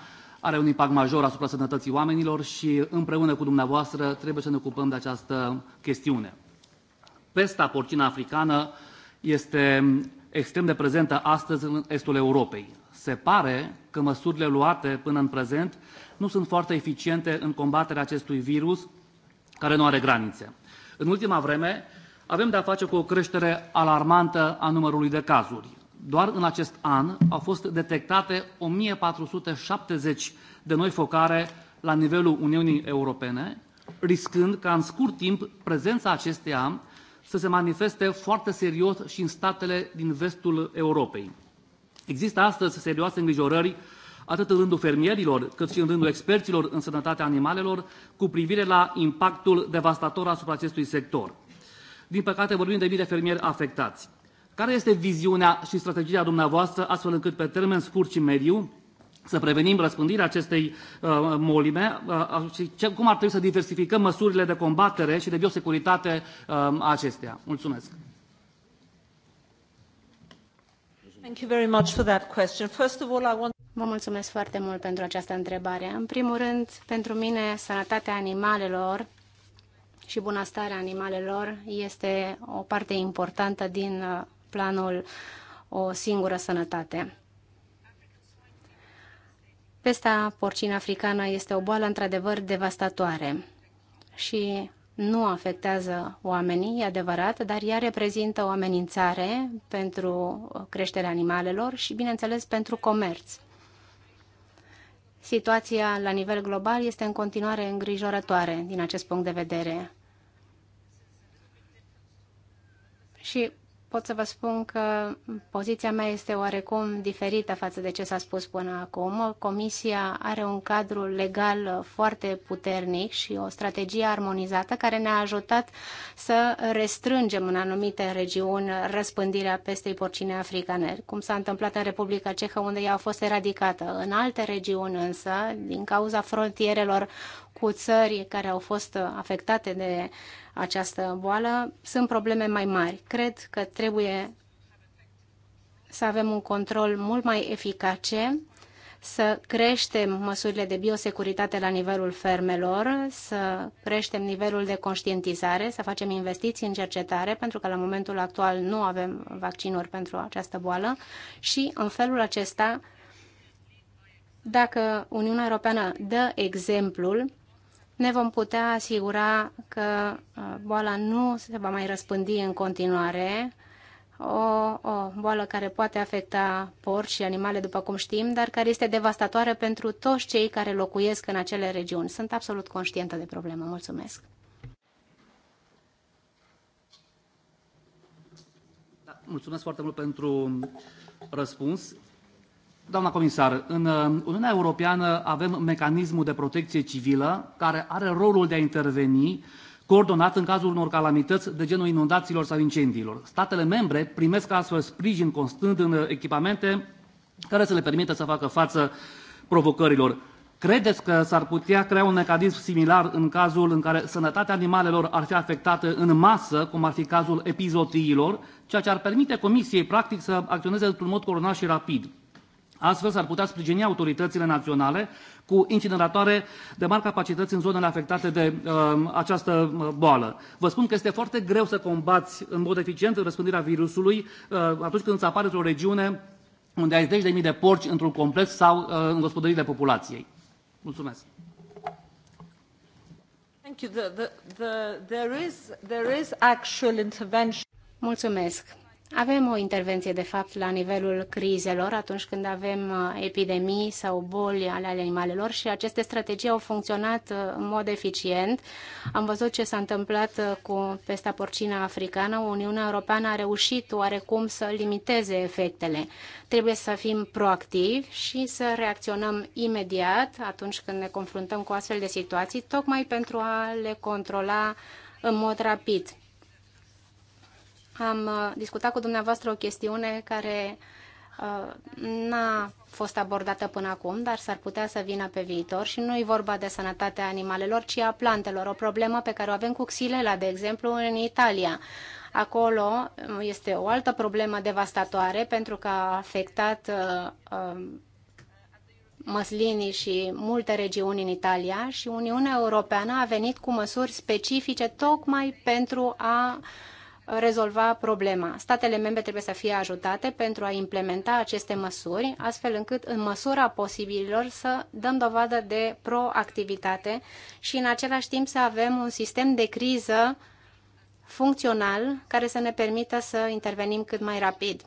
S1: are un impact major asupra sănătății oamenilor și împreună cu dumneavoastră trebuie să ne ocupăm de această chestiune. Pesta porcina africană este extrem de prezentă astăzi în estul Europei. Se pare că măsurile luate până în prezent nu sunt foarte eficiente în combaterea acestui virus care nu are granițe. În ultima vreme, avem de-a face cu o creștere alarmantă a numărului de cazuri. Doar în acest an au fost detectate 1470 de noi focare la nivelul Uniunii Europene, riscând ca în scurt timp prezența acesteia să se manifeste foarte serios și în statele din vestul Europei. Există astăzi serioase îngrijorări atât în rândul fermierilor, cât și în rândul experților în sănătatea animalelor, cu privire la impactul devastator asupra acestui sector. Din păcate, vorbim de mii de fermieri afectați. Care este viziunea și strategia dumneavoastră, astfel încât pe termen scurt și mediu să prevenim răspândirea acestei uh, molime uh, uh și ce, cum ar trebui să diversificăm măsurile de combatere și de biosecuritate uh, a acesteia? Mulțumesc!
S4: Thank you very much for that question. First of all, I want Vă mulțumesc foarte mult pentru această întrebare. În primul rând, pentru mine, sănătatea animalelor și bunăstarea animalelor este o parte importantă din uh, planul O singură sănătate. Pesta porcină africană este o boală într-adevăr devastatoare și nu afectează oamenii, e adevărat, dar ea reprezintă o amenințare pentru creșterea animalelor și, bineînțeles, pentru comerț situația la nivel global este în continuare îngrijorătoare din acest punct de vedere. Și pot să vă spun că poziția mea este oarecum diferită față de ce s-a spus până acum. Comisia are un cadru legal foarte puternic și o strategie armonizată care ne-a ajutat să restrângem în anumite regiuni răspândirea pestei porcine africane, cum s-a întâmplat în Republica Cehă, unde ea a fost eradicată. În alte regiuni însă, din cauza frontierelor cu țări care au fost afectate de uh, această boală, sunt probleme mai mari. Cred că trebuie să avem un control mult mai eficace, să creștem măsurile de biosecuritate la nivelul fermelor, să creștem nivelul de conștientizare, să facem investiții în cercetare, pentru că la momentul actual nu avem vaccinuri pentru această boală și în felul acesta, dacă Uniunea Europeană dă exemplul, ne vom putea asigura că uh, boala nu se va mai răspândi în continuare, o, o boală care poate afecta porci și animale, după cum știm, dar care este devastatoare pentru toți cei care locuiesc în acele regiuni. Sunt absolut conștientă de problemă. Mulțumesc!
S1: Da, mulțumesc foarte mult pentru răspuns. Doamna comisar, în uh, Uniunea Europeană avem mecanismul de protecție civilă care are rolul de a interveni coordonat în cazul unor calamități de genul inundațiilor sau incendiilor. Statele membre primesc astfel sprijin constând în uh, echipamente care să le permită să facă față provocărilor. Credeți că s-ar putea crea un mecanism similar în cazul în care sănătatea animalelor ar fi afectată în masă, cum ar fi cazul epizotiilor, ceea ce ar permite Comisiei, practic, să acționeze într-un mod coordonat și rapid? Astfel s-ar putea sprijini autoritățile naționale cu incineratoare de mari capacități în zonele afectate de um, uh, această boală. Vă spun că este foarte greu să combați în mod eficient răspândirea virusului uh, atunci când îți apare într-o regiune unde ai zeci de mii de porci într-un complex sau uh, în gospodăriile populației. Mulțumesc!
S4: Mulțumesc! Avem o intervenție, de fapt, la nivelul crizelor, atunci când avem uh, epidemii sau boli ale animalelor și aceste strategii au funcționat uh, în mod eficient. Am văzut ce s-a întâmplat uh, cu pesta porcina africană. Uniunea Europeană a reușit oarecum să limiteze efectele. Trebuie să fim proactivi și să reacționăm imediat atunci când ne confruntăm cu astfel de situații, tocmai pentru a le controla în mod rapid am uh, discutat cu dumneavoastră o chestiune care uh, n-a fost abordată până acum, dar s-ar putea să vină pe viitor și nu e vorba de sănătatea animalelor, ci a plantelor, o problemă pe care o avem cu xilela, de exemplu, în Italia. Acolo uh, este o altă problemă devastatoare pentru că a afectat măslinii și multe regiuni în Italia și Uniunea Europeană a venit cu măsuri specifice tocmai pentru a uh, rezolva problema. Statele membre trebuie să fie ajutate pentru a implementa aceste măsuri, astfel încât, în măsura posibililor, să dăm dovadă de proactivitate și, în același timp, să avem un sistem de criză funcțional care să ne permită să intervenim cât mai rapid.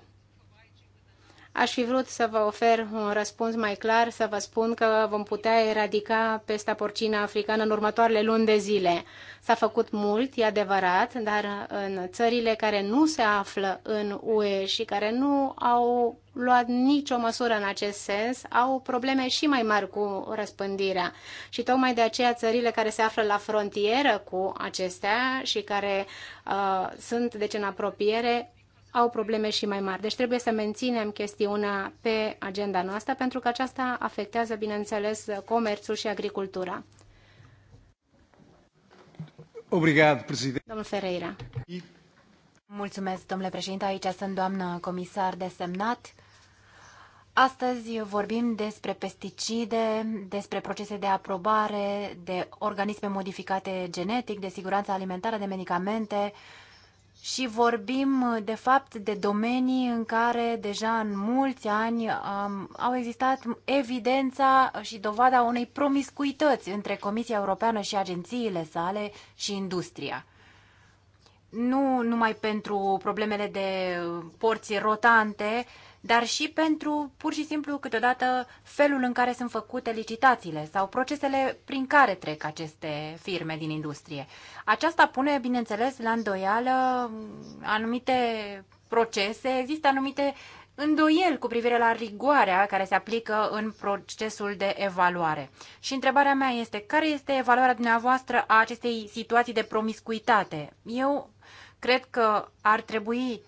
S4: Aș fi vrut să vă ofer un răspuns mai clar, să vă spun că vom putea eradica pesta porcină africană în următoarele luni de zile. S-a făcut mult, e adevărat, dar în țările care nu se află în UE și care nu au luat nicio măsură în acest sens, au probleme și mai mari cu răspândirea. Și tocmai de aceea țările care se află la frontieră cu acestea și care uh, sunt deci în apropiere au probleme și mai mari. Deci trebuie să menținem chestiunea pe agenda noastră pentru că aceasta afectează, bineînțeles, comerțul
S2: și agricultura.
S1: Obrigado, președinte.
S2: Domnul Ferreira. Mulțumesc, domnule președinte. Aici sunt doamnă comisar desemnat. Astăzi vorbim despre pesticide, despre procese de aprobare, de organisme modificate genetic, de siguranță alimentară, de medicamente, și vorbim uh, de fapt de domenii în care deja în mulți ani um, au existat evidența și dovada unei promiscuități între Comisia Europeană și agențiile sale și industria. Nu numai pentru problemele de uh, porți rotante, uh, dar și pentru pur și simplu câteodată felul în care sunt făcute licitațiile sau procesele prin care trec aceste firme din industrie. Aceasta pune, bineînțeles, la îndoială anumite procese, există anumite îndoieli cu privire la rigoarea care se aplică în procesul de evaluare. Și întrebarea mea este, care este evaluarea dumneavoastră a acestei situații de promiscuitate? Eu cred că ar trebui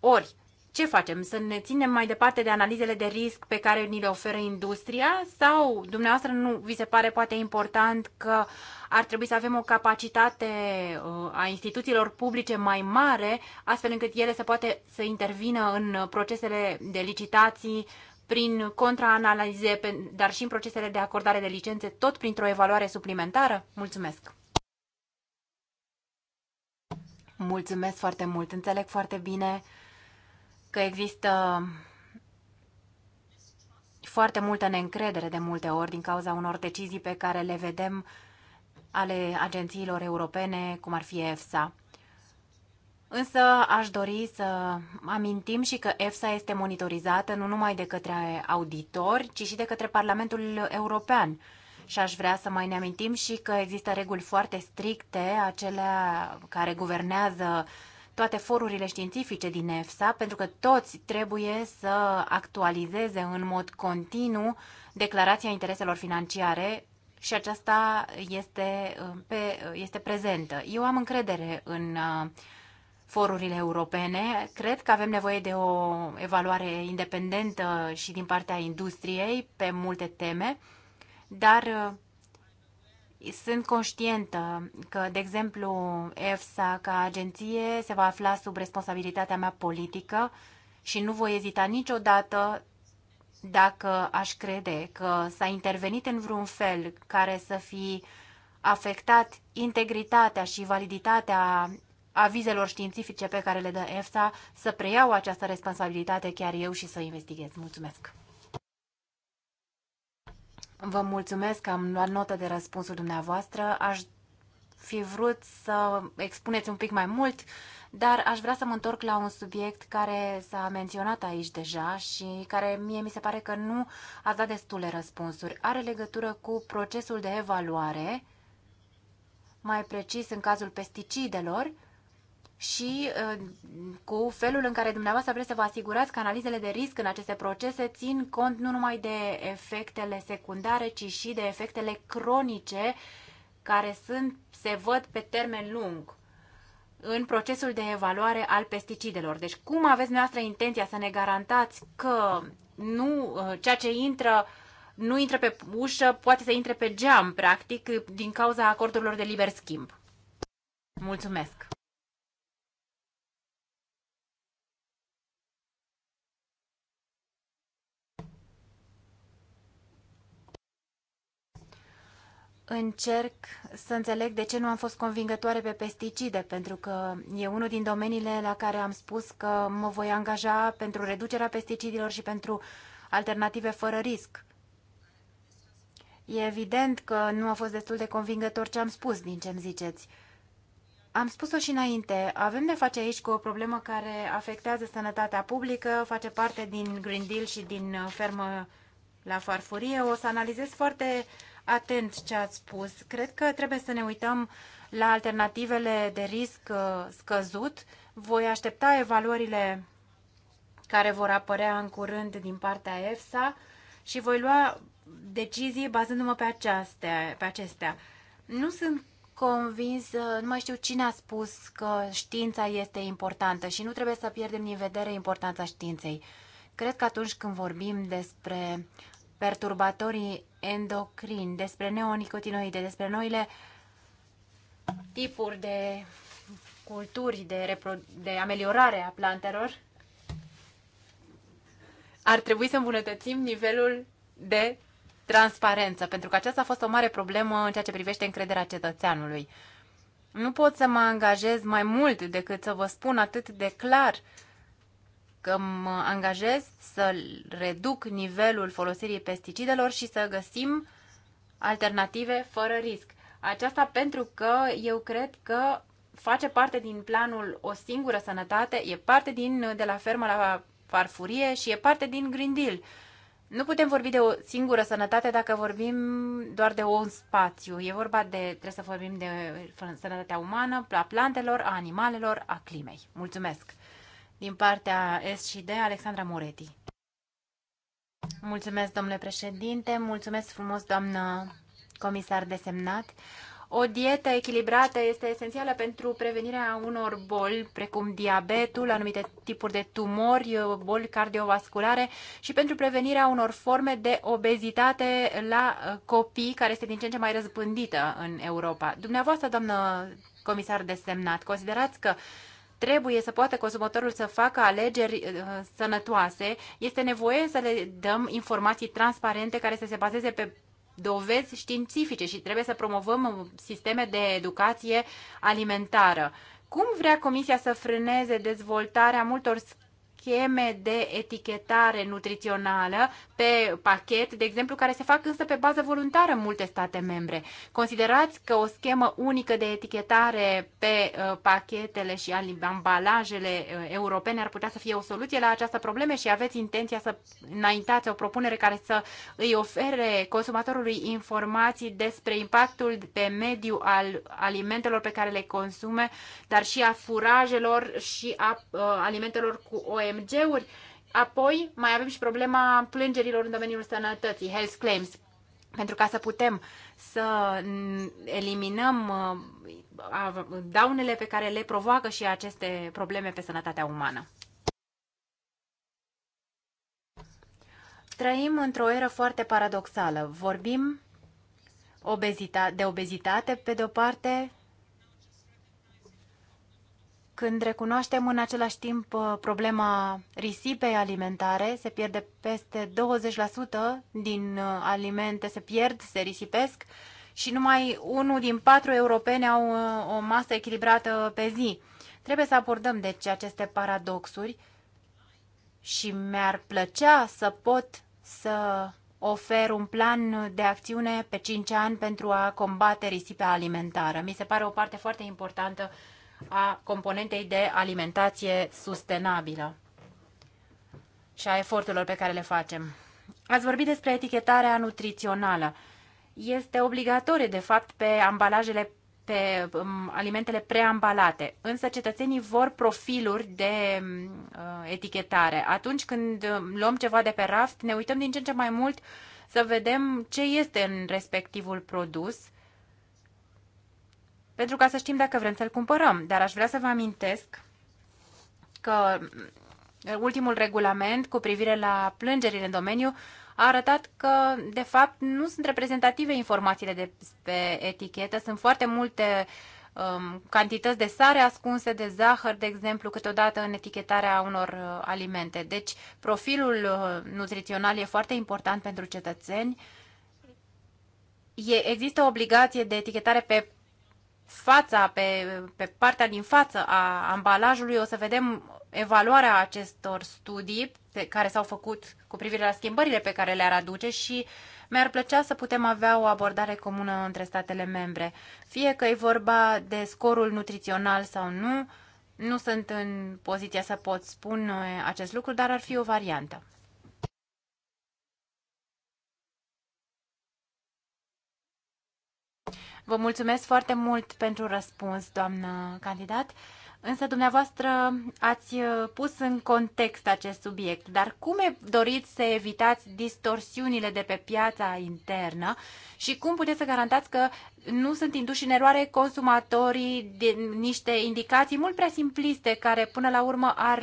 S2: ori ce facem? Să ne ținem mai departe de analizele de risc pe care ni le oferă industria sau dumneavoastră nu vi se pare poate important că ar trebui să avem o capacitate uh, a instituțiilor publice mai mare, astfel încât ele să poate să intervină în procesele de licitații prin contraanalize, dar și în procesele de acordare de licențe, tot printr-o evaluare suplimentară? Mulțumesc! Mulțumesc foarte mult, înțeleg foarte bine că există foarte multă neîncredere de multe ori din cauza unor decizii pe care le vedem ale agențiilor europene, cum ar fi EFSA. Însă aș dori să amintim și că EFSA este monitorizată nu numai de către auditori, ci și de către Parlamentul European. Și aș vrea să mai ne amintim și că există reguli foarte stricte, acelea care guvernează uh, toate forurile științifice din EFSA, pentru că toți trebuie să actualizeze în mod continuu declarația intereselor financiare și aceasta este, uh, pe, uh, este prezentă. Eu am încredere în uh, forurile europene. Cred că avem nevoie de o evaluare independentă și din partea industriei pe multe teme, dar sunt conștientă că, de exemplu, EFSA ca agenție se va afla sub responsabilitatea mea politică și nu voi ezita niciodată dacă aș crede că s-a intervenit în vreun fel care să fi afectat integritatea și validitatea avizelor științifice pe care le dă EFSA, să preiau această responsabilitate chiar eu și să investighez. Mulțumesc! Vă mulțumesc că am luat notă de răspunsul dumneavoastră. Aș fi vrut să expuneți un pic mai mult, dar aș vrea să mă întorc la un subiect care s-a menționat aici deja și care mie mi se pare că nu a dat destule răspunsuri. Are legătură cu procesul de evaluare, mai precis în cazul pesticidelor, și uh, cu felul în care dumneavoastră vreți să vă asigurați că analizele de risc în aceste procese țin cont nu numai de efectele secundare, ci și de efectele cronice care sunt, se văd pe termen lung în procesul de evaluare al pesticidelor. Deci cum aveți noastră intenția să ne garantați că nu uh, ceea ce intră nu intră pe ușă, poate să intre pe geam, practic, din cauza acordurilor de liber schimb. Mulțumesc! încerc să înțeleg de ce nu am fost convingătoare pe pesticide, pentru că e unul din domeniile la care am spus că mă voi angaja pentru reducerea pesticidilor și pentru alternative fără risc. E evident că nu a fost destul de convingător ce am spus din ce îmi ziceți. Am spus-o și înainte, avem de face aici cu o problemă care afectează sănătatea publică, face parte din Green Deal și din uh, fermă la farfurie. O să analizez foarte uh, atent ce ați spus. Cred că trebuie să ne uităm la alternativele de risc uh, scăzut. Voi aștepta evaluările care vor apărea în curând din partea EFSA și voi lua decizii bazându-mă pe, pe acestea. Nu sunt convins, uh, nu mai știu cine a spus că știința este importantă și nu trebuie să pierdem din vedere importanța științei. Cred că atunci când vorbim despre perturbatorii endocrin, despre neonicotinoide, despre noile tipuri de culturi de, de ameliorare a plantelor, ar trebui să îmbunătățim nivelul de transparență, pentru că aceasta a fost o mare problemă în ceea ce privește încrederea cetățeanului. Nu pot să mă angajez mai mult decât să vă spun atât de clar uh, că mă angajez să reduc nivelul folosirii pesticidelor și să găsim alternative fără risc. Aceasta pentru că eu cred că face parte din planul O singură sănătate, e parte din de la fermă la farfurie și e parte din Green Deal. Nu putem vorbi de o singură sănătate dacă vorbim doar de un spațiu. E vorba de, trebuie să vorbim de sănătatea umană, a plantelor, a animalelor, a climei. Mulțumesc! din partea S și D, Alexandra Moretti. Mulțumesc, domnule președinte, mulțumesc frumos, doamnă comisar desemnat. O dietă echilibrată este esențială pentru prevenirea unor boli, precum diabetul, anumite tipuri de tumori, boli cardiovasculare și pentru prevenirea unor forme de obezitate la copii, care este din ce în ce mai răspândită în Europa. Dumneavoastră, doamnă comisar desemnat, considerați că trebuie să poată consumatorul să facă alegeri uh, sănătoase, este nevoie să le dăm informații transparente care să se bazeze pe dovezi științifice și trebuie să promovăm uh, sisteme de educație alimentară. Cum vrea Comisia să frâneze dezvoltarea multor scheme de etichetare nutrițională pe pachet, de exemplu, care se fac însă pe bază voluntară în multe state membre. Considerați că o schemă unică de etichetare pe uh, pachetele și ambalajele uh, europene ar putea să fie o soluție la această probleme și aveți intenția să înaintați o propunere care să îi ofere consumatorului informații despre impactul pe mediu al alimentelor pe care le consume, dar și a furajelor și a uh, alimentelor cu OE OMG-uri. Apoi mai avem și problema plângerilor în domeniul sănătății, health claims, pentru ca să putem să eliminăm uh, daunele pe care le provoacă și aceste probleme pe sănătatea umană. Trăim într-o eră foarte paradoxală. Vorbim obezita- de obezitate pe de-o parte când recunoaștem în același timp uh, problema risipei alimentare, se pierde peste 20% din uh, alimente, se pierd, se risipesc și numai unul din patru europeni au uh, o masă echilibrată pe zi. Trebuie să abordăm deci aceste paradoxuri și mi-ar plăcea să pot să ofer un plan de acțiune pe 5 ani pentru a combate risipa alimentară. Mi se pare o parte foarte importantă a componentei de alimentație sustenabilă și a eforturilor pe care le facem. Ați vorbit despre etichetarea nutrițională. Este obligatorie, de fapt, pe ambalajele pe um, alimentele preambalate. Însă cetățenii vor profiluri de um, uh, etichetare. Atunci când um, luăm ceva de pe raft, ne uităm din ce în ce mai mult să vedem ce este în respectivul produs uh, pentru ca să știm dacă vrem să-l cumpărăm. Dar aș vrea să vă amintesc că ultimul regulament cu privire la plângerile în domeniu a arătat că, de fapt, nu sunt reprezentative informațiile de pe etichetă. Sunt foarte multe um, cantități de sare ascunse, de zahăr, de exemplu, câteodată în etichetarea unor uh, alimente. Deci, profilul uh, nutrițional e foarte important pentru cetățeni. E, există o obligație de etichetare pe fața, pe, pe partea din față a ambalajului, o să vedem evaluarea acestor studii pe care s-au făcut cu privire la schimbările pe care le-ar aduce și mi-ar plăcea să putem avea o abordare comună între statele membre. Fie că e vorba de scorul nutrițional sau nu, nu sunt în poziția să pot spune acest lucru, dar ar fi o variantă. Vă mulțumesc foarte mult pentru răspuns, doamnă candidat. Însă dumneavoastră ați uh, pus în context acest subiect, dar cum e doriți să evitați distorsiunile de pe piața internă și cum puteți să garantați că nu sunt induși în eroare consumatorii din niște indicații mult prea simpliste care până la urmă ar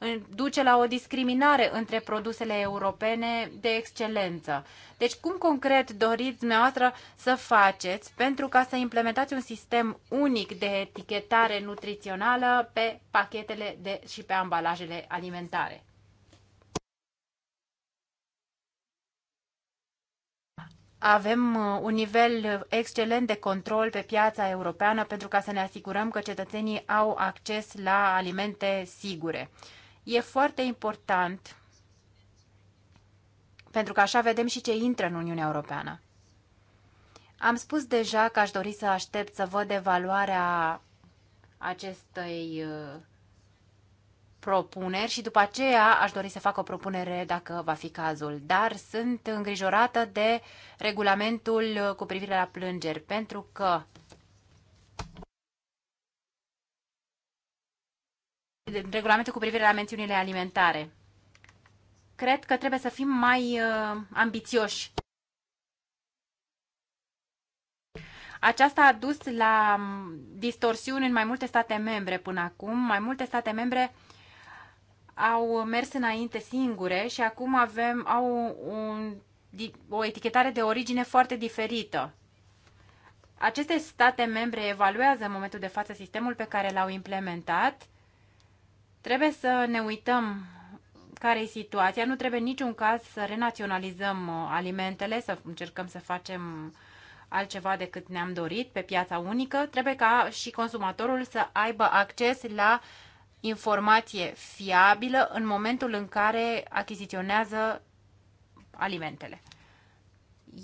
S2: uh, duce la o discriminare între produsele europene de excelență. Deci cum concret doriți dumneavoastră să faceți pentru ca să implementați un sistem unic de etichetare nutrițională pe pachetele de, și pe ambalajele alimentare? avem uh, un nivel excelent de control pe piața europeană pentru ca să ne asigurăm că cetățenii au acces la alimente sigure. E foarte important pentru că așa vedem și ce intră în Uniunea Europeană. Am spus deja că aș dori să aștept să văd evaluarea acestei uh, propuneri și după aceea aș dori să fac o propunere dacă va fi cazul. Dar sunt îngrijorată de regulamentul cu privire la plângeri, pentru că regulamentul cu privire la mențiunile alimentare. Cred că trebuie să fim mai uh, ambițioși. Aceasta a dus la mm, distorsiuni în mai multe state membre până acum. Mai multe state membre uh, au mers înainte singure și acum avem, au un, o etichetare de origine foarte diferită. Aceste state membre evaluează în momentul de față sistemul pe care l-au implementat. Trebuie să ne uităm care e situația. Nu trebuie niciun caz să renaționalizăm uh, alimentele, să încercăm să facem altceva decât ne-am dorit pe piața unică. Trebuie ca și consumatorul să aibă acces la uh, informație fiabilă în momentul în care achiziționează alimentele.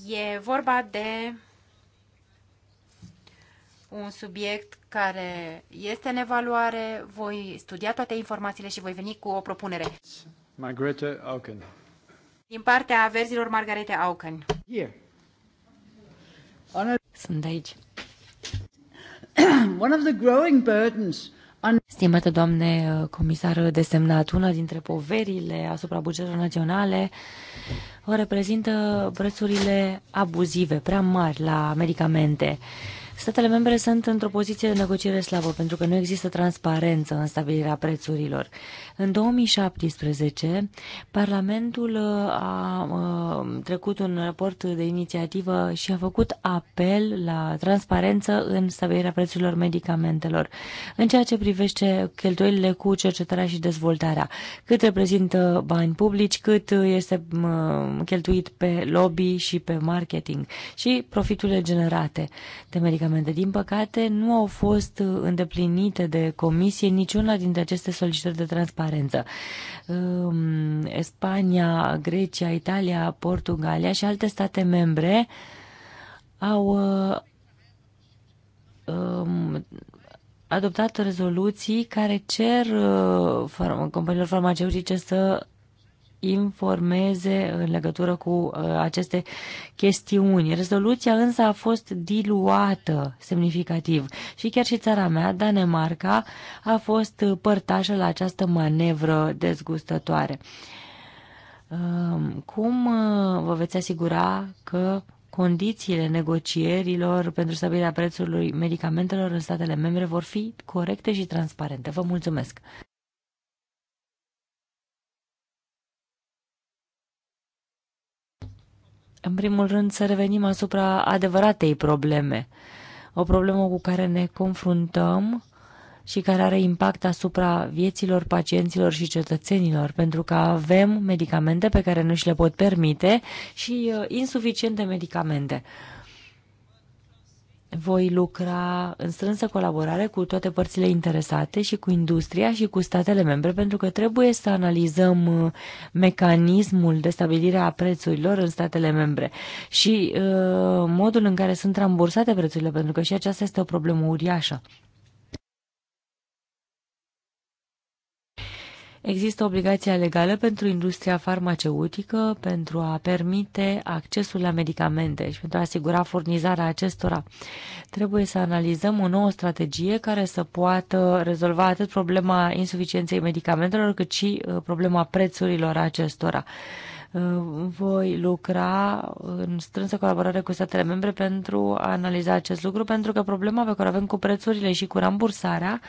S2: E vorba de un subiect care este în evaluare. Voi studia toate informațiile și voi veni cu o propunere.
S1: Margarete Auken.
S2: Din partea verzilor, Margarete Auken. Here.
S3: Sunt aici. One of the growing burdens Stimată doamne comisar desemnat, una dintre poverile asupra bugetelor naționale o reprezintă prețurile abuzive, prea mari la medicamente. Statele membre sunt într-o poziție de negociere slabă pentru că nu există transparență în stabilirea prețurilor. În 2017, Parlamentul uh, a uh, trecut un raport de inițiativă și a făcut apel la transparență în stabilirea prețurilor medicamentelor. În ceea ce privește cheltuielile cu cercetarea și dezvoltarea, cât reprezintă bani publici, cât este uh, cheltuit pe lobby și pe marketing și profiturile generate de medicamente medicamente. Din păcate, nu au fost uh, îndeplinite de comisie niciuna dintre aceste solicitări de transparență. Um, Spania, Grecia, Italia, Portugalia și alte state membre au uh, um, adoptat rezoluții care cer uh, companiilor farmaceutice să informeze în legătură cu uh, aceste chestiuni. Rezoluția însă a fost diluată semnificativ și chiar și țara mea, Danemarca, a fost părtașă la această manevră dezgustătoare. Um, cum uh, vă veți asigura că condițiile negocierilor pentru stabilirea prețului medicamentelor în statele membre vor fi corecte și transparente? Vă mulțumesc! în primul rând, să revenim asupra adevăratei probleme. O problemă cu care ne confruntăm și care are impact asupra vieților pacienților și cetățenilor, pentru că avem medicamente pe care nu și le pot permite și uh, insuficiente medicamente. Voi lucra în strânsă colaborare cu toate părțile interesate și cu industria și cu statele membre, pentru că trebuie să analizăm uh, mecanismul de stabilire a prețurilor în statele membre și uh, modul în care sunt rambursate prețurile, pentru că și aceasta este o problemă uriașă Există obligația legală pentru industria farmaceutică pentru a permite accesul la medicamente și pentru a asigura furnizarea acestora. Trebuie să analizăm o nouă strategie care să poată rezolva atât problema insuficienței medicamentelor, cât și uh, problema prețurilor acestora. Uh, voi lucra în strânsă colaborare cu statele membre pentru a analiza acest lucru, pentru că problema pe care o avem cu prețurile și cu rambursarea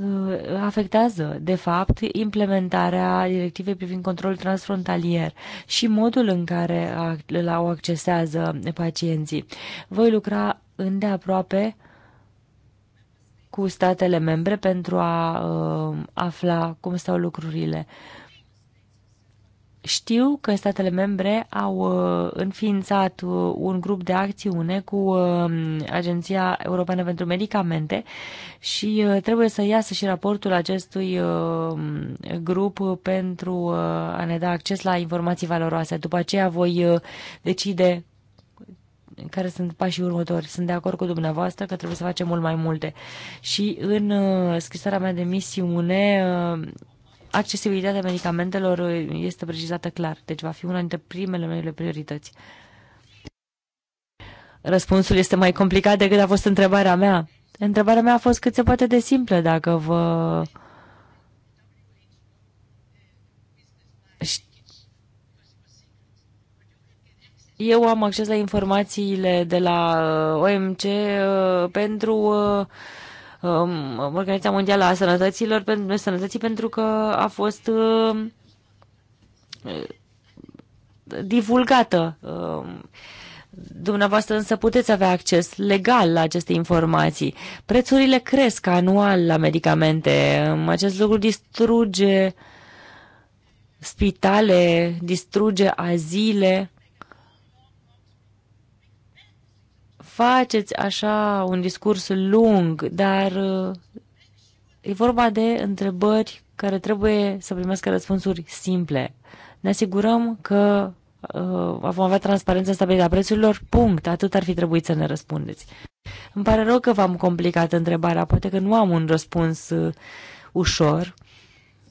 S3: Uh, afectează, de fapt, implementarea directivei privind controlul transfrontalier și modul în care la o accesează pacienții. Voi lucra îndeaproape cu statele membre pentru a uh, afla cum stau lucrurile. Uh, știu că statele membre au uh, înființat uh, un grup de acțiune cu uh, Agenția Europeană pentru Medicamente și trebuie să iasă și raportul acestui grup pentru a ne da acces la informații valoroase. După aceea voi decide care sunt pașii următori. Sunt de acord cu dumneavoastră că trebuie să facem mult mai multe. Și în scrisarea mea de misiune accesibilitatea medicamentelor uh, este precizată clar, deci va fi una dintre primele noile priorități. Răspunsul este mai complicat decât a fost întrebarea mea. Întrebarea mea a fost cât se poate de simplă dacă vă... Eu am acces la informațiile de la uh, OMC uh, pentru um, Organizația Mondială a Sănătăților, pentru, Sănătății pentru că a fost uh, divulgată. Uh, Dumneavoastră însă puteți avea acces legal la aceste informații. Prețurile cresc anual la medicamente. Um, acest lucru distruge spitale, distruge azile. faceți așa un discurs lung, dar uh, e vorba de întrebări care trebuie să primească răspunsuri simple. Ne asigurăm că uh, vom avea transparență în stabilirea prețurilor, punct, atât ar fi trebuit să ne răspundeți. Îmi pare rău că v-am complicat întrebarea, poate că nu am un răspuns uh, ușor,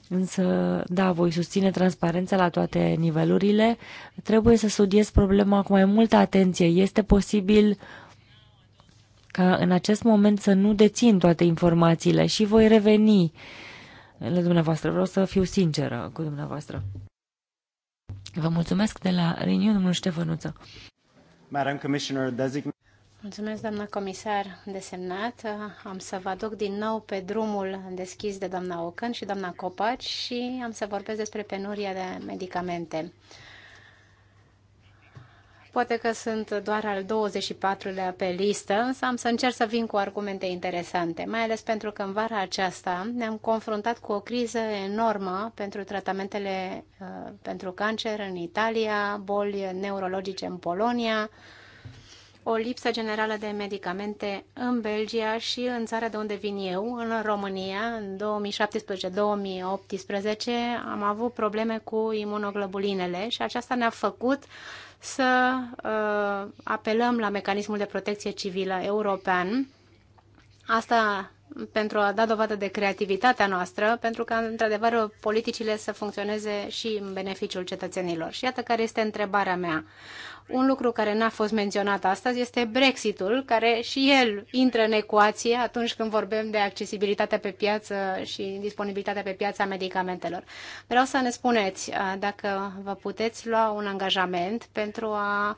S3: însă, da, voi susține transparența la toate nivelurile. Trebuie să studiez problema cu mai multă atenție. Este posibil uh, ca în acest moment să nu dețin toate informațiile și voi reveni la dumneavoastră. Vreau să fiu sinceră cu dumneavoastră. Vă mulțumesc de la Reniu, domnul Ștefănuță.
S2: Madam Commissioner Designate.
S4: Mulțumesc, doamna comisar desemnat. Am să vă aduc din nou pe drumul deschis de doamna Ocan și doamna Copaci și am să vorbesc despre penuria de medicamente. Poate că sunt doar al 24-lea pe listă, însă am să încerc să vin cu argumente interesante, mai ales pentru că în vara aceasta ne-am confruntat cu o criză enormă pentru tratamentele uh, pentru cancer în Italia, boli neurologice în Polonia, o lipsă generală de medicamente în Belgia și în țara de unde vin eu, în România, în 2017-2018, am avut probleme cu imunoglobulinele și aceasta ne-a făcut să uh, apelăm la mecanismul de protecție civilă european. Asta pentru a da dovadă de creativitatea noastră, pentru ca, într-adevăr, politicile să funcționeze și în beneficiul cetățenilor. Și iată care este întrebarea mea. Un lucru care n-a fost menționat astăzi este Brexitul, care și el intră în ecuație atunci când vorbim de accesibilitatea pe piață și disponibilitatea pe piața medicamentelor. Vreau să ne spuneți uh, dacă vă puteți lua un angajament pentru a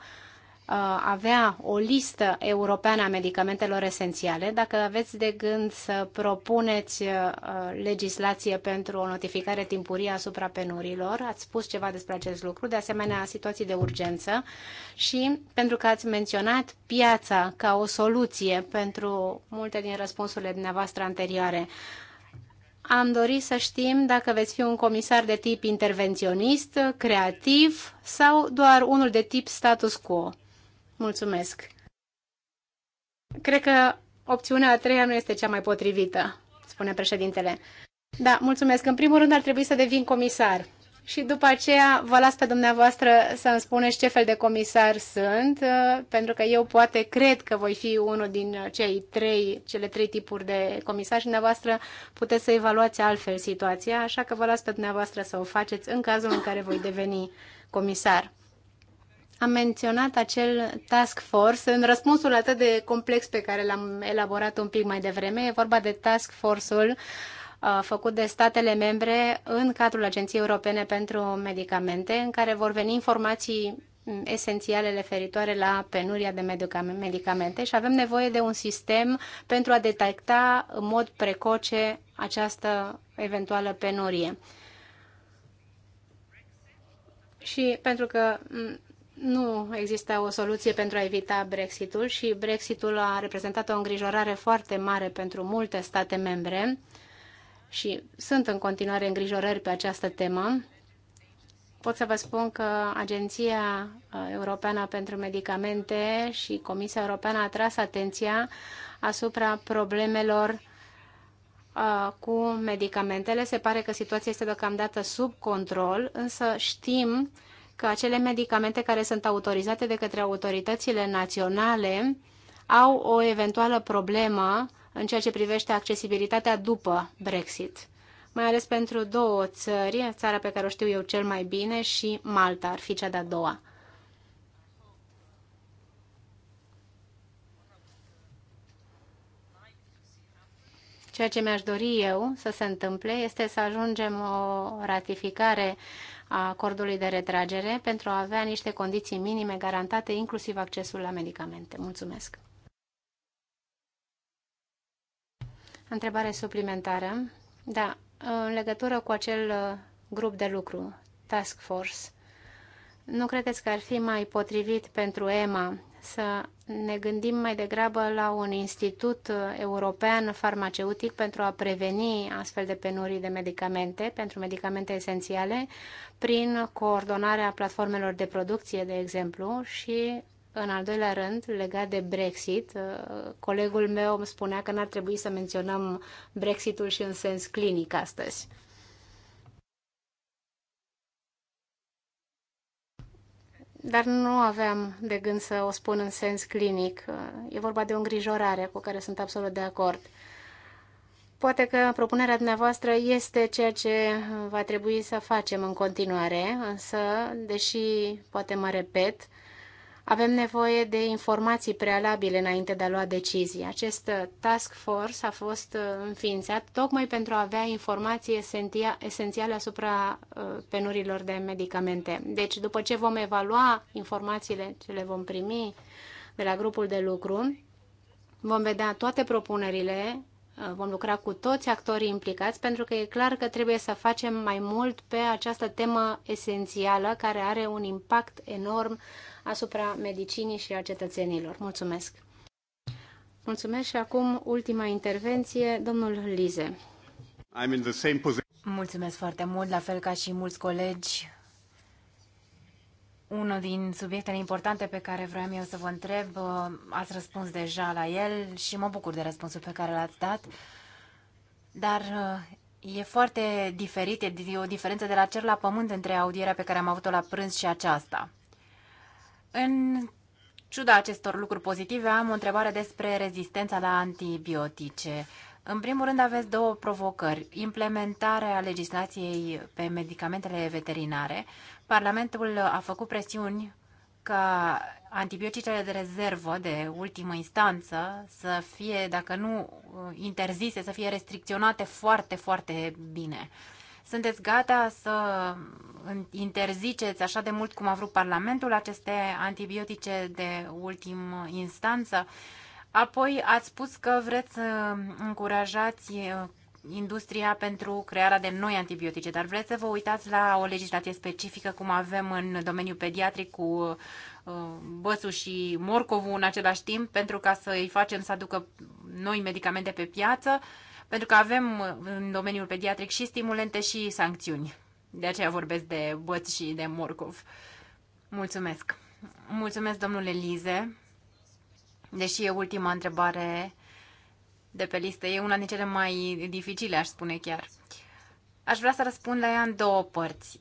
S4: Uh, avea o listă europeană a medicamentelor esențiale, dacă aveți de gând să propuneți uh, legislație pentru o notificare timpurie asupra penurilor, ați spus ceva despre acest lucru, de asemenea situații de urgență și pentru că ați menționat piața ca o soluție pentru multe din răspunsurile dumneavoastră anterioare. Am dorit să știm dacă veți fi un comisar de tip intervenționist, creativ sau doar unul de tip status quo. Mulțumesc. Cred că opțiunea a treia nu este cea mai potrivită, spune președintele. Da, mulțumesc. În primul rând ar trebui să devin comisar. Și după aceea vă las pe dumneavoastră să îmi spuneți ce fel de comisar sunt, uh, pentru că eu poate cred că voi fi unul din cei trei, cele trei tipuri de comisar și dumneavoastră puteți să evaluați altfel situația, așa că vă las pe dumneavoastră să o faceți în cazul în care voi deveni comisar am menționat acel task force în răspunsul atât de complex pe care l-am elaborat un pic mai devreme. E vorba de task force-ul uh, făcut de statele membre în cadrul Agenției Europene pentru Medicamente, în care vor veni informații mm, esențiale referitoare la penuria de medicamente și avem nevoie de un sistem pentru a detecta în mod precoce această eventuală penurie. Și pentru că mm, nu există o soluție pentru a evita Brexitul și Brexitul a reprezentat o îngrijorare foarte mare pentru multe state membre și sunt în continuare îngrijorări pe această temă. Pot să vă spun că Agenția uh, Europeană pentru Medicamente și Comisia Europeană a tras atenția asupra problemelor uh, cu medicamentele. Se pare că situația este deocamdată sub control, însă știm uh, că acele medicamente care sunt autorizate de către autoritățile naționale au o eventuală problemă în ceea ce privește accesibilitatea după Brexit, mai ales pentru două țări, țara pe care o știu eu cel mai bine și Malta ar fi cea de-a doua. Ceea ce mi-aș dori eu să se întâmple este să ajungem o ratificare uh, a acordului de retragere pentru a avea niște condiții minime garantate, inclusiv accesul la medicamente. Mulțumesc! Întrebare suplimentară. Da, în legătură cu acel uh, grup de lucru, Task Force, nu credeți că ar fi mai potrivit pentru EMA să ne gândim mai degrabă la un institut european farmaceutic pentru a preveni astfel de penurii de medicamente, pentru medicamente esențiale, prin coordonarea platformelor de producție, de exemplu, și în al doilea rând, legat de Brexit, uh, colegul meu îmi spunea că n-ar trebui să menționăm Brexitul și în sens clinic astăzi. dar nu aveam de gând să o spun în sens clinic. E vorba de o îngrijorare cu care sunt absolut de acord. Poate că propunerea dumneavoastră este ceea ce va trebui să facem în continuare, însă, deși poate mă repet, avem nevoie de informații prealabile înainte de a lua decizii. Acest task force a fost uh, înființat tocmai pentru a avea informații esențiale asupra uh, penurilor de medicamente. Deci, după ce vom evalua informațiile ce le vom primi de la grupul de lucru, vom vedea toate propunerile uh, vom lucra cu toți actorii implicați pentru că e clar că trebuie să facem mai mult pe această temă esențială care are un impact enorm asupra medicinii și a cetățenilor. Mulțumesc! Mulțumesc și acum ultima intervenție, domnul Lize.
S1: I'm in the same
S2: Mulțumesc foarte mult, la fel ca și mulți colegi. Unul din subiectele importante pe care vreau eu să vă întreb, uh, ați răspuns deja la el și mă bucur de răspunsul pe care l-ați dat, dar uh, e foarte diferit, e o diferență de la cer la pământ între audierea pe care am avut-o la prânz și aceasta. În ciuda acestor lucruri pozitive, am o întrebare despre rezistența la antibiotice. În primul rând aveți două provocări. Implementarea legislației pe medicamentele veterinare. Parlamentul a făcut presiuni ca antibioticele de rezervă de ultimă instanță să fie, dacă nu interzise, să fie restricționate foarte, foarte bine. Sunteți gata să interziceți așa de mult cum a vrut Parlamentul aceste antibiotice de ultim instanță? Apoi ați spus că vreți să încurajați uh, industria pentru crearea de noi antibiotice, dar vreți să vă uitați la o legislație specifică, cum avem în domeniul pediatric cu uh, băsul și morcovul în același timp, pentru ca să îi facem să aducă noi medicamente pe piață pentru că avem uh, în domeniul pediatric și stimulente și sancțiuni. De aceea vorbesc de băți și de morcov. Mulțumesc. Mulțumesc, domnule Lize. Deși e ultima întrebare de pe listă, e una din cele mai dificile, aș spune chiar. Aș vrea să răspund la ea în două părți.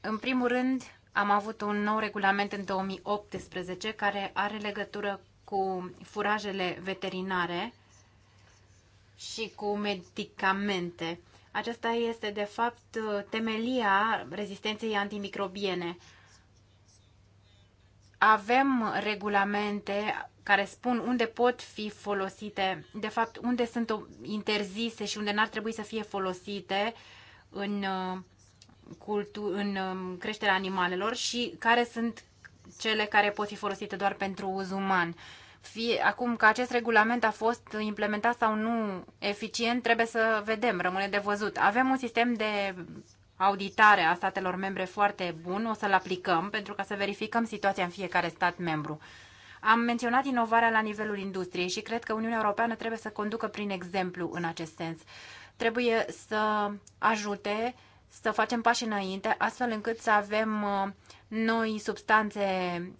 S2: În primul rând, am avut un nou regulament în 2018 care are legătură cu furajele veterinare și cu medicamente. Aceasta este, de fapt, temelia rezistenței antimicrobiene. Avem regulamente care spun unde pot fi folosite, de fapt, unde sunt interzise și unde n-ar trebui să fie folosite în, uh, cultu- în um, creșterea animalelor și care sunt cele care pot fi folosite doar pentru uz uman fie, acum că acest regulament a fost implementat sau nu eficient, trebuie să vedem, rămâne de văzut. Avem un sistem de auditare a statelor membre foarte bun, o să-l aplicăm pentru ca să verificăm situația în fiecare stat membru. Am menționat inovarea la nivelul industriei și cred că Uniunea Europeană trebuie să conducă prin exemplu în acest sens. Trebuie să ajute să facem pași înainte, astfel încât să avem uh, noi substanțe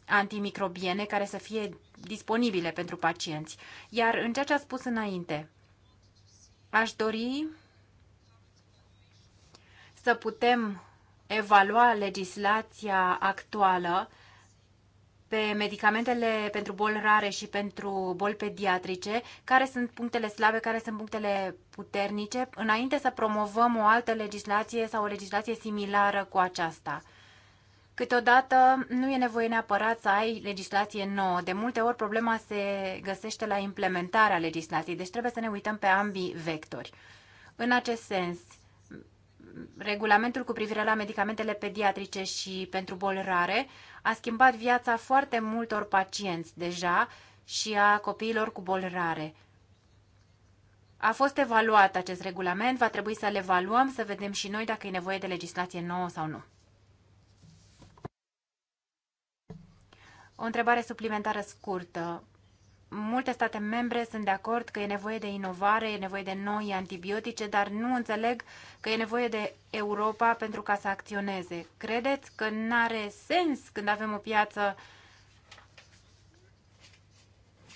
S2: antimicrobiene care să fie disponibile pentru pacienți. Iar în ceea ce a spus înainte, aș dori să putem evalua legislația actuală pe medicamentele pentru boli rare și pentru boli pediatrice, care sunt punctele slabe, care sunt punctele puternice, înainte să promovăm o altă legislație sau o legislație similară cu aceasta. Câteodată nu e nevoie neapărat să ai legislație nouă. De multe ori problema se găsește la implementarea legislației, deci trebuie să ne uităm pe ambii vectori. În acest sens, regulamentul cu privire la medicamentele pediatrice și pentru boli rare a schimbat viața foarte multor pacienți deja și a copiilor cu boli rare. A fost evaluat acest regulament, va trebui să-l evaluăm, să vedem și noi dacă e nevoie de legislație nouă sau nu. O întrebare suplimentară scurtă. Multe state membre sunt de acord că e nevoie de inovare, e nevoie de noi antibiotice, dar nu înțeleg că e nevoie de Europa pentru ca să acționeze. Credeți că nu are sens când avem o piață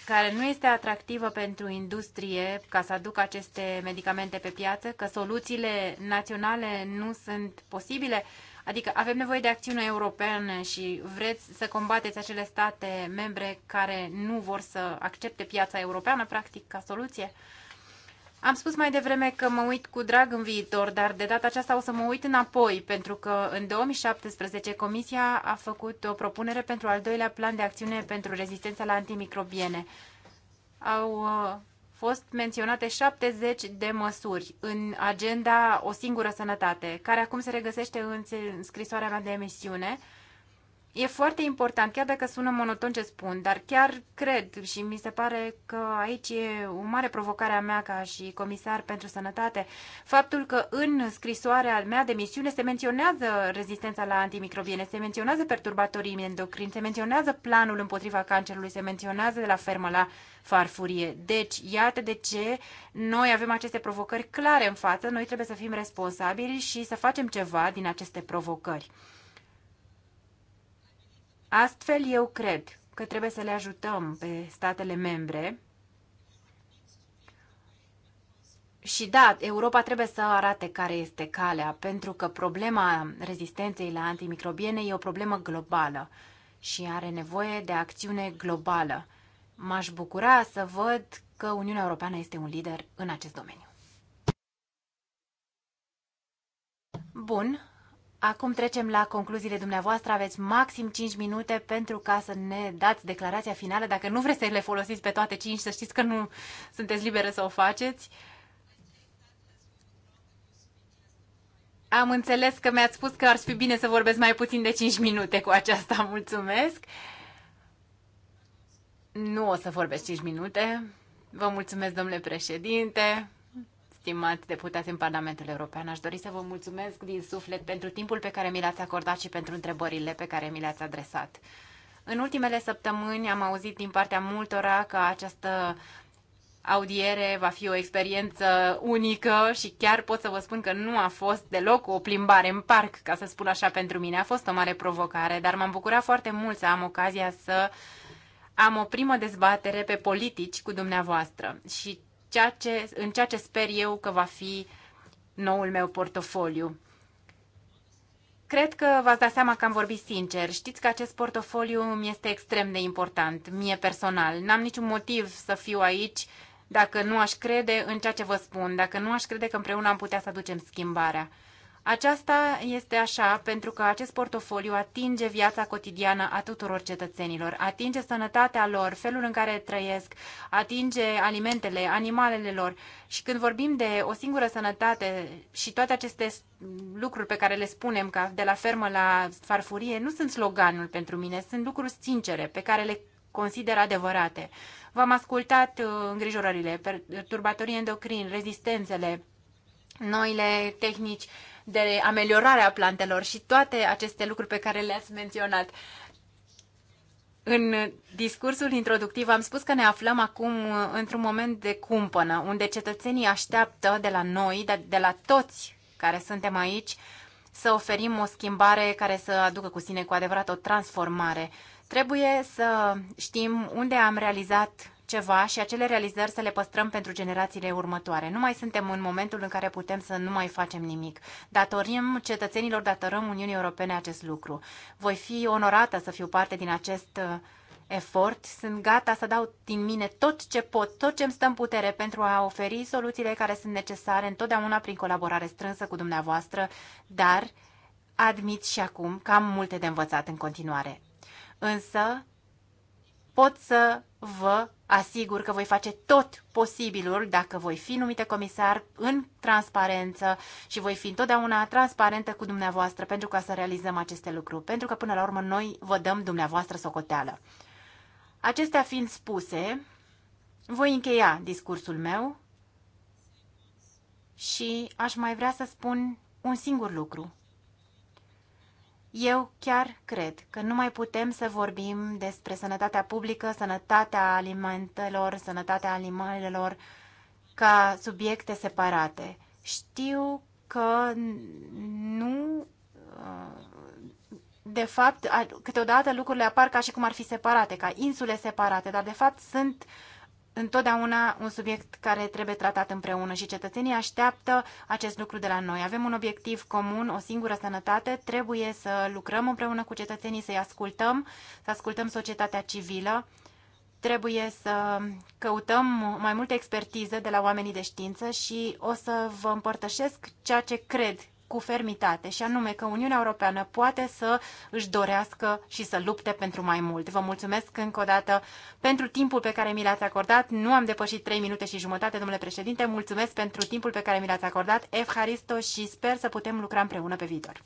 S2: care nu este atractivă pentru industrie ca să aducă aceste medicamente pe piață, că soluțiile naționale nu sunt posibile? Adică avem nevoie de acțiune europeană și vreți să combateți acele state membre care nu vor să accepte piața europeană, practic, ca soluție? Am spus mai devreme că mă uit cu drag în viitor, dar de data aceasta o să mă uit înapoi, pentru că în 2017 Comisia a făcut o propunere pentru al doilea plan de acțiune pentru rezistența la antimicrobiene. Au uh, fost menționate 70 de măsuri în agenda O singură sănătate, care acum se regăsește în scrisoarea mea de emisiune E foarte important, chiar dacă sună monoton ce spun, dar chiar cred și mi se pare că aici e o mare provocare a mea ca și comisar pentru sănătate, faptul că în scrisoarea mea de misiune se menționează rezistența la antimicrobiene, se menționează perturbatorii endocrini, se menționează planul împotriva cancerului, se menționează de la fermă la farfurie. Deci, iată de ce noi avem aceste provocări clare în față, noi trebuie să fim responsabili și să facem ceva din aceste provocări. Astfel, eu cred că trebuie să le ajutăm pe statele membre și da, Europa trebuie să arate care este calea, pentru că problema rezistenței la antimicrobiene e o problemă globală și are nevoie de acțiune globală. M-aș bucura să văd că Uniunea Europeană este un lider în acest domeniu. Bun, Acum trecem la concluziile dumneavoastră. Aveți maxim 5 minute pentru ca să ne dați declarația finală. Dacă nu vreți să le folosiți pe toate 5, să știți că nu sunteți liberă să o faceți. Am înțeles că mi-ați spus că ar fi bine să vorbesc mai puțin de 5 minute cu aceasta. Mulțumesc. Nu o să vorbesc 5 minute. Vă mulțumesc, domnule președinte stimați deputați în Parlamentul European. Aș dori să vă mulțumesc din suflet pentru timpul pe care mi l-ați acordat și pentru întrebările pe care mi le-ați adresat. În ultimele săptămâni am auzit din partea multora că această audiere va fi o experiență unică și chiar pot să vă spun că nu a fost deloc o plimbare în parc, ca să spun așa pentru mine. A fost o mare provocare, dar m-am bucurat foarte mult să am ocazia să am o primă dezbatere pe politici cu dumneavoastră și ceea ce, în ceea ce sper eu că va fi noul meu portofoliu. Cred că v-ați dat seama că am vorbit sincer. Știți că acest portofoliu mi este extrem de important, mie personal. N-am niciun motiv să fiu aici dacă nu aș crede în ceea ce vă spun, dacă nu aș crede că împreună am putea să aducem schimbarea. Aceasta este așa pentru că acest portofoliu atinge viața cotidiană a tuturor cetățenilor, atinge sănătatea lor, felul în care trăiesc, atinge alimentele, animalele lor. Și când vorbim de o singură sănătate și toate aceste lucruri pe care le spunem ca de la fermă la farfurie, nu sunt sloganul pentru mine, sunt lucruri sincere pe care le consider adevărate. V-am ascultat uh, îngrijorările, perturbatorii endocrini, rezistențele, noile tehnici de ameliorare a plantelor și toate aceste lucruri pe care le-ați menționat. În discursul introductiv am spus că ne aflăm acum într-un moment de cumpănă, unde cetățenii așteaptă de la noi, de la toți care suntem aici, să oferim o schimbare care să aducă cu sine cu adevărat o transformare. Trebuie să știm unde am realizat ceva și acele realizări să le păstrăm pentru generațiile următoare. Nu mai suntem în momentul în care putem să nu mai facem nimic. Datorim cetățenilor, datorăm Uniunii Europene acest lucru. Voi fi onorată să fiu parte din acest uh, efort. Sunt gata să dau din mine tot ce pot, tot ce îmi stă în putere pentru a oferi soluțiile care sunt necesare întotdeauna prin colaborare strânsă cu dumneavoastră, dar admit și acum că am multe de învățat în continuare. Însă pot să vă asigur că voi face tot posibilul, dacă voi fi numită comisar, în transparență și voi fi întotdeauna transparentă cu dumneavoastră pentru ca să realizăm aceste lucruri, pentru că până la urmă noi vă dăm dumneavoastră socoteală. Acestea fiind spuse, voi încheia discursul meu și aș mai vrea să spun un singur lucru. Eu chiar cred că nu mai putem să vorbim despre sănătatea publică, sănătatea alimentelor, sănătatea animalelor ca subiecte separate. Știu că nu. Uh, de fapt, câteodată lucrurile apar ca și cum ar fi separate, ca insule separate, dar de fapt sunt uh, întotdeauna un subiect care trebuie tratat împreună și cetățenii așteaptă acest lucru de la noi. Avem un obiectiv comun, o singură sănătate, trebuie să lucrăm împreună cu cetățenii, să-i ascultăm, să ascultăm societatea civilă, trebuie să căutăm mai multă expertiză de la oamenii de știință și o să vă împărtășesc ceea ce cred cu fermitate, și anume că Uniunea Europeană poate să își dorească și să lupte pentru mai mult. Vă mulțumesc încă o dată pentru timpul pe care mi l-ați acordat. Nu am depășit 3 minute și jumătate, domnule președinte. Mulțumesc pentru timpul pe care mi l-ați acordat. Efharisto și sper să putem lucra împreună pe viitor.